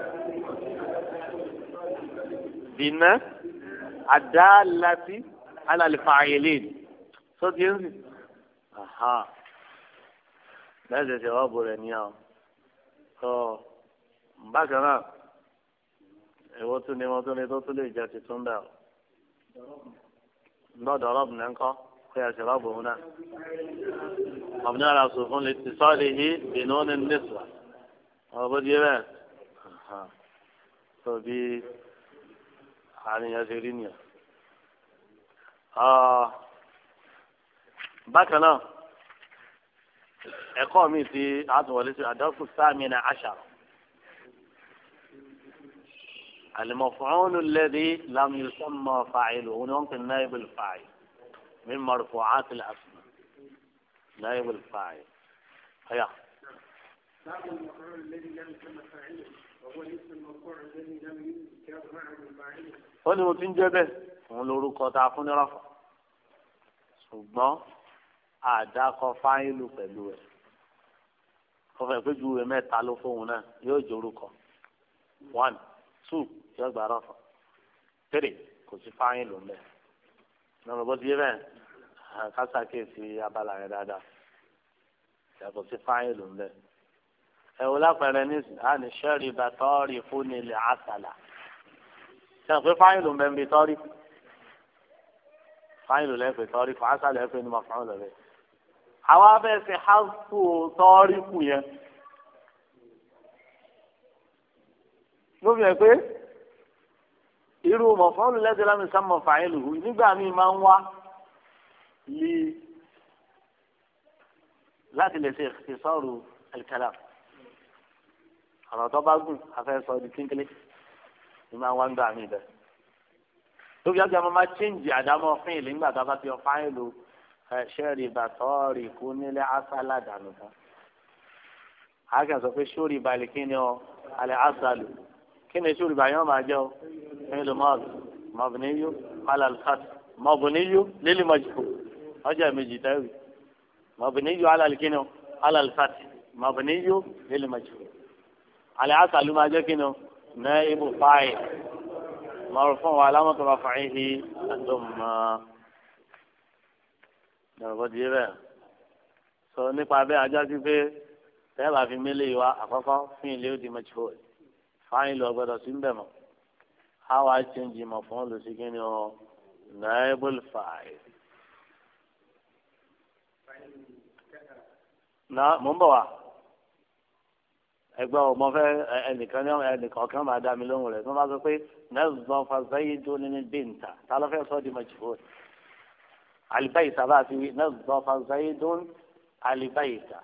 Speaker 2: bìnnà àdáàlàtì alàlìfààyèlè sọ́tì ń sìn. bẹ́ẹ̀ ṣẹ̀ṣẹ̀ wọ́n bò rẹ̀ níyà o. tó bákan náà èwo tún ni wọ́n tún ni tó tún lè jẹ́ tuntun bẹ́ẹ̀ o. ńlọ́dọ̀ ọ̀rọ̀ bìnnà ńkọ́ kí a ṣe rọ́ọ̀bù náà. ọ̀bùnà rà fún lè sọ́ọ̀lì yìí bìnnà ní nísìlá. ọ̀rọ̀ bó bẹ́ẹ̀. sọ bí àníyàn آه rí nìyẹn. bákan náà ẹ̀kọ́ mi ti المفعول الذي لم يسمى فاعله ممكن نائب الفاعل من مرفوعات الأسماء نائب الفاعل هيا
Speaker 1: نعم، الذي لم يسمى فاعله
Speaker 2: ó ní mo ti ń jẹ́ bẹ́ẹ̀ òun lorúkọ tá a fún ní rọ́fà ṣùgbọ́n àdákọ fáìlù pẹ̀lú ẹ̀ ó fẹ́ pé ju mẹ́ta ló fóun náà yóò jorúkọ one two yóò gbà rọ́fà three kò sí fáìlù mẹ́ lọ́nà bó ti yé bẹ́ẹ̀ kásákè sí abala rẹ̀ dáadáa yàtọ̀ sí fáìlù mẹ́ ẹ̀wọ̀n lápẹ̀rẹ̀ ní àní sẹ́ẹ̀rì bá tọ́ọ̀rì fún ilẹ̀ àṣàlà sẹ́wọ̀n pé fáyìn ló ń bẹ̀ ń bi tọ́ọ̀rì fáyìn ló lẹ́fẹ̀ tọ́ọ̀rì fún àṣàlà ẹ̀fẹ̀ ni màkàn lọ́rẹ̀ àwa bẹ́ẹ̀ sì hásù tọ́ọ̀rì kù yẹn ló fi hàn pé irú mọ̀fọ́lù lẹ́sẹ̀ lámì sámọ̀ fàáyìn lù nígbà míì máa ń wá lè láti lè ṣe ìsọ̀rù al ọ̀rọ̀ tó bá gùn afẹ́ sọ di kínkínní ni máa wá ń gbà mí bẹ́ẹ̀. lóbi ọjà máa máa chíǹjì àdámọ́ fún ìlú ńgbà tá a bá ti ọ̀fà ìlú ṣẹ́ẹ̀rì bàtọ́ọ̀rì kú nílé asálà dànù kan. a kàn sọ pé ṣóòrì balẹ̀ kí ni ọ alẹ́ asálù kí ni ṣóòrì balẹ̀ yẹn máa jẹ́ ọ ìlú mọ́ọ̀lù mọ́ọ̀bùnìyó alàlùfàt mọ́ọ̀bùnìyó lélẹ́mọ̀jìkò ọjà méjì tẹ́wì mọ́ọ̀bùnìyó alàlùkínú alàlùfàt mọ́ọ̀bùnìyó lélẹ́mọ̀jìkò àlẹ́ àṣàlù máa jẹ́ kínú ná ibù fáì mọ̀rọ̀ fún wa alámọ̀tò máa fà yín sí àdùnmọ́. Nàbọ̀ di rẹ̀ sọ nípa bẹ́ẹ̀ ajá sí pé tẹ́lá fi mélé wa àkọ́kọ́ fún ilé ó di mọ̀ tìfọ́ fáyín lọ gbọ́dọ̀ sí ń bẹ̀ mọ̀ àwa ṣe ń jìmọ̀ fún olùsíkínní ọ ná ibù fáì. Nà mò ń bọ̀ wá ẹgbẹ́ ọmọ fẹ́ ẹnìkan ní ẹnìkan kan máa dá mi lóhùn rẹ̀ tí wọ́n bá sọ pé nẹ́ẹ̀sán fasayé dúró ní bíntà ta ló fẹ́ sọ di majhul alibayita bá fi wí nẹ́ẹ̀sán fasayé dúró alibayita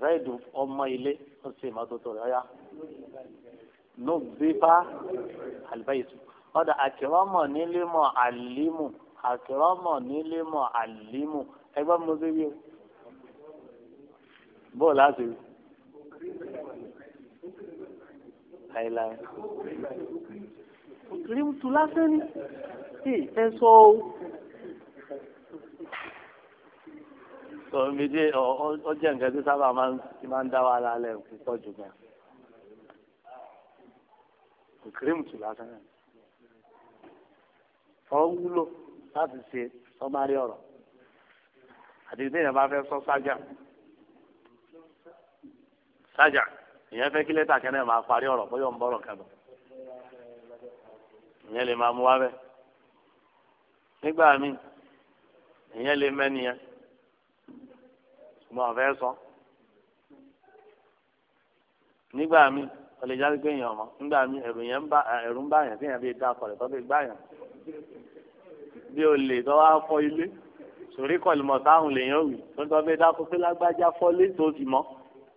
Speaker 2: zayidu ọmọ ilé ó sì máa tó tó rẹ̀ ọ́yá nùbíbá alibayitu ọ̀dà àkìrọ́mọ̀ nílé mọ̀ àlímù àkìrọ́mọ̀ nílé mọ̀ àlímù ẹgbẹ́ mi ló dé o bó o láti rí láéláé rímtu lásán ni ẹ sọ o. sọ̀rọ̀ ọjọ́ nǹkan tó sábà máa ń dá wa lálẹ́ púpọ̀ jù gan. rímtu lásán ni ọ̀rọ̀ wúlò láti ṣe sọ́márì ọ̀rọ̀ àti ìdíyẹn bá fẹ́ sọ sájà sájà ìyẹn fẹ́ kí lẹ́tà kẹ́nẹ́ máa parí ọ̀rọ̀ bóyá ń bọ̀rọ̀ kan lọ ìyẹn lè máa mú wá bẹ́ẹ̀ nígbà míì ìyẹn lè mẹ́ni yẹn ṣùgbọ́n ọ̀fẹ́ sọ nígbà míì ó lè jáde pé èèyàn mọ́ nígbà míì ẹ̀rù yẹn ń bá ẹ̀rù ń bá yẹn tí èèyàn fi dá akọ̀rẹ̀ tó fi gbá yẹn bí o lè tọ́ wá fọ́ ilé sòrí kọ̀lùmọ̀ táwọn lèèyàn wì tó ń tọ́ fi dákó pé lágbájá fọ́lé tó ti mọ́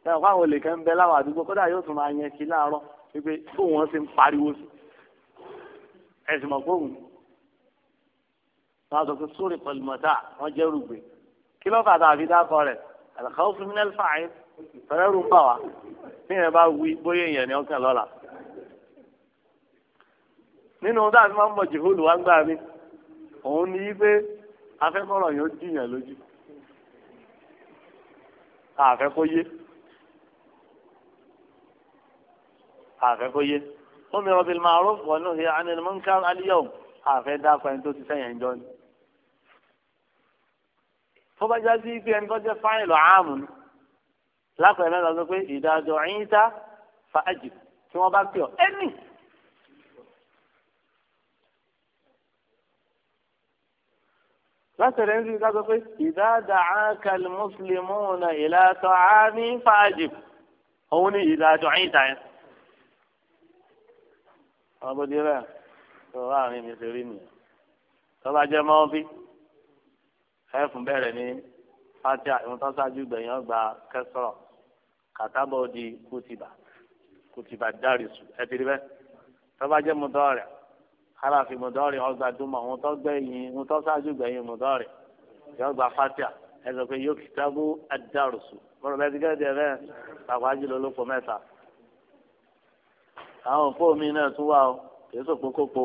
Speaker 2: sẹ́wọ̀n fáwọn olè kan ń bẹ láwọn àdúgbò kódà yóò tún máa yẹn kí láàárọ̀ wípé tó wọn ti ń pariwo sí ẹ̀sìn mọ̀ fóun wọn sọ pé sórí pẹ̀lú mọ̀tà wọn jẹ́ rúgbe kí ló fàtà àfi dákọ̀ rẹ̀ àlùkò fún mílẹ̀ fàáyé fẹ́rẹ́ rú bà wá bí yẹn bá wí bóyá èèyàn ni ọkàn lọ́la nínú dáàbí máa ń mọ̀ jìhóòlù afẹ́kọ̀rọ̀ yóò dìyàn lójú àfẹ́kọ́ yé. àfẹ́ kó yé umiru bil ma'ruf wa nuhiya 'anil munkar al-yawm àfẹ́ dákọ̀ ẹni tó ti sẹ́yìn ẹjọ́ ni. tó bá já sí pé ẹni tó jẹ́ fáìlì ààmù ni lápẹ̀rẹ̀ náà lọ pé ìdájọ́ ìyíta fàájì tí wọ́n bá pè ọ́ ẹni. látẹ̀rẹ̀ ń sìn ká pé ìdájà àkàl mùsùlùmí ila ta'ami fàájì òun ni ìdájọ́ ìyíta yẹn wọn bó dé bẹ́ẹ̀ tó láàrin mi ṣe rí nìyẹn tọ́ba jẹ́ mọ́ bí ẹ̀fún bẹ̀rẹ̀ ní fati àwọn tó ṣáájú gbẹ̀yìn ọgbà kẹsọ̀rọ̀ kàtàbọ̀ di kùtìbà kùtìbà dárìsù ẹ̀tìrì bẹ́ẹ̀ tọ́ba jẹ́ mọ́tọ́rẹ̀ aláfi mọ́tọ́rẹ̀ ọgbà dùnmọ̀ àwọn tó gbẹ̀yìn àwọn tó ṣáájú gbẹ̀yìn mọ́tọ́rẹ̀ yọgbà fati ẹ̀sọ̀ pé yóò kìtàbù àdárùsù mọ̀rọ̀ bẹ́ẹ̀ ti gẹ́gẹ́ àwọn òpó mi náà tún wà ó kì í sòpókópo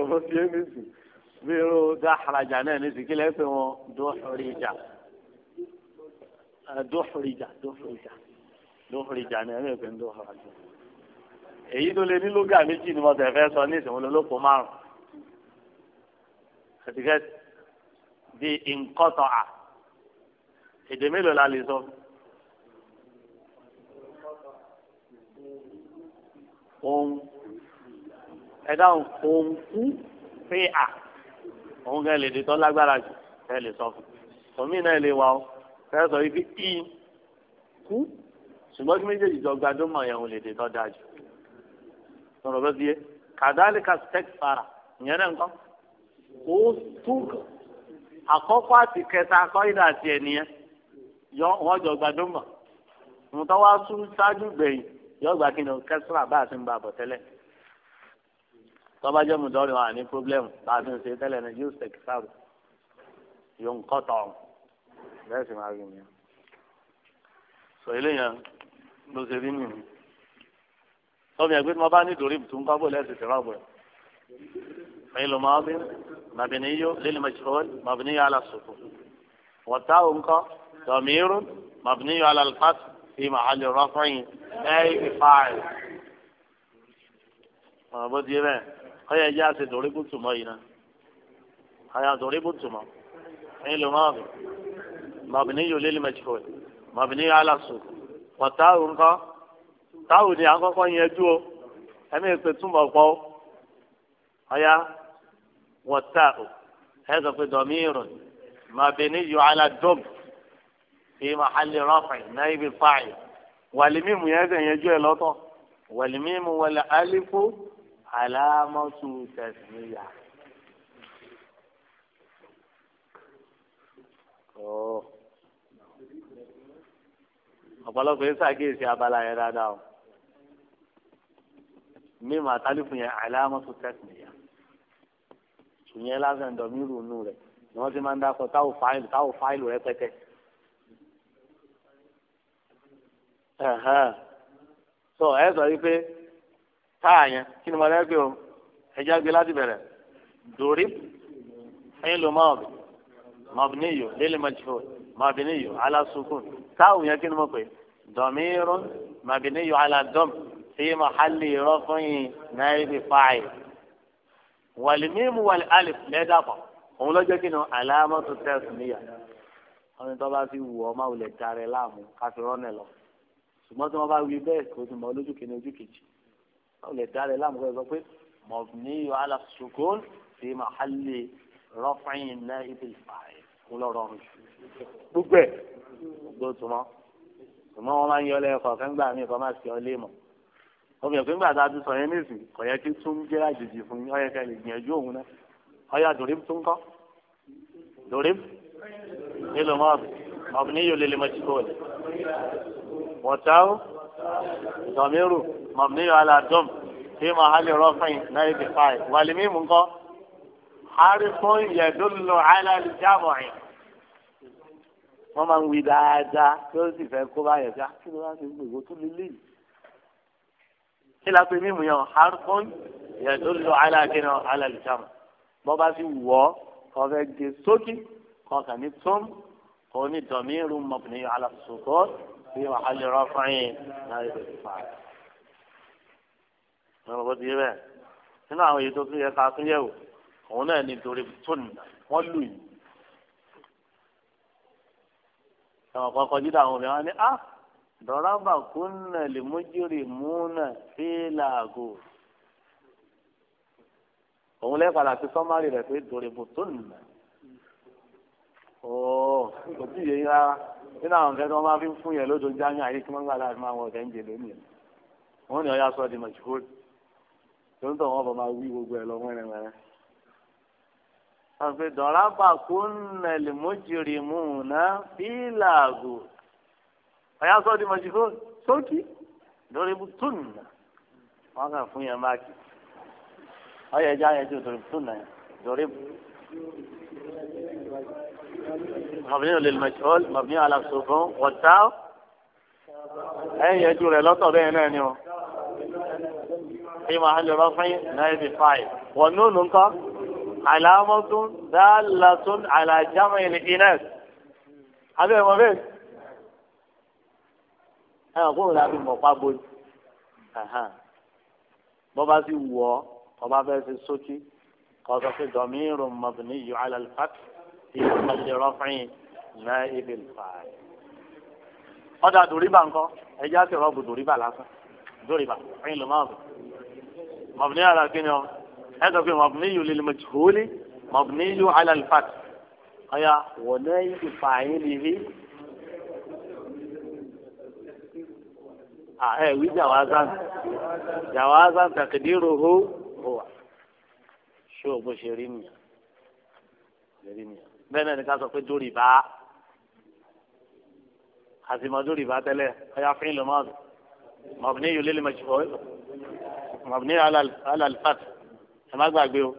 Speaker 2: ọ̀rọ̀ ti é mi sùn bí irú dáhàrajà náà ní sìkílẹ̀ eh, pé wọn dóhùrìjà dóhùrìjà dóhùrìjà dóhùrìjà ni ẹ̀mí ìpín dóhùrìjà èyí tó lé ní lóga méjì ni mo tẹ̀ fẹ́ sọ ní ìsìnkú lólópo márùn àtìkẹ́ di nkọ́tọ̀ à èdè mélòó la lè sọ. òun ẹ dáhùn òun kú a à òun kẹ lè dìtọ́ lágbára jù kẹ lè sọ fún tòmí náà lè wà ó kẹ sọ yìí fi í kú ṣùgbọ́n kí méjèèjì jọ gbadó mọ̀ yẹn òun lè fara ìyẹn náà nǹkan àkọ́kọ́ àti kẹta akọ́yìnà àti ẹ̀nìyẹn yọ wọ́n jọ yọ gba kí ni kẹsìlá bá a ti ń ba bọ̀ tẹ́lẹ̀ tọ́ba jẹ́ mùdọ́rin wa ní pírọ́blẹ́mù bá a ti ń ṣe tẹ́lẹ̀ ní yóò ṣèkì sáàrù yóò ń kọ́ tọ̀ bẹ́ẹ̀ sì máa rí mi. sọ eléyàn ló ṣe rí nìyí tọ́bi ẹgbẹ́ tí mo bá ní ìdòrí tó ń kọ́ bò lẹ́sìn ìṣẹ̀rọ ọ̀bọ̀ ẹ̀yin ló máa bí màbìní yó lílì mẹ́sìkọ́ màbìní yó alásùkù wọ́tá òǹkọ́ tọ̀míìrún màbìní yó alálùfáàtì في محل رفع أي فاعل bó ti yé bẹ́ẹ̀ ọyọ ẹjẹ àti dòríbù tùmọ̀ yìí náà àyà dòríbù tùmọ̀ ẹ̀yin ló máa bẹ̀ màbí ní yòlé lè mẹ́tìkọ̀ ẹ̀ màbí ní alásù wọ̀táwù ńkọ́ táwù ni àkọ́kọ́ yẹn dúró ẹ̀mí ìpè túmọ̀ pọ̀ fi mahali rafi naibi fa'i walimimu yẹn tẹ̀ yẹn jọ ẹ lọ́tọ̀ walimimu wal alifu alamatu tasmiya. Oh. ọ̀pọ̀lọpọ̀ yẹn ṣàkíyèsí abala yẹn dáadáa o mímu àtàlùfù yẹn alamatu tasmiya ìyẹn lásán dọ̀míìrù nù rẹ̀ ni wọ́n ti máa ń dákọ̀ táwọn fáìlì táwọn fáìlì rẹpẹtẹ. so ẹ sọ yìí pé táà yẹn kí ni mo lẹ́ gbé o ẹja gbé láti bẹ̀rẹ̀ dòrí ẹyin ló máa bì mabniyo lélẹ̀ majhul mabniyo ala sukun táwọn yẹn kí ni mo pè damirun mabniyo ala dom fi mahalli rafin naibi fa'il walimimu wali alif lẹ́dàpọ̀ òun ló jẹ́ kí ni alamatu tasmiya ọ̀nà tó bá fi wù ọ́ máa wulẹ̀ jàre láàmú káfíńrọ́nẹ̀ lọ ṣùgbọ́n tí wọ́n bá wí bẹ́ẹ̀ kò sì mọ lójú kìíní ojú kejì wọ́n lè dá rẹ̀ láàmú rẹ̀ sọ pé mọ̀bìnì yọ alásùkòl fi màhálì rọ́fìn náà ibi ìfààyè kó lọ́rọ̀ rẹ̀ gbogbo ẹ̀ gbogbo tùmọ̀ tùmọ̀ wọn máa ń yọ lẹ́yìn kọ̀ọ̀kan gbà mí kọ́ máa ṣe ọ lé mọ̀ obìnrin pé ńgbà tá a ti sọ yẹn nísìn kò yẹ kí tún jẹ́ àjèjì fún yín ọyẹ ká lè gbìyànjú òun náà ọyà dòrím tún kọ́ dòrím nílùú mọ́ọ̀bù mọ̀bìnì yóò lè wọ́táwó dọ̀míru mọ̀míyọ aládùn tí mo hálẹ̀ rọ́fìn náà ti fà yìí wàlímí mú kọ́ harifun yẹ̀dúlù alálìjámọ̀ì wọ́n máa ń wí dáadáa tí ó sì fẹ́ kó báyọ̀ sí ah, kí ló wá sí gbogbo tó lé léyìí kí la pe mímu yẹn harifun yẹ̀dúlù alálìjámọ̀ bọ́ bá sì wọ̀ ọ́ kọ́ fẹ́ gé e sókè kọ́ kàn tóun kò ní dọ̀míru mọ̀míyọ alásùkọ́. في محل رفع نائب الفاعل wọn bọ tiẹ bẹ́ẹ̀ nínú àwọn èyí tó tún yẹ ká tún yẹ wò òun náà ní torí tún wọn lù yìí àwọn kan kọjú dà àwọn obìnrin wọn ni ah dọ̀rọ̀bà kúnnà lèmójúrì múnà fílàgò òun lẹ́ẹ̀kan àti sọ́márì rẹ̀ pé torí tún ó kò tí ì yẹ yín rárá nínú àwọn nǹkan tí wọ́n máa fi ń fún yẹn lójó jáàmù àyè kí wọ́n gbà láti máa wọ ọ̀tẹ̀ ń jẹ lónìí wọ́n ní ọ̀yà sọ di mọ̀júkúrò tó ń tọ̀ wọ́n bọ̀ máa wí gbogbo ẹ̀ lọ wẹ́rẹ́ wẹ́rẹ́. àfi dọ̀rábà kó nẹ̀lì mójìrì mú ná bílàgò ọ̀yà sọ di mọ̀júkúrò sókí lórí tùnà wọ́n kàn fún yẹn máàkì ọ̀yà ẹja yẹn tó lórí tùnà yẹn lórí. مبني للمجهول مبني على السكون والتاء أي يجول لطب أنيو في محل رفع نائب فاعل والنون نقطة علامة دالة على جمع الإناث هذا ما بس أنا أقول لك مقابل أها بابا زي هو بابا زي سوتي قال في ضمير مبني على الفتح fi ọmọdé rọ́fìn náà ibi fà á. ọ̀dà dòríbà ńkọ́ ẹja ti rọ́ọ̀bù dòríbà lásán dòríbà ẹ̀yin ló máa bọ̀. mọ̀bìnrin yàrá kíni ọ ẹ sọ pé mọ̀bìnrin yìí lè mọ̀júwólé mọ̀bìnrin yìí alàlùfàt ọ̀yà wọ̀n náà ibi fà á yín lè rí. ẹ wí jàwázán jàwázán tàkìdírò hó hó wa ṣé o bó ṣe rí nìyà ṣe rí nìyà. bẹ́ẹ̀ náà ni ká sọ pé dórí bá àtìmọ́ dórí bá tẹ́lẹ̀ ọ̀yà fún ìlú mọ́ọ̀dù mọ̀bìnrin yìí lélẹ̀ mọ̀ṣẹ́ mọ̀bìnrin alàlùfàt ẹ má gbàgbé o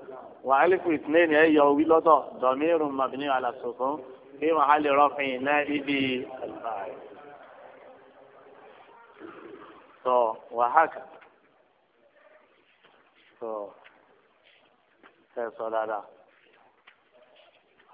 Speaker 2: wà á lè fi ìtìlẹ́ ní ẹ̀yọ wí lọ́tọ̀ dọ̀míìrùn mọ̀bìnrin alàsòkún kí wọ́n á lè rọ́fin iná ibi àlùfàì. sọ wàhákà sọ ẹ sọ dáadáa.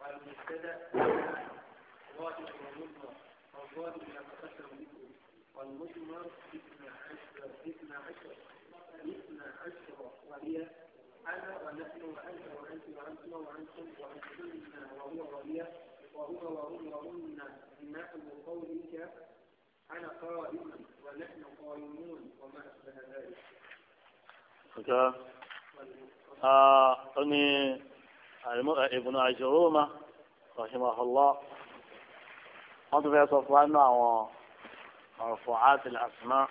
Speaker 1: والمبتدا ظاهر ومضمر والظاهر ما تقدم ذكره والمضمر اثنا عشر اثنا عشر اثنا عشر وهي انا ونحن وانت وانت وانتم وانتم وانتن وهو وهي وهو وهم وهن نحو قولك انا قائم ونحن قائمون وما اشبه ذلك.
Speaker 2: آه. ابن عجرومة رحمه الله قد في صفوان ومرفوعات الأسماء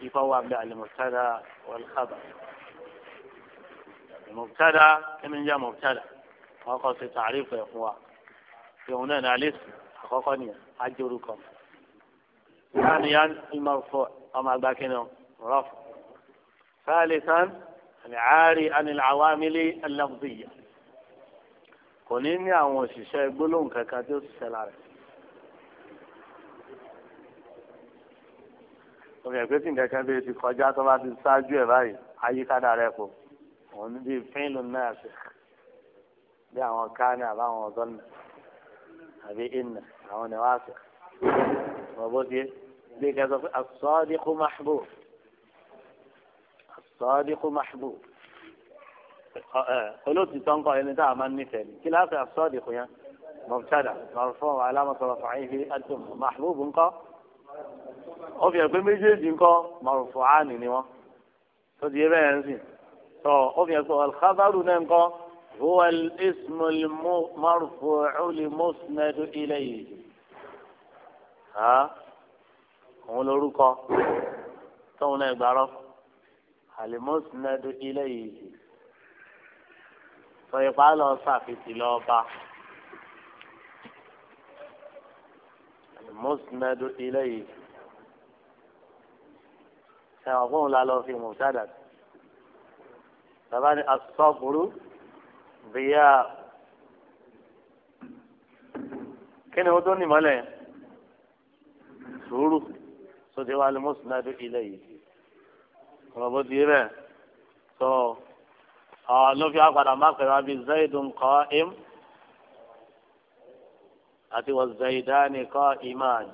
Speaker 2: يفوى بها المبتدى والخبر المبتدا من جاء مبتدا وقال في تعريف اخوة في هنا الاسم حقوقا أجركم ثانيا المرفوع ومع باكين رفع ثالثا العاري عن العوامل اللفظيه kò ní ní àwọn òṣìṣẹ́ gbólóhùn kankan tí ó ṣiṣẹ́ lára rẹ̀. obìnrin pé tí nǹkan kan bí ti kọjá tó bá ti ṣáájú ẹ̀ báyìí ayíkádà rẹ̀ kò òun ní bíi fínlù náà sí bí àwọn kánì àbáwọn ọ̀dọ́nà àbí ìnà àwọn níwáṣẹ̀ ọ̀bọ̀ tiẹ̀ bí kẹsàn-án asọ́ọ́dínkù máṣbù asọ́ọ́dínkù máṣbù olóòtítọ́ ńkọ ẹni tá a máa ń nífẹ̀ẹ́ ni kíláàsì àfisọ́ọ̀dì kò yẹn mọ̀tàdà mọ̀rọ̀fọ́ alámọ̀sọ̀rọ̀ fàáyìí àti mahbubu ńkọ ó fi hàn pé méjèèjì ńkọ mọ̀rọ̀fọ́ àánì ni wọ́n tó di ebe yẹn sìn tó ó fi hàn alxabaru náà ńkọ huwa ismu marfu'u li musnadu ilayhi òun lorúkọ tóun náà gbàrọ alimusnadu ilayhi sọ̀yìnpá lọ sàfitì lọ bá mọ́sùmẹ́dù ilé yìí ẹ̀wọ̀n fún un la lọ fi mùsàdà bàbá ni asọ́gbùrú bìyà kí ni o tó ní mọ́lẹ̀ sùúrù sọ̀tẹ̀ wà lè mọ́sùmẹ́dù ilé yìí ọ̀rọ̀ bó ti rẹ̀ sọ. So, Ah, ló fi àpàdà má pẹ̀lú àbí zaidun qa'im àti wọ́n zaidani qa'iman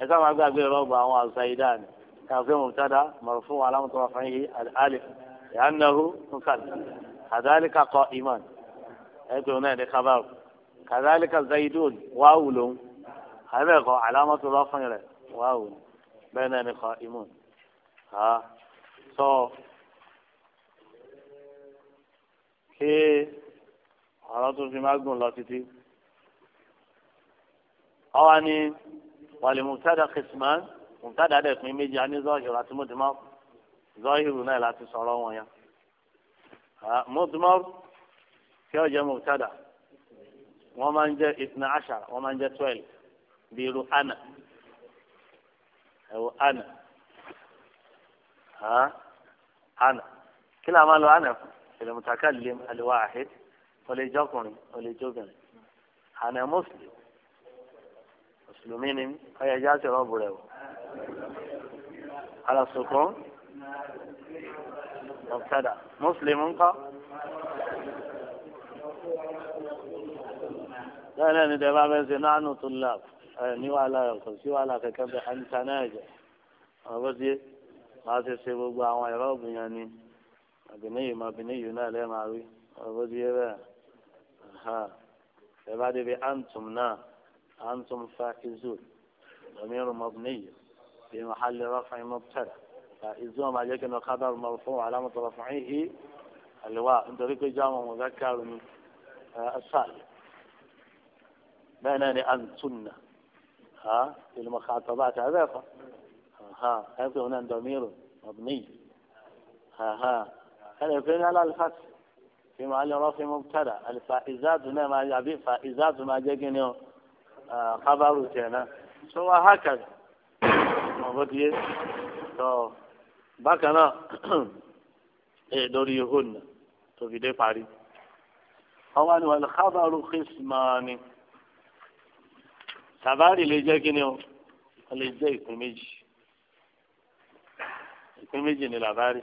Speaker 2: ẹ sábà máa gbàgbé rọ́ọ̀bù àwọn zaidani kàfé mubtada marfu' alamtu rafihi al-alif li'annahu mukallam kadhalika qa'iman ẹ pé wọn náà ní kábàrù kadhalika zaidun wáwù lòun àbẹ̀kọ alamatu rafihi rẹ̀ wáwù bẹ́ẹ̀ náà ní qa'imun. Ah, kí ọ̀rọ̀ tó fi má gùn lọ títí. ọwọ́ ni wàlẹ̀ mùtádà kìsìmán mùtádà dẹ̀ pín méjì á ní zọ́ọ̀hìrù àti mọ́tìmọ́ zọ́ọ̀hìrù náà láti sọ̀rọ̀ wọn yẹn. mọ́tìmọ́ kí ọ jẹ́ mùtádà wọ́n máa ń jẹ́ ìtìnà àṣàrà wọ́n máa ń jẹ́ twelve bí irú àná ẹ̀wọ̀ àná àná kí làwọn máa lọ àná fún. المتكلم الواحد ولجوكني ولجوكني أنا مسلم مسلمين اي جالس رب له على السكون مبتدا مسلم قا لا لا لا لا لا طلاب لا لا يقول لا لا لا لا لا لا ما تسيبوا لا رب يعني مبني هنا لا معوي وبدي ها بي بأنتم نا أنتم فائزون ضمير مبني في محل رفع مبتدا فائزون ما جاك خبر مرفوع علامة رفعه اللواء انت ذكر جامع مذكر ما ناني أنتن ها في المخاطبات هذا ها هذا هنا ضمير مبني ها ها ẹnì pé ní alálùfáàsì fi máa lè rọ́ fi mú tàdà àlìfà ìzáàdù náà máa àbí ìfà ìzáàdù máa jẹ́ kí ni ọ kábàrù tiẹ̀ náà tó wá hákàdì ọ̀bọ̀ ti yé tó bákan náà ẹ̀ lórí ihò nà tó fi dé parí. ọwọ́ ni wọ́n kábàrù kìsìmọ́ni sàbárì lè jẹ́ kí ni ọ ọ lè jẹ́ ìpín méjì ìpín méjì ni làbárì.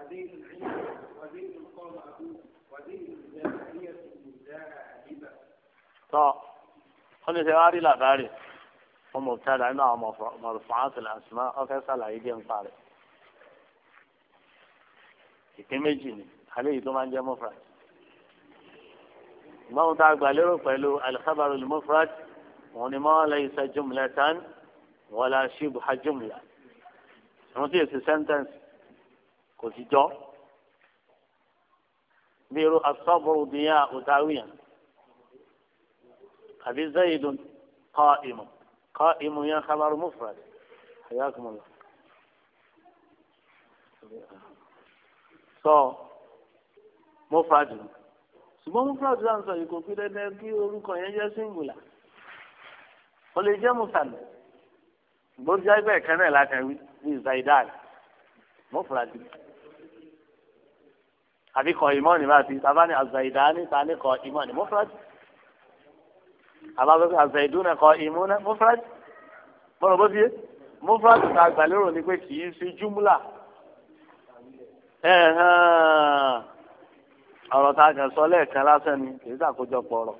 Speaker 1: ودين العلم ودين القوم أبوه ودين الجاهلية مزاها هبة
Speaker 2: طيب خلي تقاري لا قاري هم مبتدع مع مرفوعات الأسماء أو كسر عيدين قاري ìkéméjì عليه دوما جاء مفرد ما هو تعب عليه فلو الخبر المفرد ونما ليس جملة ولا شبه جملة. نتيجة sentence kò sí jọ bí irú asọ́bùrù bí yá òtáwìyàn àbí zayidun kọ́ ìmù kọ́ ìmù yẹn kábàrú mufrad ayakumula sọ mufrad ṣùgbọ́n mufrad láǹsọ̀ yìí kò fi dandan kí orúkọ yẹn jẹ́ singular ó lè jẹ́ musanna gbọ́dọ̀ jẹ́ ẹgbẹ́ kan náà látàrí mufrad àbí kọ ìmọ̀ọ́nì bá ti sábà ní àzàìdá níta ní kọ ìmọ̀ọ́nì mufrad àbábọ́ àzàìdúnà kọ ìmúná mufrad bọ́lá bó bíyé mufrad ta gbàlérò ni pé kì í ṣe júmúlà ọ̀rọ̀ tá a kàn sọ lẹ́ẹ̀kan lásán ni kì í ṣàkójọpọ̀ ọ̀rọ̀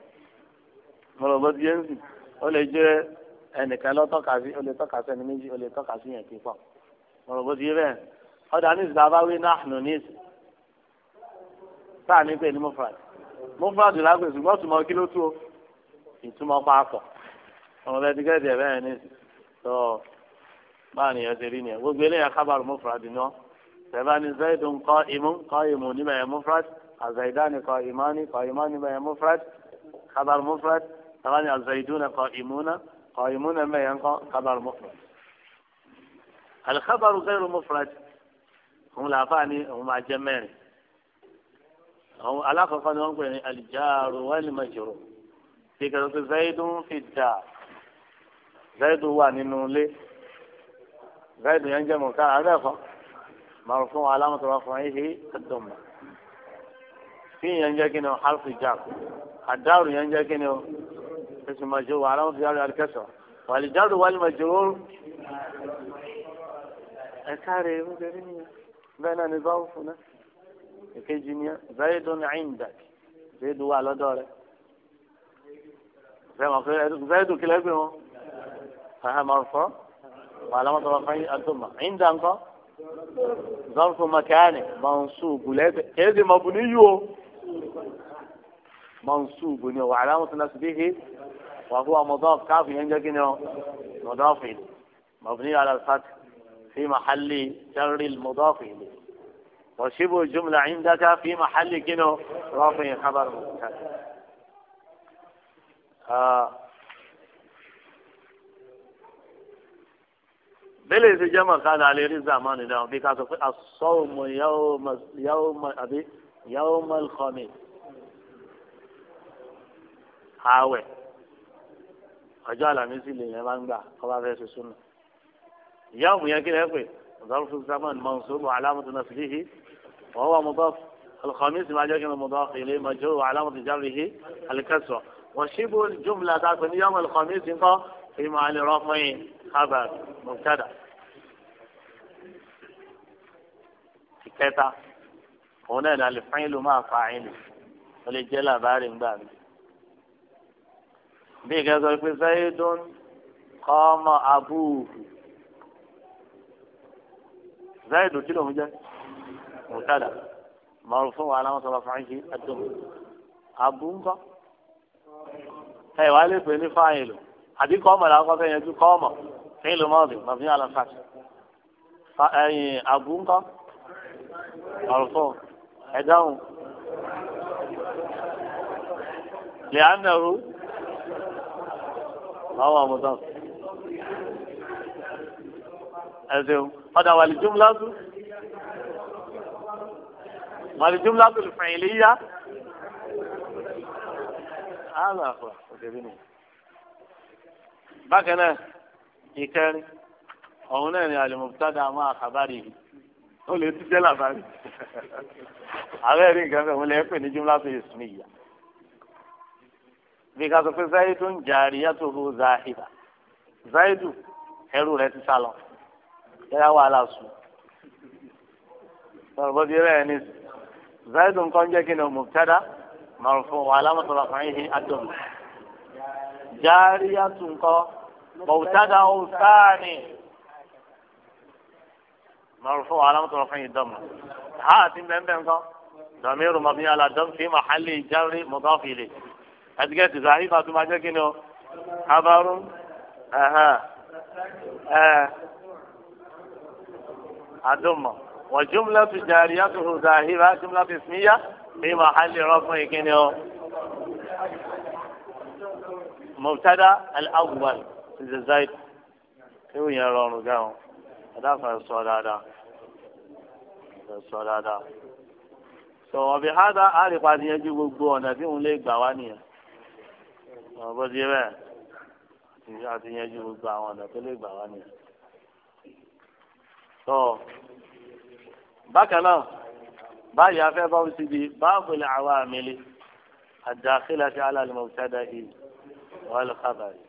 Speaker 2: bọ́lá bó bíyé ń ó lè jẹ́ ẹnìkan lọ sí ó lè tọ́ka sí ẹni méjì ó lè tọ́ka sí yẹn kí pọ̀ bọ́lá bó bíyé bẹ́ẹ̀ ọ̀dà ní tá a ní pè ní mufrad mufrad lágbè ṣùgbọ́n tùmọ̀ kí ló tú o ìtumọ̀ paapọ̀ ọmọ bẹ́ẹ̀ ti gẹ́gẹ́ bẹ́ẹ̀ ní sọ báà nìyẹn ti rí nìyẹn gbogbo eléyà kábàrù mufrad ni ọ sẹba ni zaidun kọ imu kọ imu níbẹ̀ yẹn mufrad azaidani kọ imani kọ imani níbẹ̀ yẹn mufrad kábàrù mufrad sẹba ni azaiduna kọ imuna kọ imuna níbẹ̀ yẹn kọ kábàrù mufrad alikabaru gẹ́rù mufrad òun làáfàá ni òun máa jẹ mẹ́rin. هم على فقط هم يعني الجار والمجرور في كذا زيد في الدار زيد هو ننولي زيد ينجم وكان عذافا مرفوع علامة رفعه الدم في ينجاكين حرف جار الدار ينجاكين اسم مجرور علامة جار الكسر والجار والمجرور أكاري مدرين بين نظافنا کی جنیا زيد عندک زید والا داره فهم اخر زید کی لگو ها فهم ارفا علامه رفعی اتم عند انت ظرف مكان منصوب ولاد هذه مبني منصوب وعلامه الناس به وهو مضاف كافي عندك مضاف مبني على الفتح في محل شر المضاف اليه وشبه الجملة عندك في محل كنو رافع خبر مبتدا آه. في جمع قال علي رزا مان ندعو في الصوم يوم يوم أبي يوم الخميس هاوي ọjọ́ مثل lè yẹn bá ń gbà kọ́ bá fẹ́ ṣe ظرف الزمن منصوب وعلامة نصبه وهو مضاف الخميس مع جاء مضاف إليه مجهول وعلامة جره الكسرة وشبه الجملة تعرف يوم الخميس انت في محل رفع خبر مبتدا كيتا هنا الفعل ما فاعل ولجلا بارين بارين bí kẹ́ sọ pé zayidun kọ́mọ abúhù zayidu kí مبتدا مرفوع علامة رفعه الدم أبو نقا أي والد بني فاعله هذه قامة لا قامة يجي قامة فعل ماضي مبني على الفتح أي أبو نقا مرفوع أداه لأنه هو مضاف أزيو هذا والجملة wọ́n ti jumla tó lè fẹ̀yìn lé yá. bákan náà ìkẹrin ọ̀hún náà ni alimọ̀tàdà àwọn àkàbárì yìí ó lè ti jẹ́ làbárì. ààrẹ rí nǹkan fẹ́ wọn lè pè ní jumla tó yẹ sùn ìyá. bí ká sọ pé zayidu ń jàrí yàtọ̀ ru zahiba zayidu ẹrú rẹ ti sá lọ yẹ́n wàhálà sùn. sọ̀rọ̀ bọ́ rẹ̀ ní sùn. زيد كونجا كنا مبتدا مرفوع وعلامة رفعه الدم جارية كو مبتدا ثاني مرفوع علامة رفعه الدم ها تم بهم بهم ضمير مبني على الدم في محل جر مضاف إليه أدقات زعيمة ما جا كنا خبر أها أه الدم أه. والجملة جاريته ظاهرة جملة اسمية في محل رفع كنيو مبتدا الأول الزايد كيف يرون قام هذا فالصلاة هذا فالصلاة هذا sọ̀rọ̀ bí hádà àríkà ti yanjú gbogbo ọ̀nà tí òun lè gbà wá nìyẹn ọ̀rọ̀ bó ti yẹ bẹ́ẹ̀ àti yanjú gbogbo àwọn ọ̀nà tó lè gbà wá nìyẹn bákan náà báyìí afẹ́ bá wọ́n ti di báàbò ní àwọn àmìlí àdàkìlà sí alálùmọ̀ òṣèdá yìí wọ́n lè kábàárì.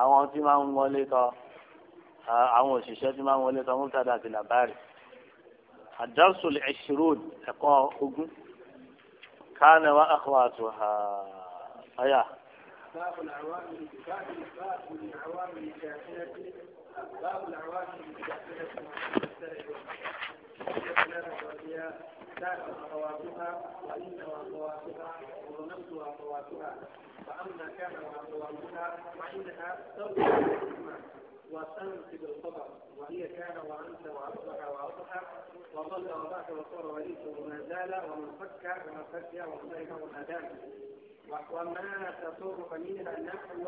Speaker 2: àwọn tí máa ń wọlé tọ àwọn òṣìṣẹ́ tí máa ń wọlé tọ mọ́tàdá àti làbárì. àdàsù ẹ̀ṣirún ẹ̀kọ́ ogún kánà wà áhùwà tó hà áyà.
Speaker 1: باب العوامل باب العوامل الكافية باب العوامل الكافية وكانت ربيع ساق خواطها وإن وخواتها ونفس وخواتها فأما كان وخواتها فإنها ترجع الإيمان وأسلمت بالخبر وهي كان وأنت وأصبح وأصبح وظل وضعت وصار وليس وما زال ومن فك ومن فك ومن أدام وما دام تصور فمنها نحو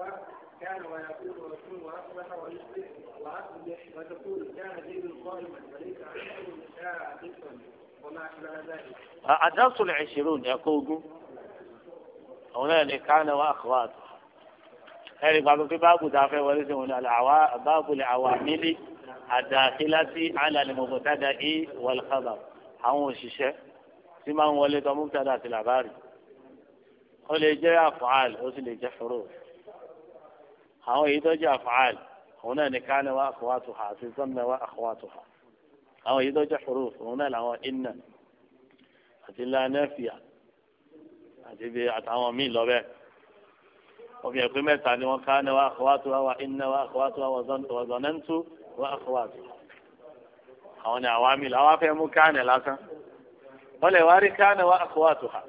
Speaker 1: كان ويقول ويكون وأصبح ويصبح وأصبح وتقول كان زيد قائما وليس عنده شاعر وما أشبه ذلك.
Speaker 2: الدرس العشرون يقول هنالك كان وأخواته ẹ̀rí pàtó pé báàbù tá a fẹ́ wọlé sí wọn báàbù lè àwa mílí àdàkílásí alàlìmọ̀gbọ̀tàdà í wàlùkàbà àwọn òṣìṣẹ́ tí máa ń wọlé tó múkútàdà àti làbárì ó lè jẹ́ àfààl ó sì lè jẹ́ fúró àwọn èyí tó jẹ́ àfààl òun náà ní kánà wá àkọwàtò ha àti sọ́nà wá àkọwàtò ha àwọn èyí tó jẹ́ fúró òun náà làwọn iná àti lánàfíà àti bí àtàwọn míì lọ bẹ́ẹ̀ òfin ẹ̀pẹ́ mẹ́ta ni wọ́n ká ní wa àkọ́wàtú wa iná wa àkọ́wàtú wa wọ̀zọ̀nẹ́ntù wa àkọ́wàtú. àwọn ni àwa mi làwọn afẹ́ mú káàní lásán wọ́n lè wá káàní wa àkọ́wàtú ha.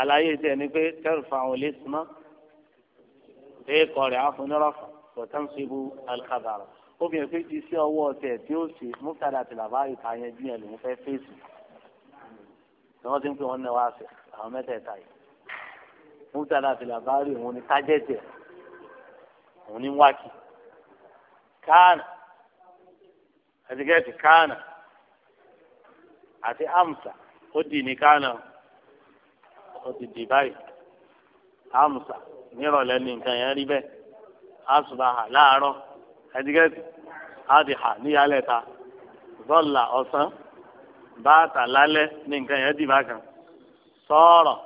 Speaker 2: àlàyé tiẹ̀ ni pé tẹ́rùfà àwọn ilé sùnmọ́ èyí kọ́ rẹ̀ àfọ̀nirọ́fà wọ̀tán síbu alikadàrà òfin ẹ̀pẹ́ ti sí ọwọ́ ọ̀tẹ̀ tí ó sì mú kàdà tìlàbá ìtàyẹn bí lòún fẹ́ fèsì. ni wọ́n ti ń pè wọ́n náà mútàdá fìlà bá rí òun ní tájẹ́tì òun ní wákì kánà àtìgẹ́tì kánà àti amsa ó dì ní kánà ó ti dì báyìí amsa nírọ̀lẹ́ ní nǹkan yẹn rí bẹ́ẹ̀ asubaha láàárọ̀ àtìgẹ́tì adìhà níyàlẹ́ ta zọ́là ọ̀sán bàtà lálẹ́ ní nǹkan yẹn dì bákan sọ̀rọ̀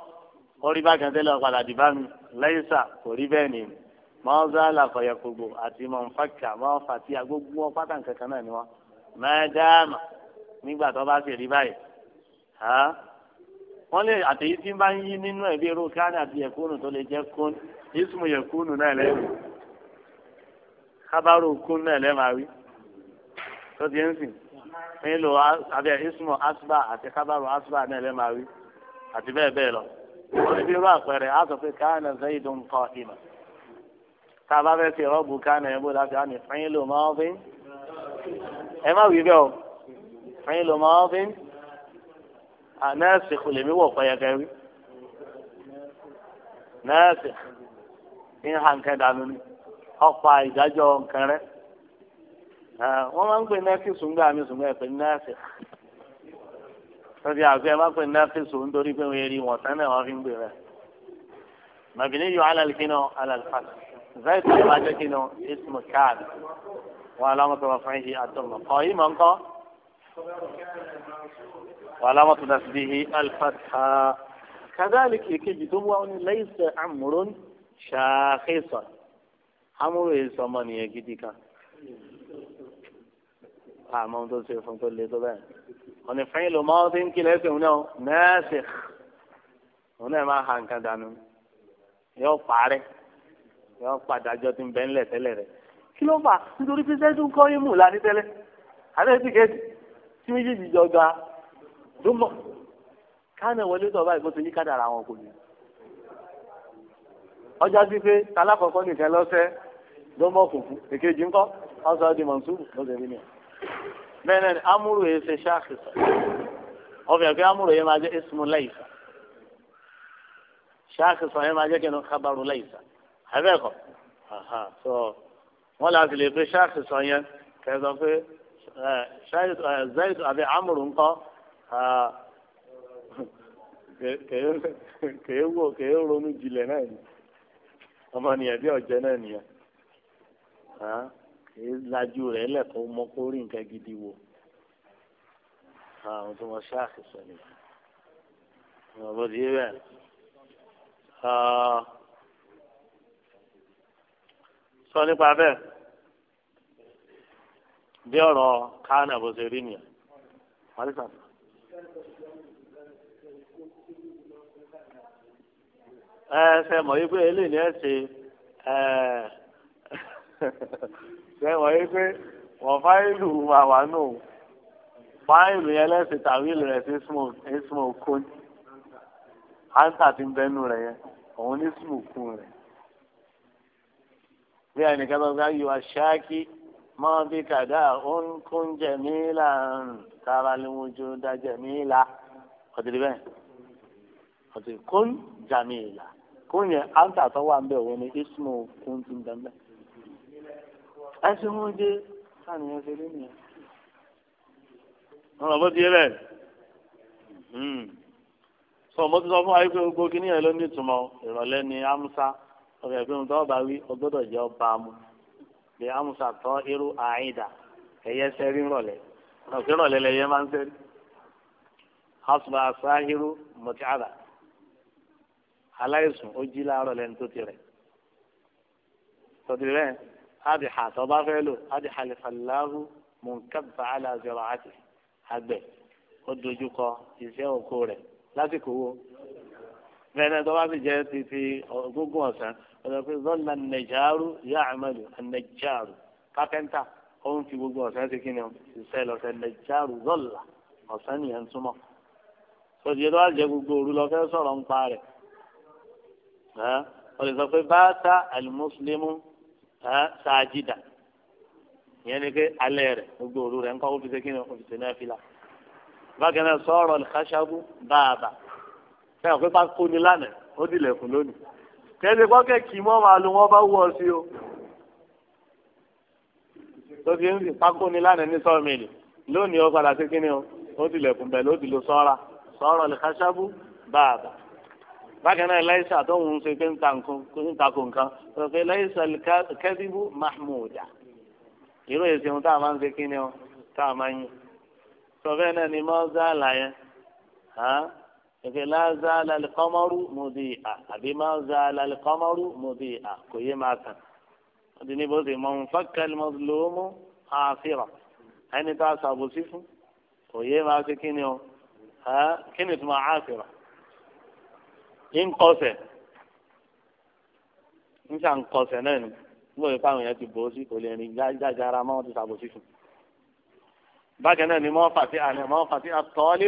Speaker 2: orí bá kan tẹ́lẹ̀ ọ̀padà dìbà mi lẹ́yìnsà kò rí bẹ́ẹ̀ ni mọ́ọ́sálà kọ̀yẹ̀kọ̀gbò àti mọ̀nfàkà mọ́ọ́fàtíà gbogbo wọn pátá nǹkan kan náà ni wọn. mẹ́ẹ́dáàmà nígbà tó bá sì rí báyìí wọ́n lè àtẹ̀yí tí bá ń yí nínú ẹ̀ bí irú káàní àti yẹ̀kúnù tó lè jẹ́ kún ismu yẹ̀kúnù náà lẹ́wọ̀ kábàárò kún náà lẹ́màá rí tó ti ń sìn nílò abẹ́ ismu asba àti kábàárò asba náà lẹ́màá rí àti bẹ́ẹ̀ bẹ́ẹ̀ lọ. níbi irú àpẹẹrẹ a sọ pé káànà zaidun kọ ìmọ̀ tá a bá fẹ́ fi rọ́ọ̀bù káànà ẹ̀bù láti àmì fẹ́yìn ló máa fi ẹ má wí bẹ́ẹ̀ o fẹ́yìn ló máa fi nẹ́ẹ̀sì kò lè mí wọ̀ fẹ́yẹkẹ́ rí nẹ́ẹ̀sì ń ha nǹkan dànù ni ọ̀pá ìdájọ́ nǹkan wọ́n máa ń pè nẹ́ẹ̀sì sùngbà mi sùngbà ẹ̀ pé nẹ́ẹ̀sì. lọ́sí àgbẹ̀ bá pè ní áfíìsù nítorí pé wọ́n rí wọn tán náà wọ́n fi ń gbé rẹ̀. màbìlì yọ alàlùkínà alàlùfàṣì zayd alàjẹkínà ismu káàdì wọn alámọ̀tò wọn fún yìí àtọ̀mọ̀ kọ́ yìí mọ̀ ń kọ́ wọn alámọ̀tò náà sì bíi alfàṣà. كذلك يكيد تموان ليس أمر شاخصا أمر إسمانية àmọ́ tó ṣe fún tó le tó bẹ́ẹ̀ ọ̀nà ìfẹ́yìn ló máa ń fi ń kí lẹ́sẹ̀ òun náà mẹ́ẹ̀sì òun náà máa hàn kan dànù yóò parẹ́ yóò padàjọ́ tí ń bẹ́ ńlẹ̀ tẹ́lẹ̀ rẹ̀ kí ló fà nítorí pé sẹ́jú ń kọ́ ìmù lání tẹ́lẹ̀ àtẹ̀sí kejì tí méjèèjì jọ ga dúmọ̀ káàní wọlé tó ọjà sí pé nìkan lọ́sẹ̀ dúmọ̀ kùkù èkejì ńkọ́ ọ̀sán ọdún mọ̀nsúrù lọ́sẹ̀ nínú ẹ̀ bẹ́ẹ̀ náà ni amúrò yẹn ṣe ṣáàkìsà ọbẹ̀ pé amúrò yẹn máa jẹ́ ismu laysa ṣáàkìsà yẹn máa jẹ́ kí ni kábàrú laysa àbẹ́ẹ̀kọ́ so wọ́n láti lè pe ṣáàkìsà yẹn kẹ́sàn pé zayid àbí amúrò ńkọ́ kèé wò kèé ronú jinlẹ̀ náà ni ọmọ nìyẹn bí ọ̀jẹ̀ náà nìyẹn èyí lajú rẹ̀ lẹ́kọ̀ọ́ mọ́ kó rí nǹkan gidi wo, àwọn tí wọ́n ṣáàkì sọ ni wọ́n bó di bẹ́ẹ̀ sọ nípa bẹ́ẹ̀ bí ọ̀rọ̀ kánà bó ṣe rí nìyẹn wọ́n lè sàtọ̀. ẹ ṣe mọ̀ yí pé eléyìí ẹ ṣe ẹ ṣe wọ́n yé pé wọ́n fáìlù àwa náà fáìlù yẹn lẹ́sìn tàwílù rẹ̀ sí ismo kún áńtà ti ń bẹ́nu rẹ̀ yẹn òun ní ismo kún rẹ̀ bí ẹnìkan bá gbá yọ aṣáákí mọ́ bí kàdá òun kún jẹ̀míìlà ń tara lójú dá jẹ̀míìlà ọ̀dìrí bẹ́ẹ̀ ọ̀dìrí kún jẹ̀míìlà kún yẹn áńtà tó wà ń bẹ̀ òun ní ismo kún ti ń bẹ́ẹ̀ ẹsẹ̀ wọn dé sànìyàn ṣe lónìí ẹ̀. ọ̀rọ̀ bó ti yé bẹ́ẹ̀ hmm. sọ mo ti sọ fún wa pé gbogbo kínní yẹn ló ní ìtumọ̀ ìrọ̀lẹ́ ni amusa ọ̀rọ̀ ẹ̀gbẹ́ mi tọ́wọ́ bá wí ọgbọ́dọ̀ jẹ́ ọba mu bí amusa tọ́ irú àìdá ẹ̀yẹ sẹ́rí ńrọ̀lẹ́
Speaker 1: ọ̀kẹ́ ńrọ̀lẹ́ lẹ́yẹ
Speaker 2: máa ń sẹ́rí asùnmọ̀ asáhírú mọ̀tíàdà aláìsùn ó jí láàárọ̀ lẹ́nu tó ti rẹ̀ tó ti adìhà tó bá fẹ́ lò adìhà lè fàlàlù mùnkàbà aláàzọrọ àti àgbẹ̀ ó dojúkọ iṣẹ́ òkú rẹ̀ lásìkò wo fẹ́rẹ́ tó bá sì jẹ́ ti ti ogógún ọ̀sán ọ̀sán pé zọ́lá nàìjáàrú yá àmàlù nàìjáàrú kápẹ́ńtà ó ń fi gbogbo ọ̀sán ti kí ni ìṣe lọ́sẹ̀ nàìjáàrú zọ́lá ọ̀sán nìyẹn túmọ̀ sọ̀tìyẹ tó bá jẹ́ gbogbo òru lọ fẹ́ sọ̀rọ̀ ń pa rẹ̀ ọ lè sọ pé bá ta àlùmọ́sílẹ́mù ṣáájìdà ìyẹn ni pé alẹ́ rẹ̀ gbogbo òru rẹ̀ ńkọ́ òfìsè kí ni òfìsè náà fi la bákan náà sọ̀rọ̀ lẹ́kàṣàbù báàbà fẹ́ ọ̀ pé bá kó ni lánàá ó dìlẹ̀kùn lónìí kẹ́sì pọ́kẹ́ kì í mọ́ máa lu wọ́n bá wú ọ sí o tó ti ń pákó ni lánàá ní sọ́ọ̀mìlì lónìí ó padà sí kí ni o ó dìlẹ̀kùn bẹ̀ ló dìlò sọ́ra sọ̀rọ̀ lẹ́kàṣàbù báàbà bákan náà láìsà tó ń ṣe pé ń ta nǹkan tó fi láìsà kẹ́síbù mahmuda irú èsì ohun tá a máa ń ṣe kí ni ọ tá a máa ń yìn tó bẹ́ẹ̀ náà ni mọ́ọ́sá àlàyé ìfẹ́ láàzá lálẹ́kọ́mọ́rú mòdì à àbí mọ́ọ́sá lálẹ́kọ́mọ́rú mòdì à kò yé máa tàn ó ti ní bó ṣe mọ̀ nfàkàlì mọ́tòlómù àfihàn ẹni tá a ṣàbòsí fún kò yé máa ṣe kí ni ọ kí ni tó máa àfihàn ń kọsẹ̀ ń ṣàǹkọsẹ̀ náà ni níbo ìfẹ́ ti bò sí kò lè rìn ara mọ́ ti ṣàbòsí fún bákan náà ni mọ́ fàtí àná mọ́ fàtí àtọ́lé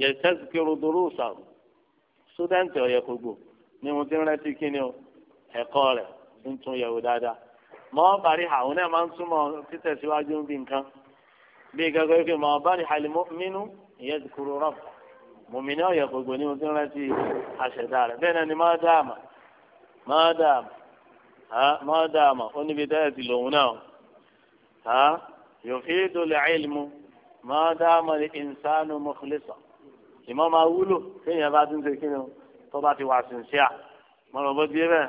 Speaker 2: yẹ tẹ́síkìrì dúró sàrò sódẹ́ǹtì ọ̀yẹ́ gbogbo ni mo ti rántí kíni o ẹ̀kọ́ rẹ̀ ń tún yẹ̀wò dáadáa mọ́ bari àwọn náà máa ń túmọ̀ títẹ̀síwájú bí nǹkan bí gẹ́gẹ́ bí mọ́ bari halimọ́ mínú ìyẹn kúrò rọ́pù mùmíní ọ̀yẹ̀ gbogbo ní ohun tí ń rántí àṣẹ̀dá rẹ̀ bẹ́ẹ̀ náà ni mọ́dàmà mọ́dàmà mọ́dàmà ó níbi tẹ́lẹ̀ ti lòun náà yòókìdó lè ilmu mọ́dàmà lè ìnsánú mọ́kúlẹ́sọ̀ ìmọ̀ máa wúlò kéèyàn bá ti ń ṣe kí ni tó bá ti wà sínsíà mọ̀rọ̀ bó di bẹ́ẹ̀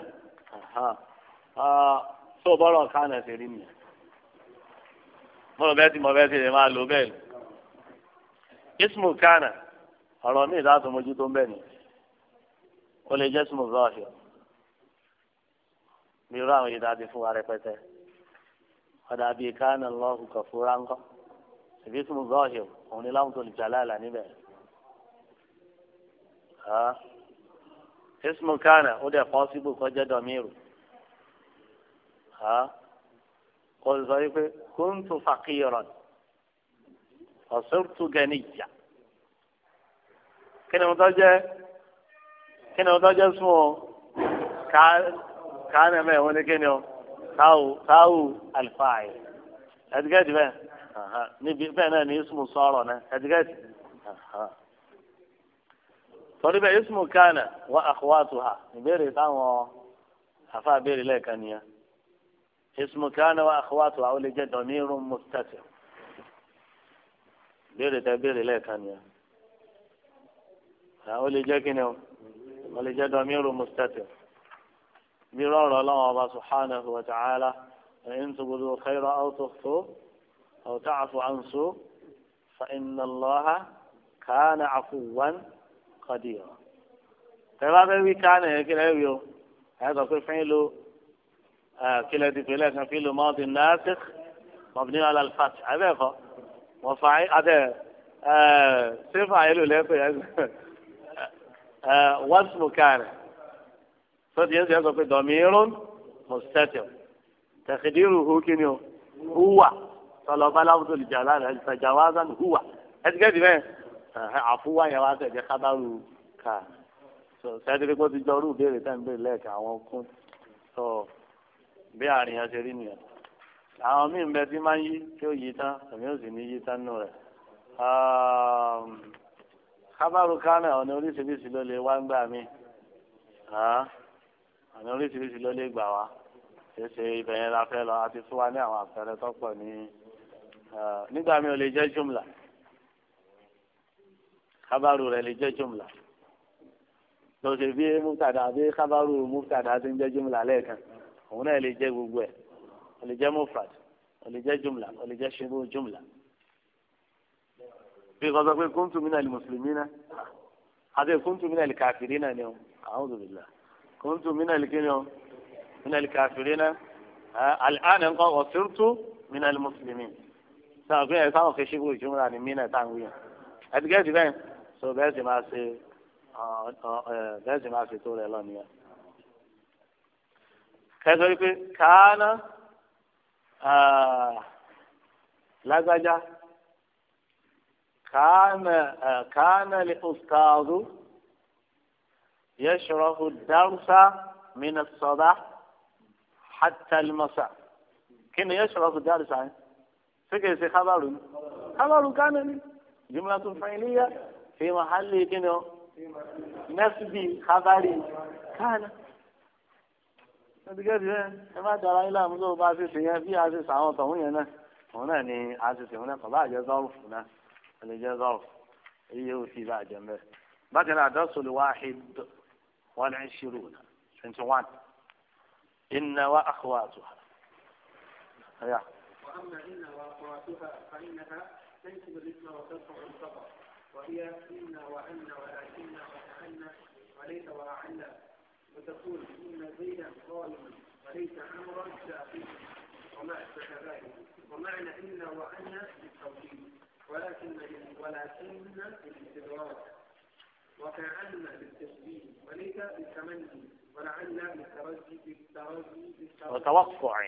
Speaker 2: tó bọ́rọ̀ kánà ṣe rí nìyẹn mọ̀rọ̀ bẹ́ẹ̀ ti mọ̀ bẹ́ẹ̀ ti lè máa lò bẹ́ẹ̀ ismu kánà ọ̀rọ̀ míì láti mójútó ń bẹ̀ ni ó lè jẹ́ súnmọ́ zọ́ọ̀ṣì bí irú àwọn ìdá ti fún wa rẹpẹtẹ ọ̀dà bíi káànà lọ́ọ̀kù kọ̀fúrá ńkọ́ ìbí súnmọ́ zọ́ọ̀ṣì òun ni láwùjọ lè jàlá níbẹ̀ ismu kana ó dẹ̀ pọ́sibú kọjá dọ̀míìrù kò sọ wípé kóńtù fàkìrọ̀ ọ̀sọ́rùtù gẹ̀nìyà kí ni mo tọ́ jẹ́ kí ni mo tọ́ jẹ́ sún o ká ká ní ẹ̀mẹ́ ìwọ́n ní kí ni o káwù káwù àlìfáàyè ẹ̀dígẹ́tì bẹ́ẹ̀ níbi bẹ́ẹ̀ náà ní ismu sọ̀rọ̀ náà ẹ̀dígẹ́tì torí bẹ́ẹ̀ ismu kánà wà akhwatuha ìbéèrè táwọn afa béèrè lẹ́ẹ̀kan nìyẹn ismu kánà wà akhwatuha ó lè jẹ́ dọ̀míìrún mustatir béèrè tẹ béèrè lẹ́ẹ̀kan nìyẹn. هؤلاء جاكنا ولجاد أمير مستتر مرار الله سبحانه وتعالى فإن تبدو خير أو تخفو أو تعفو عن سوء فإن الله كان عفوا قديرا تبا بي كان يكلا يو هذا كل فعل كلا دي فعل فعل ماضي ناسخ مبني على الفتح هذا هو وفعي هذا سيفا يلو واسم كان صوت ينزل يقول في ضمير مستتر تقديره كنيو هو طلب لفظ الجلال فجوازا هو هتجد ما عفوا يا واسع دي خبر كان sẹ́dẹ̀rẹ́ kó ti jọrú ìbéèrè tá ń béèrè lẹ́ẹ̀ka àwọn kún sọ bí àárín ẹsẹ̀ rí nìyẹn àwọn míì ń bẹ tí máa ń yí tí ó yí tán èmi ò sì ní yí tán nù rẹ̀ kábàrù kánà ọ̀nà oríṣiríṣi ló lè wá ń gbà mí ọ̀nà oríṣiríṣi ló lè gbà wá ṣeéṣe ibẹ̀ yẹn la fẹ́ lọ àti fún wa ní àwọn àpẹẹrẹ tó pọ̀ ní nígbà mi ò lè jẹ́ jùmùlà kábàrù rẹ̀ lè jẹ́ jùmùlà lọ́sẹ̀ bí mùtàdà bí kábàrù mùtàdà ti ń jẹ́ jùmùlà lẹ́ẹ̀kan òun náà lè jẹ́ gbogbo ẹ̀ ó lè jẹ́ mufrad ó lè jẹ́ jùmùlà ó lè jẹ́ ṣubú jùmùlà bí kò sọ pé kóńtù mí náà lè mùsùlùmí náà àti kóńtù mí náà lè káfìrí náà ni ọ àwọn òbí là kóńtù mí náà lè kí ni ọ mí náà lè káfìrí náà àlẹ́ nǹkan ọ̀sìrìtù mí náà lè mùsùlùmí sáà gbé ẹ̀ sáwọn fèsì kò jùmọ̀ ní mí náà táwọn wíyàn ẹ̀dígẹ́sì bẹ́ẹ̀ so bẹ́ẹ̀ máa ṣe bẹ́ẹ̀ máa ṣe tó rẹ̀ lọ nìyẹn kẹsàn-án pé kàánà ah, lágbájá. كان كان الأستاذ يشرح الدرس من الصباح حتى المساء كان يشرح الدرس عن فكرة خبر خبر كان جملة فعلية في محل كنو نسبي خبري كان ẹdíkẹ́dì rẹ̀ ẹ má dara ilé àmúlò bá a ṣe ṣe yẹn bí a ṣe ṣàwọn tọ̀hún اللي جاء ظرف يوتي بعد جنبه مثلا درس الواحد والعشرون 21 إن وأخواتها هيا.
Speaker 1: وأما إن وأخواتها فإنها تنسب الاسم وترفع الخبر وهي إن وأن ولكن وكأن وليس وأعل وتقول إن زيدا ظالما وليس أمرا شافيا وما أشبه ذلك ومعنى إن وأن للتوحيد ولكن ولكن الاستدراج وكأن بالتشبيه وليس بالتمني ولعل بالترجي بالترجي والتوقع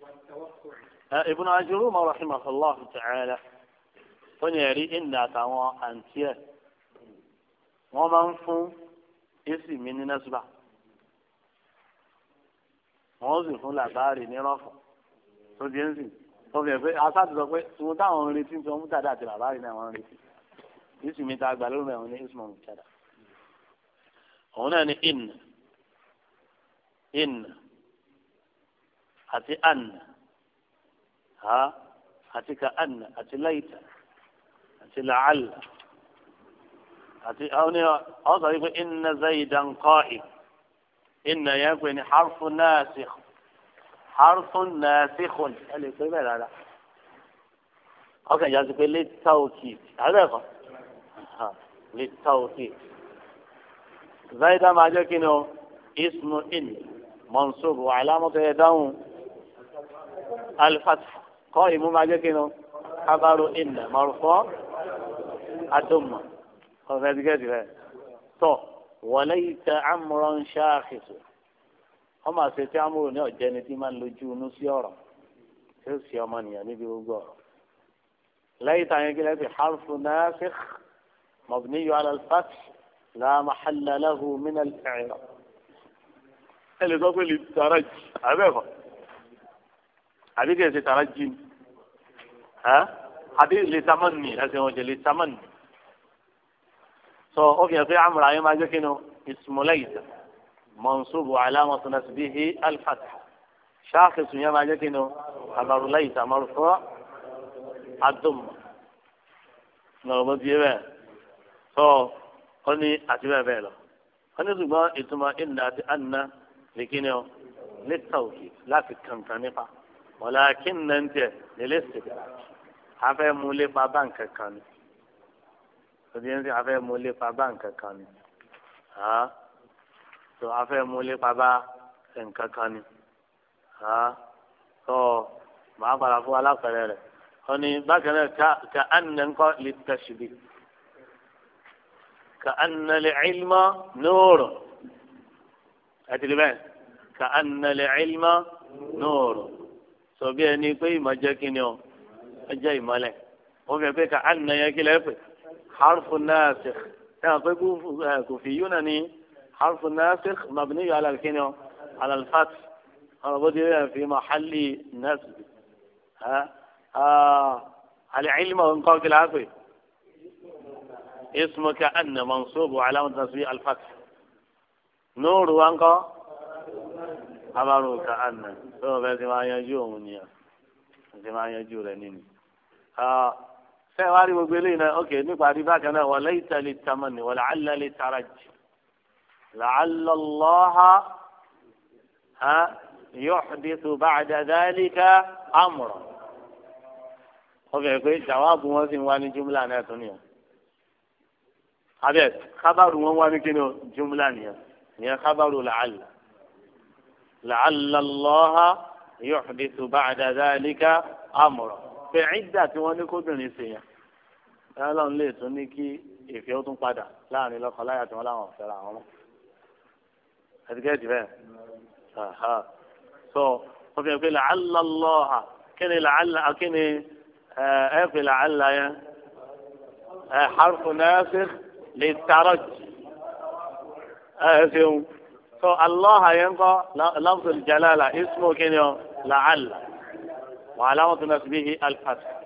Speaker 1: والتوقع
Speaker 2: ابن عجروم رحمه الله تعالى فنيري إن أتوا أنتيه ومن فو اسم من نسبه wọ́n فو لا باري نرافو فو tó wọ́n fi hàn pé asáàtì sọ pé ìwọ táwọn ń retí sọ mútàdá àti bàbá rẹ̀ náà wọ́n ń retí yíṣu mi ta gbà lórí ẹ̀wọ̀n ní yíṣu mọ̀ mútàdá. òun náà ni in in àti an ha àti ka an àti laita àti làálà àti àwọn ọ̀sán yìí pé inna zaidan qa'im inna yẹn pè ní harfu nasikh harsun nasikhun ẹ lè pé bẹ́ẹ̀ rárá ọkàn ìyá sí pé lè ta òkè àbẹ́ kan lè ta òkè zaida máa jẹ́ kí ni o ismu in mọ̀nsóbù àlámọ́tò ẹ̀ dáhùn alifat kọ́ ìmú máa jẹ́ kí ni o kábàárò in mọ̀rùfọ́ àdùnmọ̀ ọ̀rẹ́dìgẹ́dì rẹ̀ tọ̀ wọlé ìtẹ̀ amúrán ṣáàkìtù wọ́n máa ṣe tí amúrò ní ọ̀jẹ́ ni tí máa ń lójú inú sí ọ̀rọ̀ tí ó sì ọmọnìyàn níbi gbogbo ọ̀rọ̀ lẹ́yìn táyẹn kí lẹ́sìn harfu nasikh mabniyu ala al-fath la mahalla lahu min al-i'rab ẹ lè sọ pé lè taraji àbẹ́fọ̀ àbí kìí ṣe taraji ni àbí lè tamanni ẹsẹ̀ wọn jẹ lè tamanni sọ ó fi hàn pé amúra yẹn máa jẹ́ kí ni ismu laysa. منصوب علامة نسبه الفتح شاخص يا مالكين خبر ليس مرفوع الضم نربط يبا سو قني أتبع بيلا قني زبا إتما إن أن لكن للتوكيد لا تكن تنفع ولكن أنت للاستدراك afẹ́ mu lépa báǹkì kan ni obìnrin ti afẹ́ mu lépa báǹkì kan ni tó a fẹ́ mú lépa bá nǹkan kan ni tó màá padà fún alápẹ̀rẹ̀ rẹ̀ ó ní bákan náà ká ká ànà ńkọ́ lè tẹ̀síbí ká ànà lè ilmọ́ nóòrò ẹ ti di bẹ́ẹ̀ ká ànà lè ilmọ́ nóòrò sọ bí ẹni pé ìmọ̀ jẹ́ kí ni o ẹ jẹ́ ìmọ̀lẹ̀ ó fi pé ká ànà yẹn kí lẹ́ pè harfu nasikh ẹ hàn pé kò fi yúnà ní. حرف ناسخ مبني على الكنو على الفتح ربطي في محل نسب ها آه. على علم وانقاك العافية اسمك أن منصوب وعلامة نسبي الفتح نور وانقا أمرك أن ثم بس ما يجوه مني بس ما يجوه ها آه. سيواري مقبلين اوكي نقعد باك انا وليس للتمني ولعل للترجي لعل الله ها يحدث بعد ذلك أمرا obìnrin pé jàwáàbù wọn sì ń wá ní jumla náà tún nìyẹn abẹ kábàrù wọn wá ní kíni jumla nìyẹn ìyẹn kábàrù làálà làálà lọ́ha yuhdithu ba'da dhalika amra pé ìdá tí wọ́n ní kóbìnrin sì yẹn ẹlọ́run lè tún ní kí ìfẹ́ ó tún padà láàrin lọ́kọláya tí wọ́n láwọn fẹ́ra wọn mọ́. هتجاج بقى اها سو فبيقول يقول لعل الله كان لعل اكن ايه لعل يا حرف ناسخ للترجي اسم سو الله ينقى لفظ الجلاله اسمه كان لعل وعلامة نسبه الفتح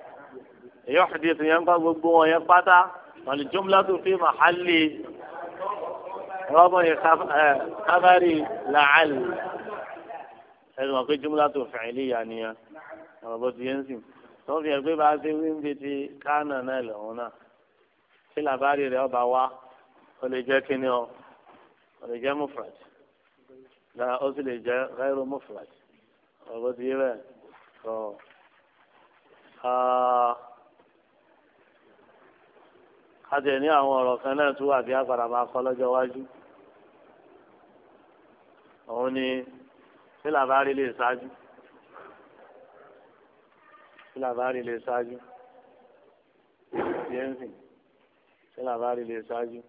Speaker 2: يحدث ينقى بالبو ويقطع والجملة في محل rọ́bọ̀ yìí kábàárì làálì ẹnu wọn pé jumla tó fẹ̀yìn lìyà nìyẹn ọ̀rọ̀bọ̀ ti yẹn sìn tó fi ẹgbẹ́ bá ṣe wí ń bi ti kánà náà lọ́wọ́ náà tí làbárì rẹ̀ ọba wá ó lè jẹ́ kíní ọ ó lè jẹ́ mufrad náà ó sì lè jẹ́ ghairu mufrad ọ̀rọ̀bọ̀ ti yẹ bẹ́ẹ̀ tó a ti ní àwọn ọ̀rọ̀ kan náà tún wà bí apàdà máa kọ́ lọ́jọ́ iwájú. òun ni sílà bá rí lè ṣáájú sílà bá rí lè ṣáájú yẹnsìn sílà bá rí lè ṣáájú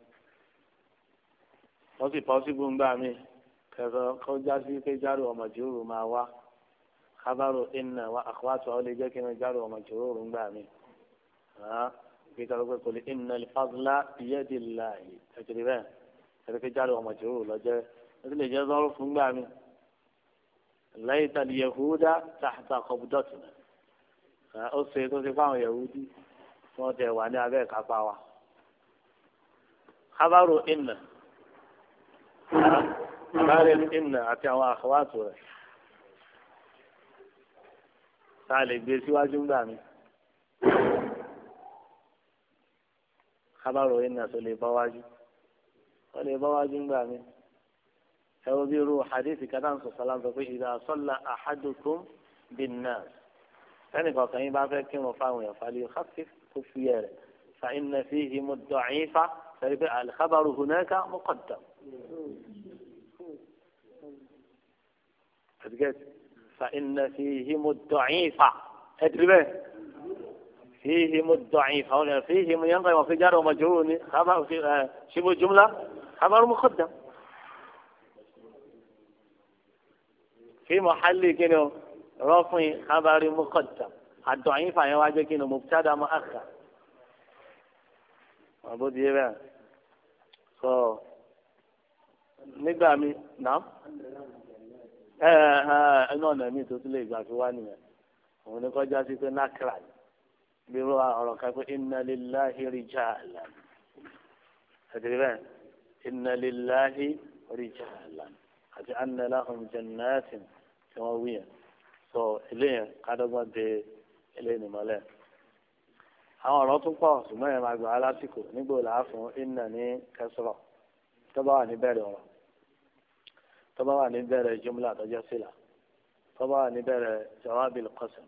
Speaker 2: wọ́n sì pọ́sibú ń gbà mí kẹsàn kó jásí pé járò ọmọ jùrù máa wá kábàrò ìnà wa àkọ́wàtò ọ lè jẹ́ kí n járò ọmọ jùrù ń gbà mí bí ká ló pé kò lè innal fadla biyadillahi ẹ̀kìrì bẹ́ẹ̀ ẹ̀kìrì jáde ọmọ jòwó lọ́jẹ́ ẹ̀kìrì lè jẹ́ sọ́rọ́ fún gbà mí laytal yahuda tahta qabdatina ó ṣe tó ti fáwọn yahudi tí wọ́n tẹ̀ wà ní abẹ́ ìkápá wa. habaru inna habaru inna àti àwọn àkọwàtò rẹ̀ tá a lè gbé síwájú gbà mí. kabaro yìí náà tó lè bọ́ wájú ó lè bọ́ wájú ńgbà mi ẹ o bí irú hadithi kan so sọ̀sọ́ so pé ìdá salla ahadukum bin nas sẹ́ni kọ̀ọ̀kan yín bá fẹ́ kin o fa won ya fa li khaffif fi yẹ fa inna fihi hi mo dọ̀ yín fa sẹ́ni pé alikabaru hunaka muqaddam kọ̀ fa inna fihi hi mo ẹ tiri bẹ́ẹ̀. فيهم الضعيف هون فيهم ينقل وفي جار ومجهول خبر في شبه جملة خبر مقدم في محل كنو رفع خبر مقدم الضعيف هي واجه كنو مبتدا مؤخر عبود يبقى so nígbà mi nàám ها ẹ ẹ náà nàá mi tó tún lè bí irú ọ̀rọ̀ kan pé inna lillahi rijalan àti bẹ́ẹ̀ inna lillahi rijalan àti anna lahum jannatin tí wọ́n wí yẹn sọ eléyẹn kádọ́gbọ́n de eléyìí ni mọ́lẹ̀ àwọn ọ̀rọ̀ tún pọ̀ ṣùgbọ́n yẹn máa gbà á nígbò làá fún inna ní kẹsìrọ̀ tó bá wà ní bẹ̀rẹ̀ ọ̀rọ̀ tó bá wà ní bẹ̀rẹ̀ jumla tó tó bá wà ní bẹ̀rẹ̀ jawabil qasam.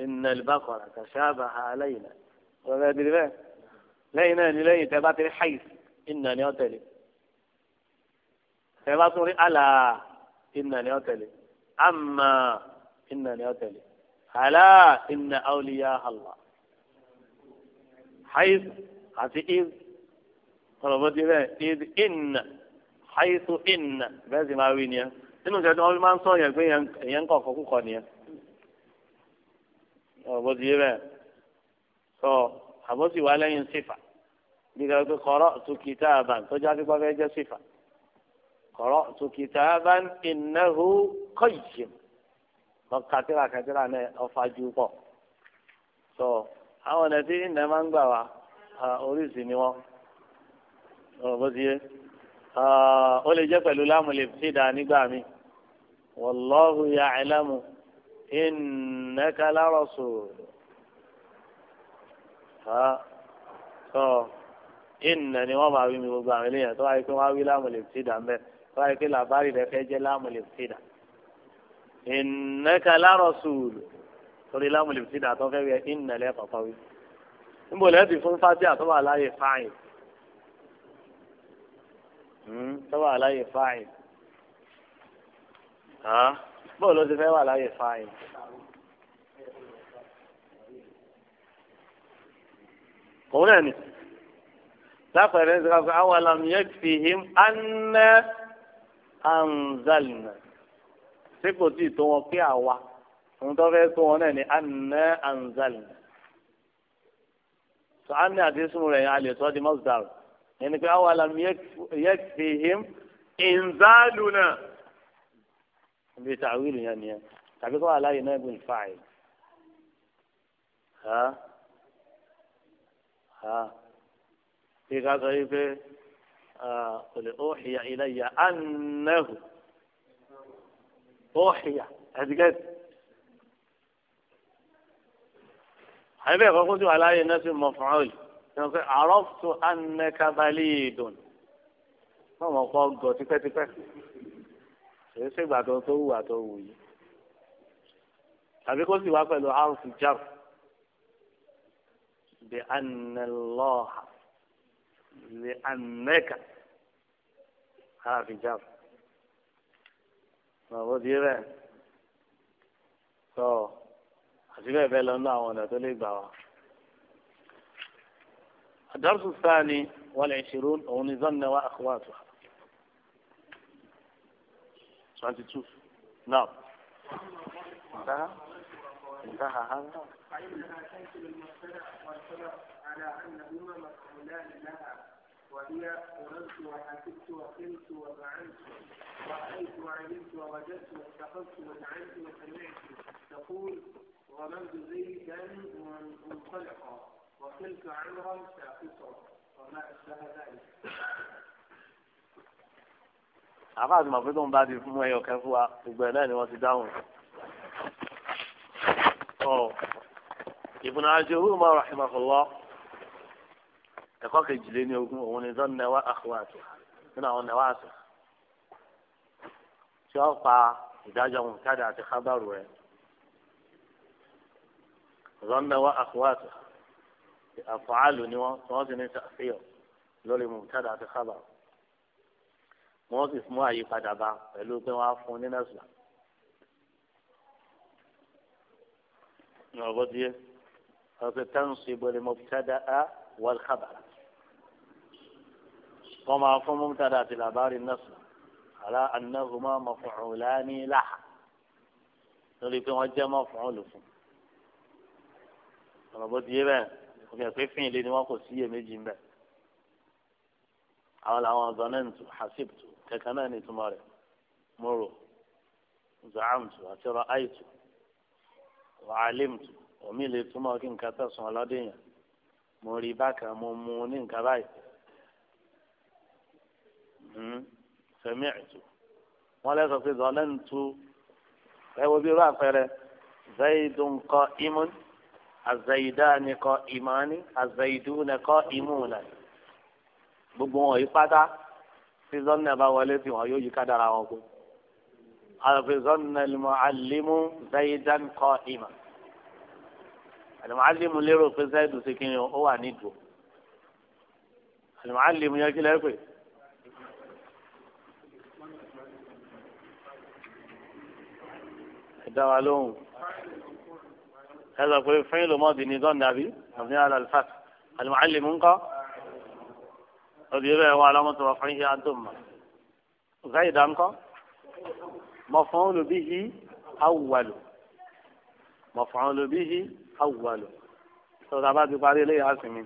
Speaker 2: إن البقرة تشابه علينا وما أدري ما لينا لين تبات الحيث إن نعتلي تبات ألا إن نعتلي أما إن نعتلي ألا إن أولياء الله حيث حتى إذ ọlọmọdé ما إذ إن حيث إن bẹ́ẹ̀ ما وين يا إنه nínú أول ما نصور ń sọ yẹn ọ̀bọ̀ ti yé bẹ́ẹ̀ sọ àbọ̀ sì wá lẹ́yìn sífà bí ká pé kọ́rọ́ tu kitaban tọ́jú akẹ́kọ̀ọ́ fẹ́ jẹ́ sífà kọ́rọ́ tu kitaban innahu qayyim lọ kàtírà kàtírà náà ọ̀fàjú pọ̀ sọ àwọn ọ̀nà tí ìnà máa ń gbà wá oríṣìí ni wọ́n ọ̀bọ̀ ti yé ó lè jẹ́ pẹ̀lú láàmú lè fi dà nígbà mi wallahu ya'lamu. إنك لرسول ها تو إن ni wọ́n máa wí mi gbogbo àwọn eléyàn tó wáyé pé wọ́n á wí láàmú lè fi dà mbẹ́ tó wáyé pé làbárì rẹ fẹ́ jẹ́ láàmú lè fi dà إنك لرسول torí láàmú lè fi dà tó fẹ́ wí إن lẹ́kọ̀ọ́kọ́ wí. níbo lẹ́ẹ̀dì fún fati àtọ́wà láàyè fáìn hmm, tọ́wà láàyè fáìn bóòlù ló ti fẹ́ wà láyè fáyìn. òun náà ni lápẹẹrẹ ní sọ́kà àwọn alàmúyẹ́ fi him anẹ́ anzalina ṣé kò tí ì tó wọn pé àwa òun tó fẹ́ tó wọn náà ni anẹ́ anzalina sọ anẹ́ àti sùnmù rẹ̀ yẹn a lè di mọ́sítàrù yẹn pé àwọn alàmúyẹ́ fi him inzaluna bí tàwílù yẹn nìyẹn tàbí kọ́ aláyé náà gbìn fáìl ha ha bí ká sọ yìí pé olè óòhìyà ilayya annahu óòhìyà ẹ̀dígẹ́tì. àbẹ̀ kọ́kọ́ tí wà láyé náà sì mọ̀ fún ọ́ yìí ṣe pé àrọ́fù annaka balidun náà mọ̀ kọ́ gọ̀ tipẹ́tipẹ́. ṣe gbà tó tó wà tó wù yìí tàbí kó sì wá pẹ̀lú arúfù jar bí anilọ́ha bí anẹ́ka arúfù jar ọ̀bọ̀ di rẹ̀ sọ àti bẹ́ẹ̀ bẹ́ẹ̀ lọ́nà àwọn ọ̀nà tó lè gbà wá. الدرس الثاني والعشرون هو ظن وأخواتها شو تشوف نعم انتهى انتهى هذا
Speaker 1: فإنها تنكر المبتدأ والسبب على أنهما مفعولان لها وهي ولدت وحسبت وقلت وزعمت وأتيت وعلمت ووجدت واتخذت وزعمت وسمعت تقول ظلمت زيدا منطلقا وقلت عمرا ساقطا وما أشبه ذلك
Speaker 2: àfáàtì mọ̀ pé tóun bá di fún ẹyọ kẹfù wa gbogbo ẹ̀ náà ni wọ́n ti dáhùn. Ibn Ajuruma rahimahullah ẹ̀kọ́ kejìlé ní ogún òun ni zọ́n nẹ́wà àkúwàtò nínú àwọn nẹ́wà àtò tí wọ́n pa ìdájọ́ wọn káàdà àti kábàrù rẹ̀ zọ́n nẹ́wà àkúwàtò àfọ̀hálù ni wọ́n tí wọ́n ti ní tàfíọ̀ lórí mùtádà àti kábàrù. wọ́n sì fún ní nẹ́sùlá. ọ̀rọ̀ bí àyípadà bá pẹ̀lú pé wọ́n á fún ní nẹ́sùlá. ọ̀rọ̀ díẹ̀ ọ̀sẹ̀ tan tánṣu ìbọ̀lẹ̀ mọ̀tàdà á wal khabar. wọ́n máa fún mọ̀tàdà àti làbárí nẹ́sùlá àlá anáhùnmá mọ̀fọ̀ọ̀lání láhà lórí pé wọ́n jẹ́ mọ̀fọ̀ọ̀lù fún. ọ̀rọ̀ díẹ̀ bẹ́ẹ̀ òfin ẹ̀pẹ́ fìyìn lé ni wọ́n kò síyèméjì ń bẹ̀. àwọn làwọn ọ̀gá náà ń tù kankan náà ní ìtumọ̀ rẹ̀ mo rò zaamtu àti ọ̀rọ̀ àìtù wa alimtu omi lè túmọ̀ kí nǹkan tẹ̀sán ọlọ́dẹ̀yàn mo rí bákan mo mú ní nǹkan báyìí hmm, sami'tu wọ́n lẹ́sọ̀ pé zọ́lẹ́ntu ẹ wo bí irú àpẹẹrẹ zaidun qa'imun azaidani qa'imani azaiduna qa'imuna gbogbo wọn yìí pátá tí zọ́nà bá wọlé tí wọn yóò yí kádàrà wọn kú. àlùfẹ́ zọ́nà al-muallimu zayidan qa'ima. al-muallimu lérò pé zayidu sí kí ni ó wà nídùú. al-muallimu yẹn kí lẹ́ pè. wa lóhùn. ẹ sọ pé fún ìlú mọ́ọ̀dì ni zọ́nà bí àbí àlàlfà al-muallimu ńkọ́ obìnrin bẹ́ẹ̀ wà lọ́mọ́tò wà fún iṣẹ́ àdùnmá ọ̀gá ìdánkọ́ mọ̀fọ́n olùbíyí awùwàlù mọ̀fọ́n olùbíyí awùwàlù sọ̀rọ̀ àbá ti parí eléyà á sinmi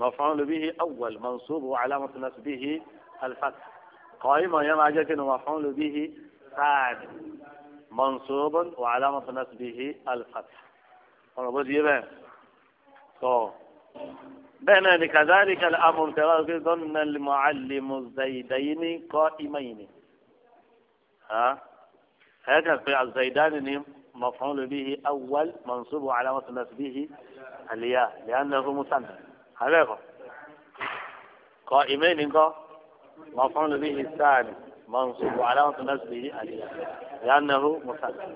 Speaker 2: mọ̀fọ́n olùbíyí awùwàlù mọ̀nsóbù alámọ̀tò náà síbíyí alifat kọ́ ìmọ̀ yẹn máa jẹ́ kí ni mọ̀fọ́n olùbíyí sáàdì mọ̀nsóbù alámọ̀tò náà síbíyí alifat ọ̀rọ̀ bó ti yé bẹ́ẹ̀ sọ̀rọ̀. بين كذلك الامر kàdáríkà ظن المعلم الزيدين قائمين ها هذا في الزيدان مفعول به أول منصوب علامة نسبه الياء لأنه مثنى هذا قائمين مفعول به الثاني منصوب علامة نسبه الياء لأنه مثنى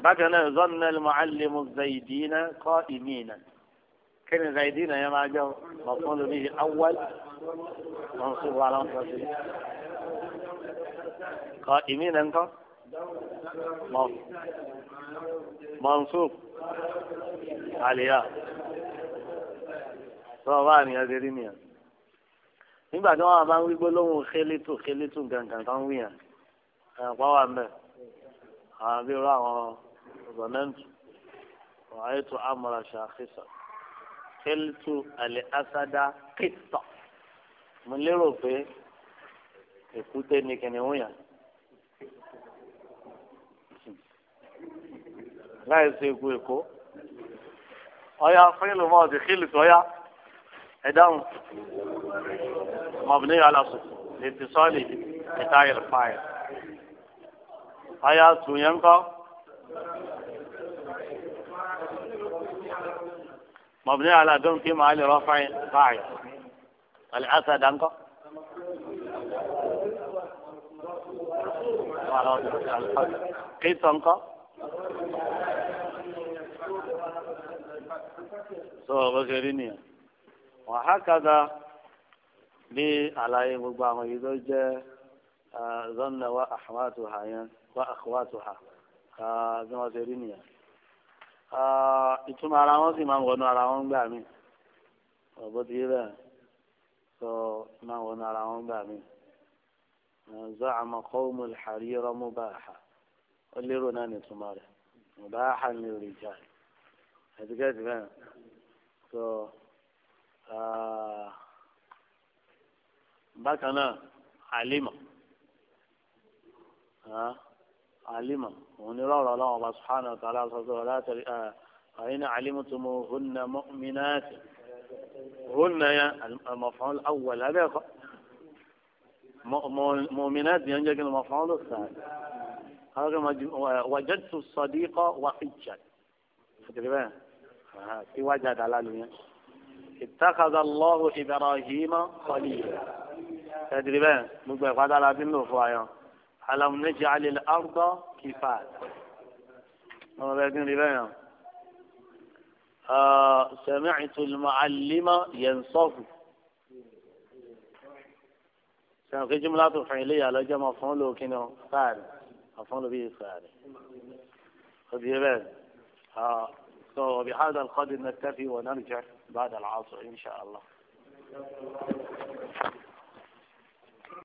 Speaker 2: بعد ظن المعلم الزيدين قائمين كلمة زايدين يا معجم مفعول به أول منصوب على منصوب قائمين أنت منصوب علياء صوابان يا ديرينيا nígbà tí wọn bá ń wí gbólóhùn kélétò kélétò gàǹgàǹ tó ń wí yẹn ẹnìkan wà mẹ àwọn bí irú àwọn gọmẹǹtì wọn àyètò amúra ṣàkíṣà akiltu alẹ́ asada kìtọ̀ mo lérò pé èkúté ni kìnìún yàn. láì ṣe egun èkó ọyá fílù mọ́ ọ̀dì kílù tó yá ẹ dáhùn mọ̀bìnrin aláṣọ ètò sọ́ọ̀lì ìtayẹ̀ fáyẹ̀ ọyá tùyẹ̀ ńkọ́. مبني على دون في محل رفع فاعل الأسد أنت كيف أنت
Speaker 1: سوى بكريني
Speaker 2: وهكذا على مبعما يدرج آه، ظن وأحواتها يعني وأخواتها كما آه، تريني ìtumọ̀ ara wọn sì máa ń wọnú ara wọn gbà mí ọ̀bọ ti yé bẹ́ẹ̀ sọ máa ń wọnú ara wọn gbà mí. za'ama qawmul harira mubaha ó lérò náà ní ìtumọ̀ rẹ̀ mubaha ní rijal ẹ̀dígẹ́dì bẹ́ẹ̀ sọ bákan náà àlímọ̀. عالما ونرى الله الله سبحانه وتعالى ولا آه، فإن علمتموهن مؤمنات هن يا المفعول الأول هذا مؤمنات ينجك المفعول الثاني هذا وجدت الصديق وحجا تقريبا آه، في وجهة على اتخذ الله إبراهيم خليلا تقريبا مقبل قد على دين ألم نجعل الأرض كفاتا أنا لكن ربنا سمعت المعلم ينصف في جملة فعلية على جمع فعله وكنا فعل فعله به فعل خذ يبان آه، وبهذا القدر نكتفي ونرجع بعد العصر إن شاء الله